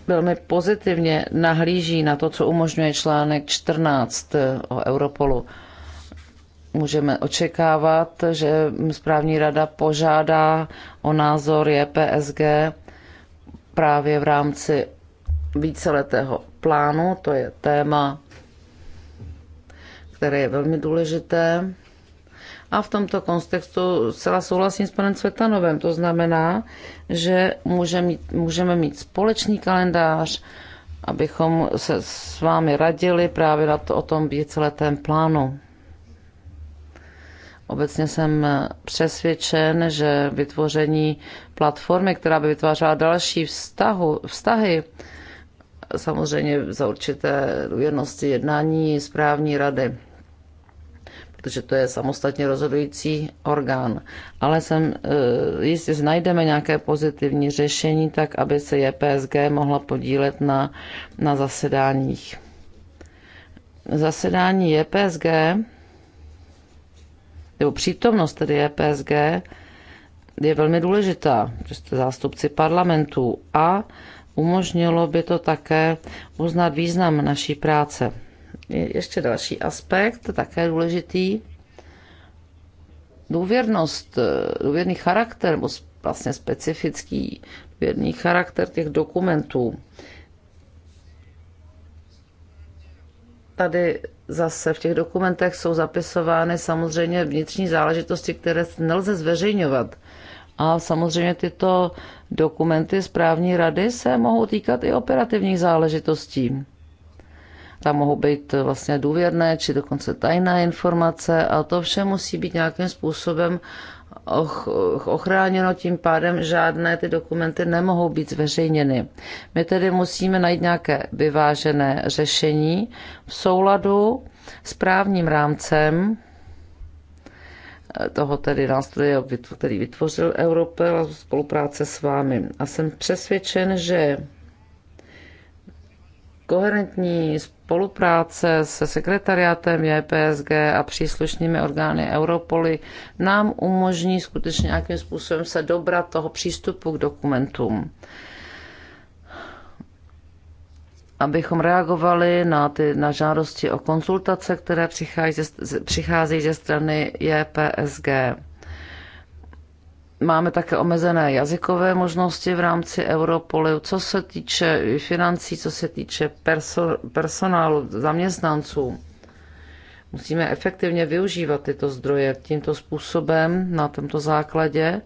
velmi pozitivně nahlíží na to, co umožňuje článek 14 eh, o Europolu. Můžeme očekávat, že správní rada požádá o názor JPSG právě v rámci víceletého plánu. To je téma, které je velmi důležité. A v tomto kontextu celá souhlasím s panem Cvetanovem. To znamená, že můžeme mít, můžeme mít společný kalendář, abychom se s vámi radili právě na to, o tom víceletém plánu. Obecně jsem přesvědčen, že vytvoření platformy, která by vytvářela další vztahu, vztahy, samozřejmě za určité ujednosti jednání správní rady, protože to je samostatně rozhodující orgán. Ale jsem, eh, jestli znajdeme nějaké pozitivní řešení, tak aby se JPSG mohla podílet na, na zasedáních. Zasedání JPSG, nebo přítomnost tedy JPSG, je velmi důležitá, protože jste zástupci parlamentů a umožnilo by to také uznat význam naší práce je ještě další aspekt, také důležitý. Důvěrnost, eh, důvěrný charakter, nebo vlastně specifický důvěrný charakter těch dokumentů. Tady zase v těch dokumentech jsou zapisovány samozřejmě vnitřní záležitosti, které nelze zveřejňovat. A samozřejmě tyto dokumenty správní rady se mohou týkat i operativních záležitostí. Tam mohou být vlastně důvěrné či dokonce tajné informace a to vše musí být nějakým způsobem ochráněno, tím pádem žádné ty dokumenty nemohou být zveřejněny. My tedy musíme najít nějaké vyvážené řešení v souladu s právním rámcem toho tedy nástroje, který vytvořil Europel a spolupráce s vámi. A jsem přesvědčen, že Koherentní spolupráce se sekretariátem JPSG a příslušnými orgány Europoly nám umožní skutečně nějakým způsobem se dobrat toho přístupu k dokumentům abychom reagovali na, ty, na žádosti o konzultace, které přichází přicházejí ze strany JPSG. Máme také omezené jazykové možnosti v rámci Europolu, co se týče financí, co se týče perso- personálu, zaměstnanců. Musíme efektivně využívat tyto zdroje tímto způsobem, na tomto základě,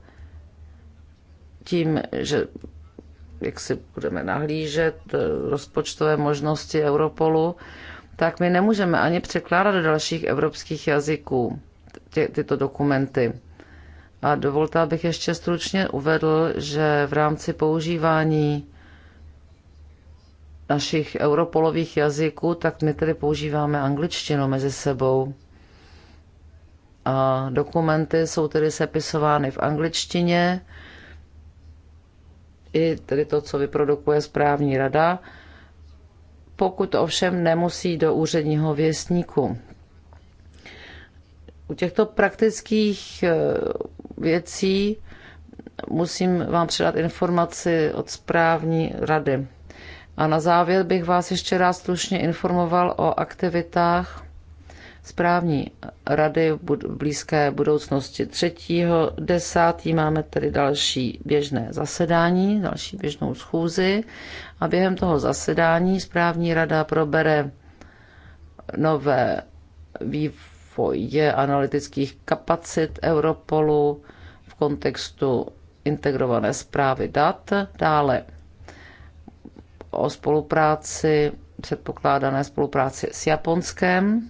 tím, že jak si budeme nahlížet eh, rozpočtové možnosti Europolu, tak my nemůžeme ani překládat do dalších evropských jazyků tě, tyto dokumenty. A dovolte, abych ještě stručně uvedl, že v rámci používání našich europolových jazyků, tak my tedy používáme angličtinu mezi sebou. A dokumenty jsou tedy sepisovány v angličtině, i tedy to, co vyprodukuje správní rada, pokud ovšem nemusí do úředního věstníku. U těchto praktických eh, věcí musím vám předat informaci od správní rady. A na závěr bych vás ještě rád slušně informoval o aktivitách správní rady v blízké budoucnosti. 3.10. máme tedy další běžné zasedání, další běžnou schůzi a během toho zasedání správní rada probere nové vývoje vývoje analytických kapacit Europolu v kontextu integrované zprávy dat, dále o spolupráci, předpokládané spolupráci s Japonskem,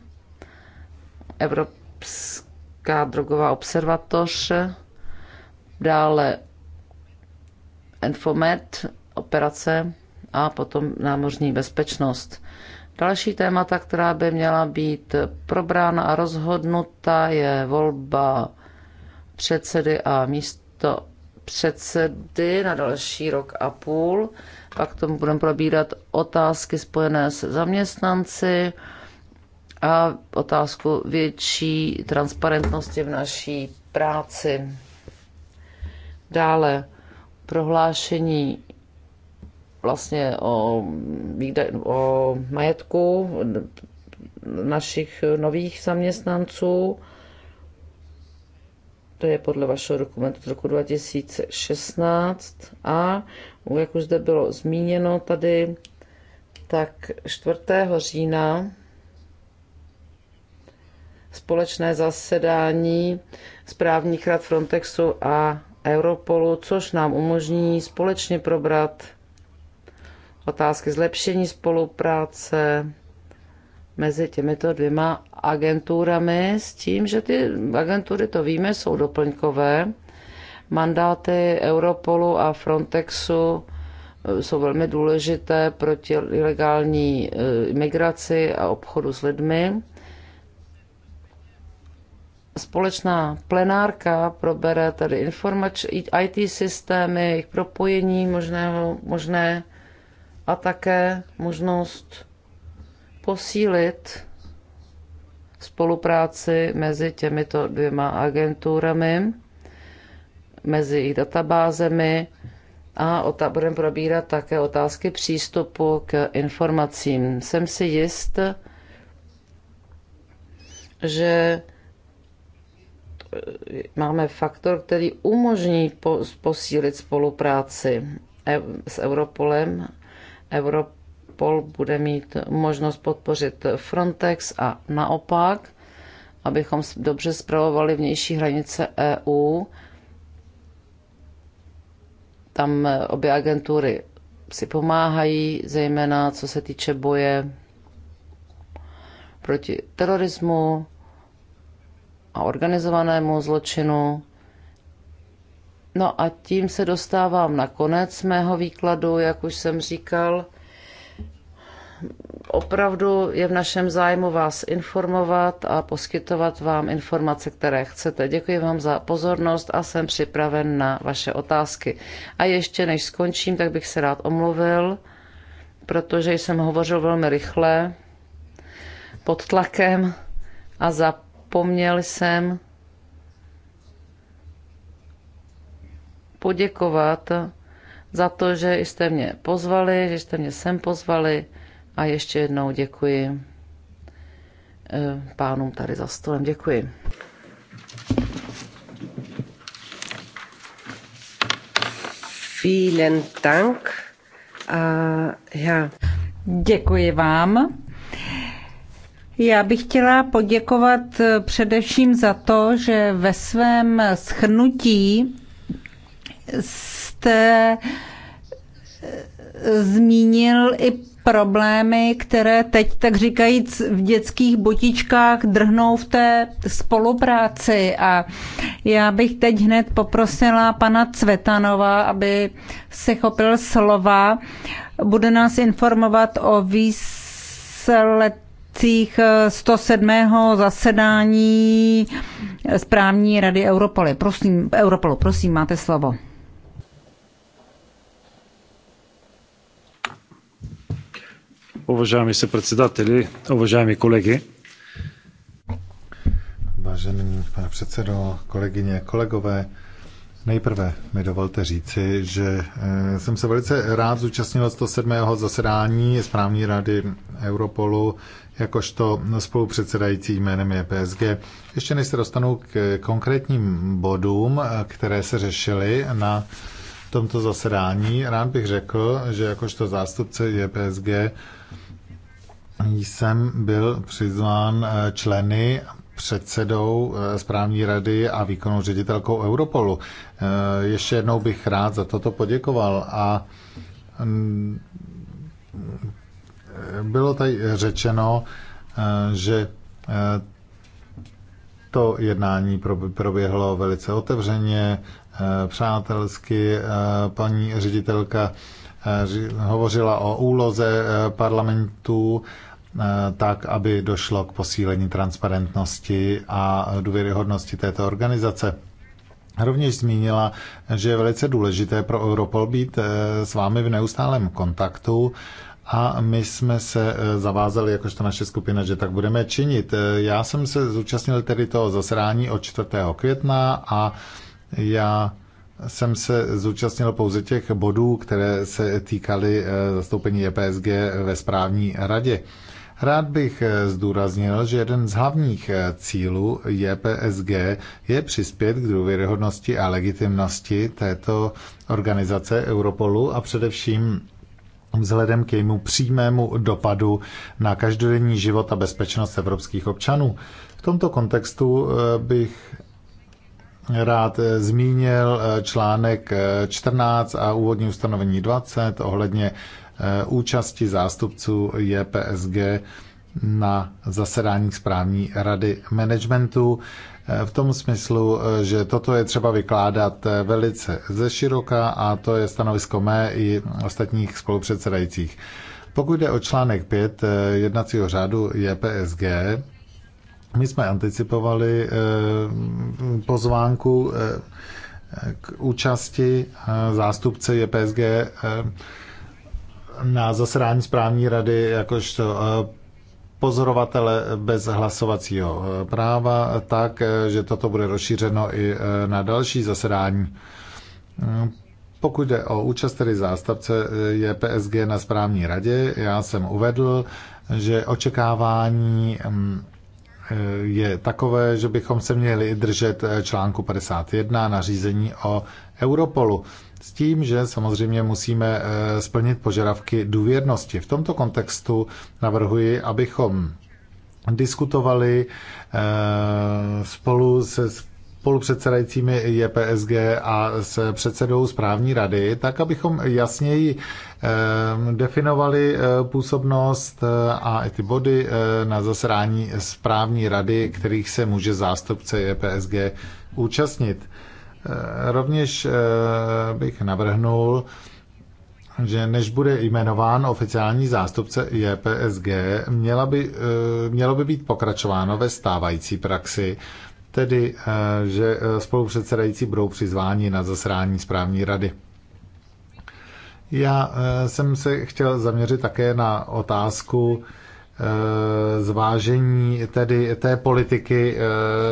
Evropská drogová observatoř, dále Enfomet, operace a potom námořní bezpečnost. Další témata, která by měla být probrána a rozhodnuta, je volba předsedy a místo předsedy na další rok a půl. Pak tomu budeme probírat otázky spojené s zaměstnanci a otázku větší transparentnosti v naší práci. Dále prohlášení vlastně o, výde, o majetku našich nových zaměstnanců. To je podle vašeho dokumentu z roku 2016. A jak už zde bylo zmíněno tady, tak 4. října společné zasedání správních rad Frontexu a Europolu, což nám umožní společně probrat otázky zlepšení spolupráce mezi těmito dvěma agenturami s tím, že ty agentury, to víme, jsou doplňkové. Mandáty Europolu a Frontexu eh, jsou velmi důležité proti ilegální eh, imigraci a obchodu s lidmi. Společná plenárka probere tedy informač- IT systémy, jejich propojení možného, možné, možné a také možnost posílit spolupráci mezi těmito dvěma agenturami, mezi jejich databázemi a ota- budeme probírat také otázky přístupu k informacím. Jsem si jist, že e, máme faktor, který umožní posílit spolupráci e-, s Europolem Europol bude mít možnost podpořit Frontex a naopak, abychom dobře zpravovali vnější hranice EU. Tam eh, obě agentury si pomáhají, zejména co se týče boje proti terorismu a organizovanému zločinu. No a tím se dostávám na konec mého výkladu, jak už jsem říkal. Opravdu je v našem zájmu vás informovat a poskytovat vám informace, které chcete. Děkuji vám za pozornost a jsem připraven na vaše otázky. A ještě než skončím, tak bych se rád omluvil, protože jsem hovořil velmi rychle, pod tlakem a zapomněl jsem poděkovat za to, že jste mě pozvali, že jste mě sem pozvali a ještě jednou děkuji eh, pánům tady za stolem. Děkuji. Vielen Dank. Uh, ja. Děkuji vám. Já bych chtěla poděkovat především za to, že ve svém schnutí jste eh, zmínil i problémy, které teď, tak říkajíc, v dětských botičkách drhnou v té spolupráci. A já bych teď hned poprosila pana Cvetanova, aby se chopil slova. Bude nás informovat o výsledcích 107. zasedání správní rady Europoly. Prosím, Europolu, prosím, máte slovo. Уважаеми се председатели, уважаеми колеги. Vážený pane předsedo, kolegyně, kolegové, nejprve mi dovolte říci, že eh, jsem se velice rád zúčastnil 107. zasedání správní rady Europolu jakožto spolupředsedající jménem je PSG. Ještě než se dostanu k konkrétním bodům, eh, které se řešily na tomto zasedání. Rád bych řekl, že jakožto zástupce JPSG jsem byl přizván eh, členy předsedou eh, správní rady a výkonnou ředitelkou Europolu. Eh, ještě jednou bych rád za toto poděkoval a mm, bylo tady řečeno, že to jednání proběhlo velice otevřeně, Eh, přátelsky. Eh, paní ředitelka eh, hovořila o úloze parlamentu tak, aby došlo k posílení transparentnosti a důvěryhodnosti této organizace. Rovněž zmínila, že je velice důležité pro Europol být s vámi v neustálém kontaktu a my jsme se zavázali jakožto naše skupina, že tak budeme činit. Já jsem se zúčastnil tedy toho zasedání od 4. května a já jsem se zúčastnil pouze těch bodů, které se týkaly eh, zastoupení EPSG ve správní radě. Rád bych eh, zdůraznil, že jeden z hlavních eh, cílů JPSG e je přispět k důvěryhodnosti a legitimnosti této organizace Europolu a především vzhledem k jejímu přímému dopadu na každodenní život a bezpečnost evropských občanů. V tomto kontextu bych rád eh, zmínil eh, článek 14 eh, a úvodní ustanovení 20 ohledně účasti zástupců JPSG na zasedání správní rady managementu v tom smyslu, že toto je třeba vykládat velice ze široka a to je stanovisko mé i ostatních spolupředsedajících. Pokud jde o článek 5 jednacího řádu JPSG, my jsme anticipovali eh, pozvánku eh, k účasti zástupce JPSG eh, na zasedání správní rady jakožto pozorovatele bez hlasovacího práva, tak, že toto bude rozšířeno i na další zasedání. Mm, pokud jde o účast tedy zástavce JPSG na správní radě, já jsem uvedl, že očekávání mm, je takové, že bychom se měli držet eh, článku 51 nařízení o Europolu. S tím, že samozřejmě musíme eh, splnit požadavky důvěrnosti. V tomto kontextu navrhuji, abychom diskutovali eh, spolu se spolupředsedajícími JPSG a s předsedou správní rady, tak abychom jasněji ehm, definovali eh, působnost eh, a i ty body eh, na zasedání správní rady, kterých se může zástupce JPSG účastnit. Rovněž bych navrhnul, že než bude jmenován oficiální zástupce JPSG, měla by, mělo by být pokračováno ve stávající praxi tedy eh, že eh, spolupředsedající budou přizváni na zasrání správní rady. Já eh, jsem se chtěl zaměřit také na otázku zvážení tedy té politiky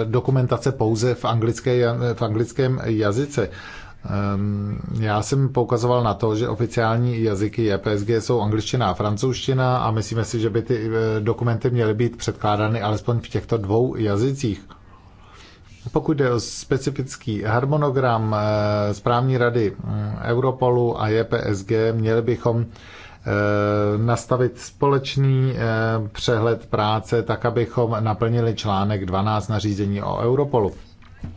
dokumentace pouze v, anglické, v anglickém jazyce. Ehm, já jsem poukazoval na to, že oficiální jazyky EPSG jsou angličtina a francouzština a myslíme si, že by ty dokumenty měly být předkládány alespoň v těchto dvou jazycích. Pokud je o specifický harmonogram eh, správní rady mm, Europolu a JPSG, měli bychom eh, nastavit společný eh, přehled práce tak, abychom naplnili článek 12 nařízení o Europolu.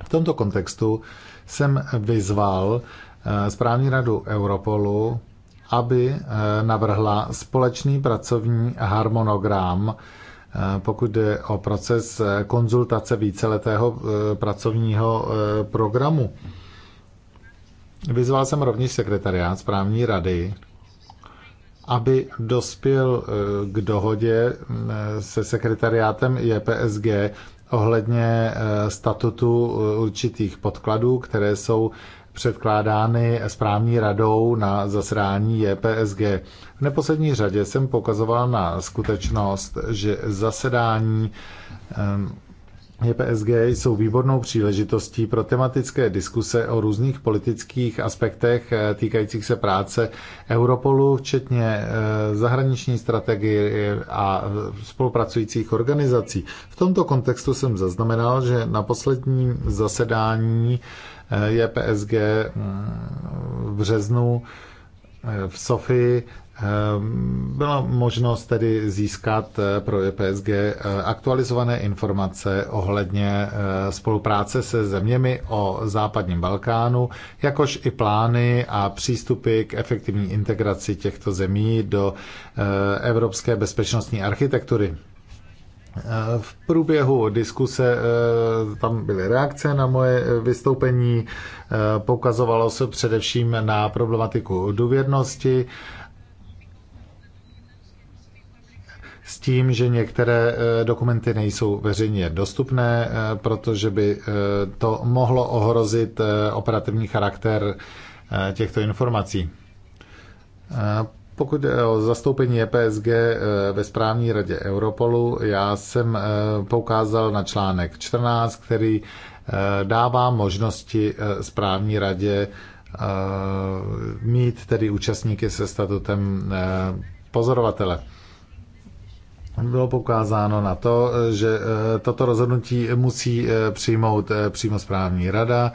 V tomto kontextu jsem vyzval správní radu Europolu, aby navrhla společný pracovní harmonogram pokud jde o proces eh, konzultace víceletého eh, pracovního eh, programu. Vyzval jsem rovněž sekretariát správní rady, aby dospěl k dohodě mm, se sekretariátem JPSG ohledně statutu určitých podkladů, které jsou předkládány správní radou na zasedání JPSG. V neposlední řadě jsem pokazoval na skutečnost, že zasedání JPSG jsou výbornou příležitostí pro tematické diskuse o různých politických aspektech eh, týkajících se práce Europolu, včetně eh, zahraniční strategie eh, a spolupracujících organizací. V tomto kontextu jsem zaznamenal, že na posledním zasedání je PSG mm, v březnu eh, v Sofii. Eh, byla možnost tedy získat eh, pro EPSG aktualizované informace ohledně spolupráce se zeměmi o západním Balkánu, jakož i plány a přístupy k efektivní integraci těchto zemí do evropské bezpečnostní architektury. Eh, v průběhu diskuse eh, tam byly reakce na moje eh, vystoupení, poukazovalo se především na problematiku důvěrnosti s tím, že některé dokumenty nejsou veřejně dostupné, protože by to mohlo ohrozit operativní charakter těchto informací. Pokud je o zastoupení EPSG eh, ve správní radě Europolu, já jsem eh, poukázal na článek 14, který eh, dává možnosti správní radě mít tedy účastníky se statutem pozorovatele. Bylo poukázáno na to, že toto rozhodnutí musí přijmout přímo správní rada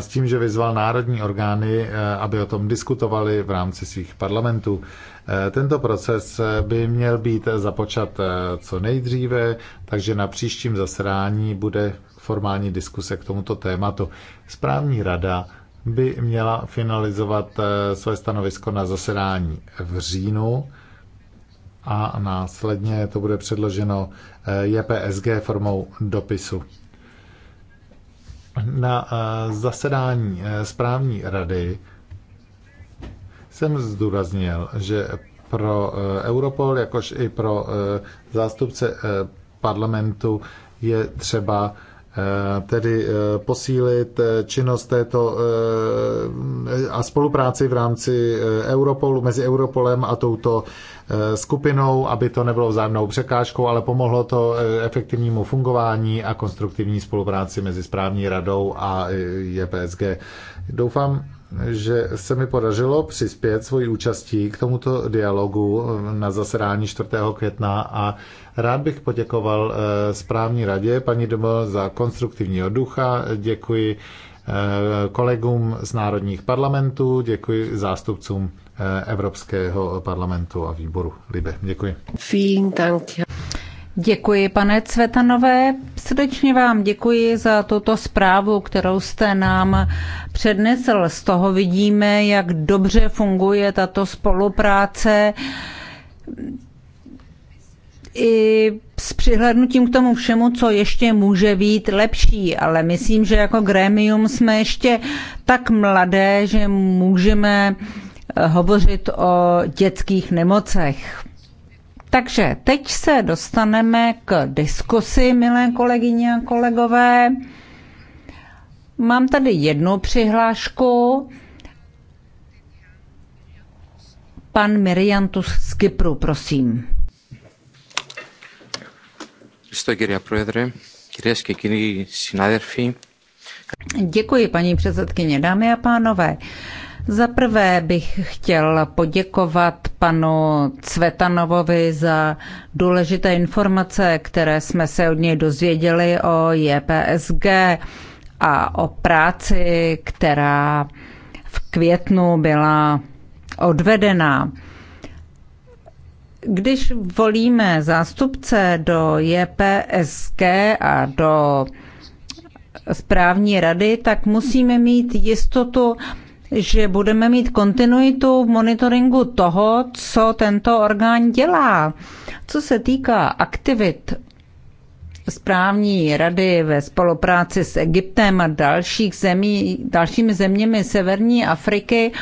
s tím, že vyzval národní orgány, eh, aby o tom diskutovali v rámci svých parlamentů. Eh, tento proces eh, by měl být započat co nejdříve, takže na příštím zasedání bude formální diskuse k tomuto tématu. Správní rada by měla finalizovat své stanovisko na zasedání v říjnu a následně to bude předloženo JPSG formou dopisu na eh, zasedání eh, správní rady jsem zdůraznil, že pro eh, Europol, jakož i pro zástupce parlamentu je třeba tedy posílit činnost této a spolupráci v rámci Europolu, mezi Europolem a touto Eh, skupinou, aby to nebylo vzájemnou překážkou, ale pomohlo to eh, efektivnímu fungování a konstruktivní spolupráci mezi správní radou a eh, JPSG. Doufám, že se mi podařilo přispět svoji účastí k tomuto dialogu na zasedání 4. května a rád bych poděkoval správní radě paní Domo za konstruktivního ducha. Děkuji kolegům z národních parlamentů, děkuji zástupcům Eh, Evropského parlamentu a výboru Libe. Děkuji. Vielen Dank. Děkuji, pane Cvetanové. Srdečně vám děkuji za tuto zprávu, kterou jste nám přednesl. Z toho vidíme, jak dobře funguje tato spolupráce. I s přihlednutím k tomu všemu, co ještě může být lepší, ale myslím, že jako grémium jsme ještě tak mladé, že můžeme uh, Eh, hovořit o dětských nemocech. Takže teď se dostaneme k diskusi, milé kolegyně a kolegové. Mám tady jednu přihlášku. Pan Miriantus z Kypru, prosím. Děkuji, paní předsedkyně, dámy a pánové. Za prvé bych chtěl poděkovat panu Cvetanovovi za důležité informace, které jsme se od něj dozvěděli o JPSG a o práci, která v květnu byla odvedena. Když volíme zástupce do JPSG a do správní rady, tak musíme mít jistotu, že budeme mít kontinuitu v monitoringu toho, co tento orgán dělá. Co se týká aktivit správní rady ve spolupráci s Egyptem a dalších zemí, dalšími zeměmi Severní Afriky,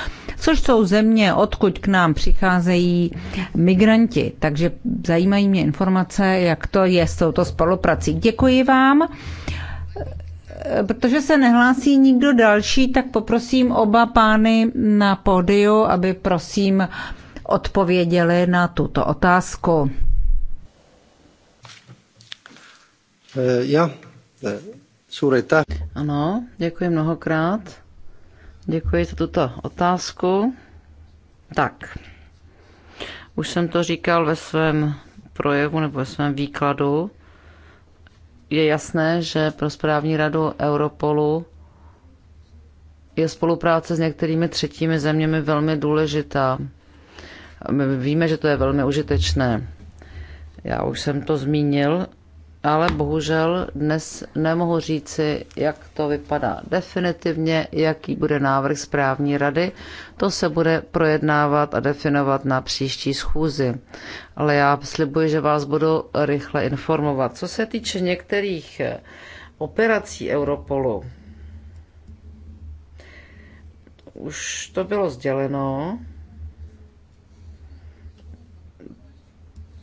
což jsou země, odkud k nám přicházejí migranti. Takže zajímají mě informace, jak to je s touto spoluprací. Děkuji vám. Protože se nehlásí nikdo další, tak poprosím oba pány na pódiu, aby prosím odpověděli na tuto otázku. Eh, já, eh, Sureta. Ano, děkuji mnohokrát. Děkuji za tuto otázku. Tak, už jsem to říkal ve svém projevu nebo ve svém výkladu je jasné, že pro správní radu Europolu je spolupráce s některými třetími zeměmi velmi důležitá. My víme, že to je velmi užitečné. Já už jsem to zmínil ale bohužel dnes nemohu říci, jak to vypadá definitivně, jaký bude návrh správní rady. To se bude projednávat a definovat na příští schůzi. Ale já slibuji, že vás budu rychle informovat. Co se týče některých eh, operací Europolu, už to bylo sděleno.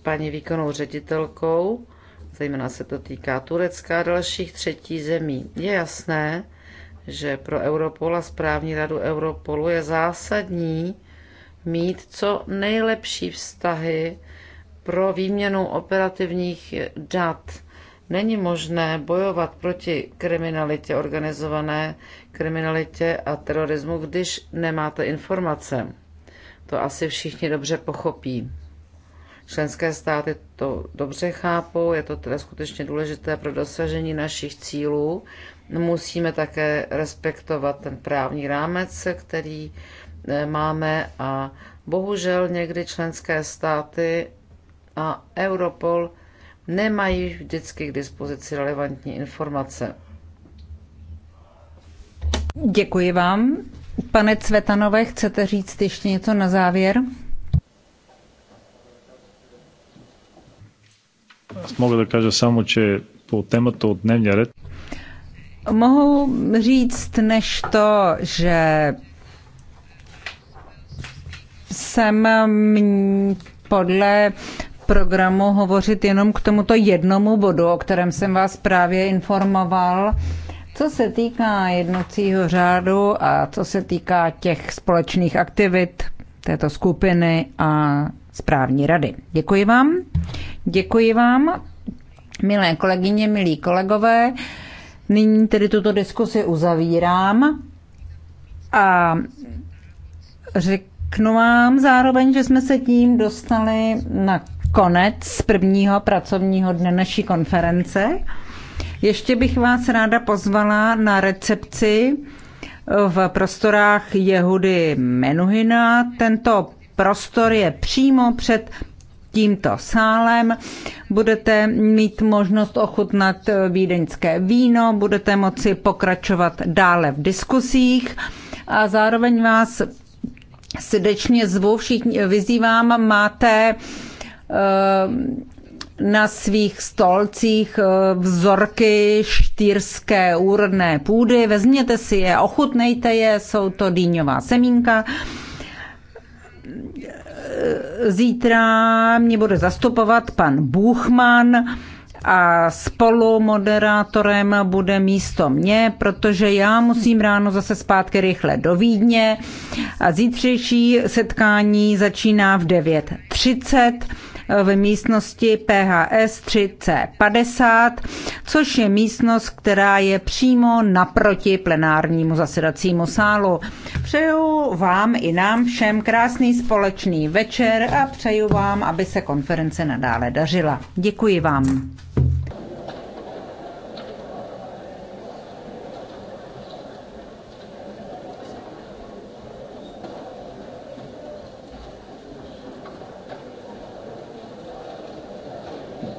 paní výkonnou ředitelkou zejména se to týká Turecka a dalších třetí zemí. Je jasné, že pro Europol a správní radu Europolu je zásadní mít co nejlepší vztahy pro výměnu operativních dat. Není možné bojovat proti kriminalitě, organizované kriminalitě a terorismu, když nemáte informace. To asi všichni dobře pochopí. Členské státy to dobře chápou, je to teda skutečně důležité pro dosažení našich cílů. Musíme také respektovat ten právní rámec, který eh, máme a bohužel někdy členské státy a Europol nemají vždycky k dispozici relevantní informace. Děkuji vám. Pane Cvetanové, chcete říct ještě něco na závěr? Аз мога да кажа само, че по темата от дневния ред. Mohu říct než to, že jsem podle programu hovořit jenom k tomuto jednomu bodu, o kterém jsem vás právě informoval. Co se týká jednocího řádu a co se týká těch společných aktivit této skupiny a správní rady. Děkuji vám. Děkuji vám, milé kolegyně, milí kolegové. Nyní tedy tuto diskusi uzavírám a řeknu vám zároveň, že jsme se tím dostali na konec prvního pracovního dne naší konference. Ještě bych vás ráda pozvala na recepci v prostorách Jehudy Menuhina. Tento prostor je přímo před tímto sálem. Budete mít možnost ochutnat vídeňské víno, budete moci pokračovat dále v diskusích a zároveň vás srdečně zvu, všichni vyzývám, máte eh, na svých stolcích eh, vzorky štýrské úrodné půdy. Vezměte si je, ochutnejte je, jsou to dýňová semínka. Zítra mě bude zastupovat pan Buchman a spolu moderátorem bude místo mě, protože já musím ráno zase zpátky rychle do Vídně a zítřejší setkání začíná v 9.30 v místnosti PHS 3C50, což je místnost, která je přímo naproti plenárnímu zasedacímu sálu. Přeju vám i nám všem krásný společný večer a přeju vám, aby se konference nadále dařila. Děkuji vám.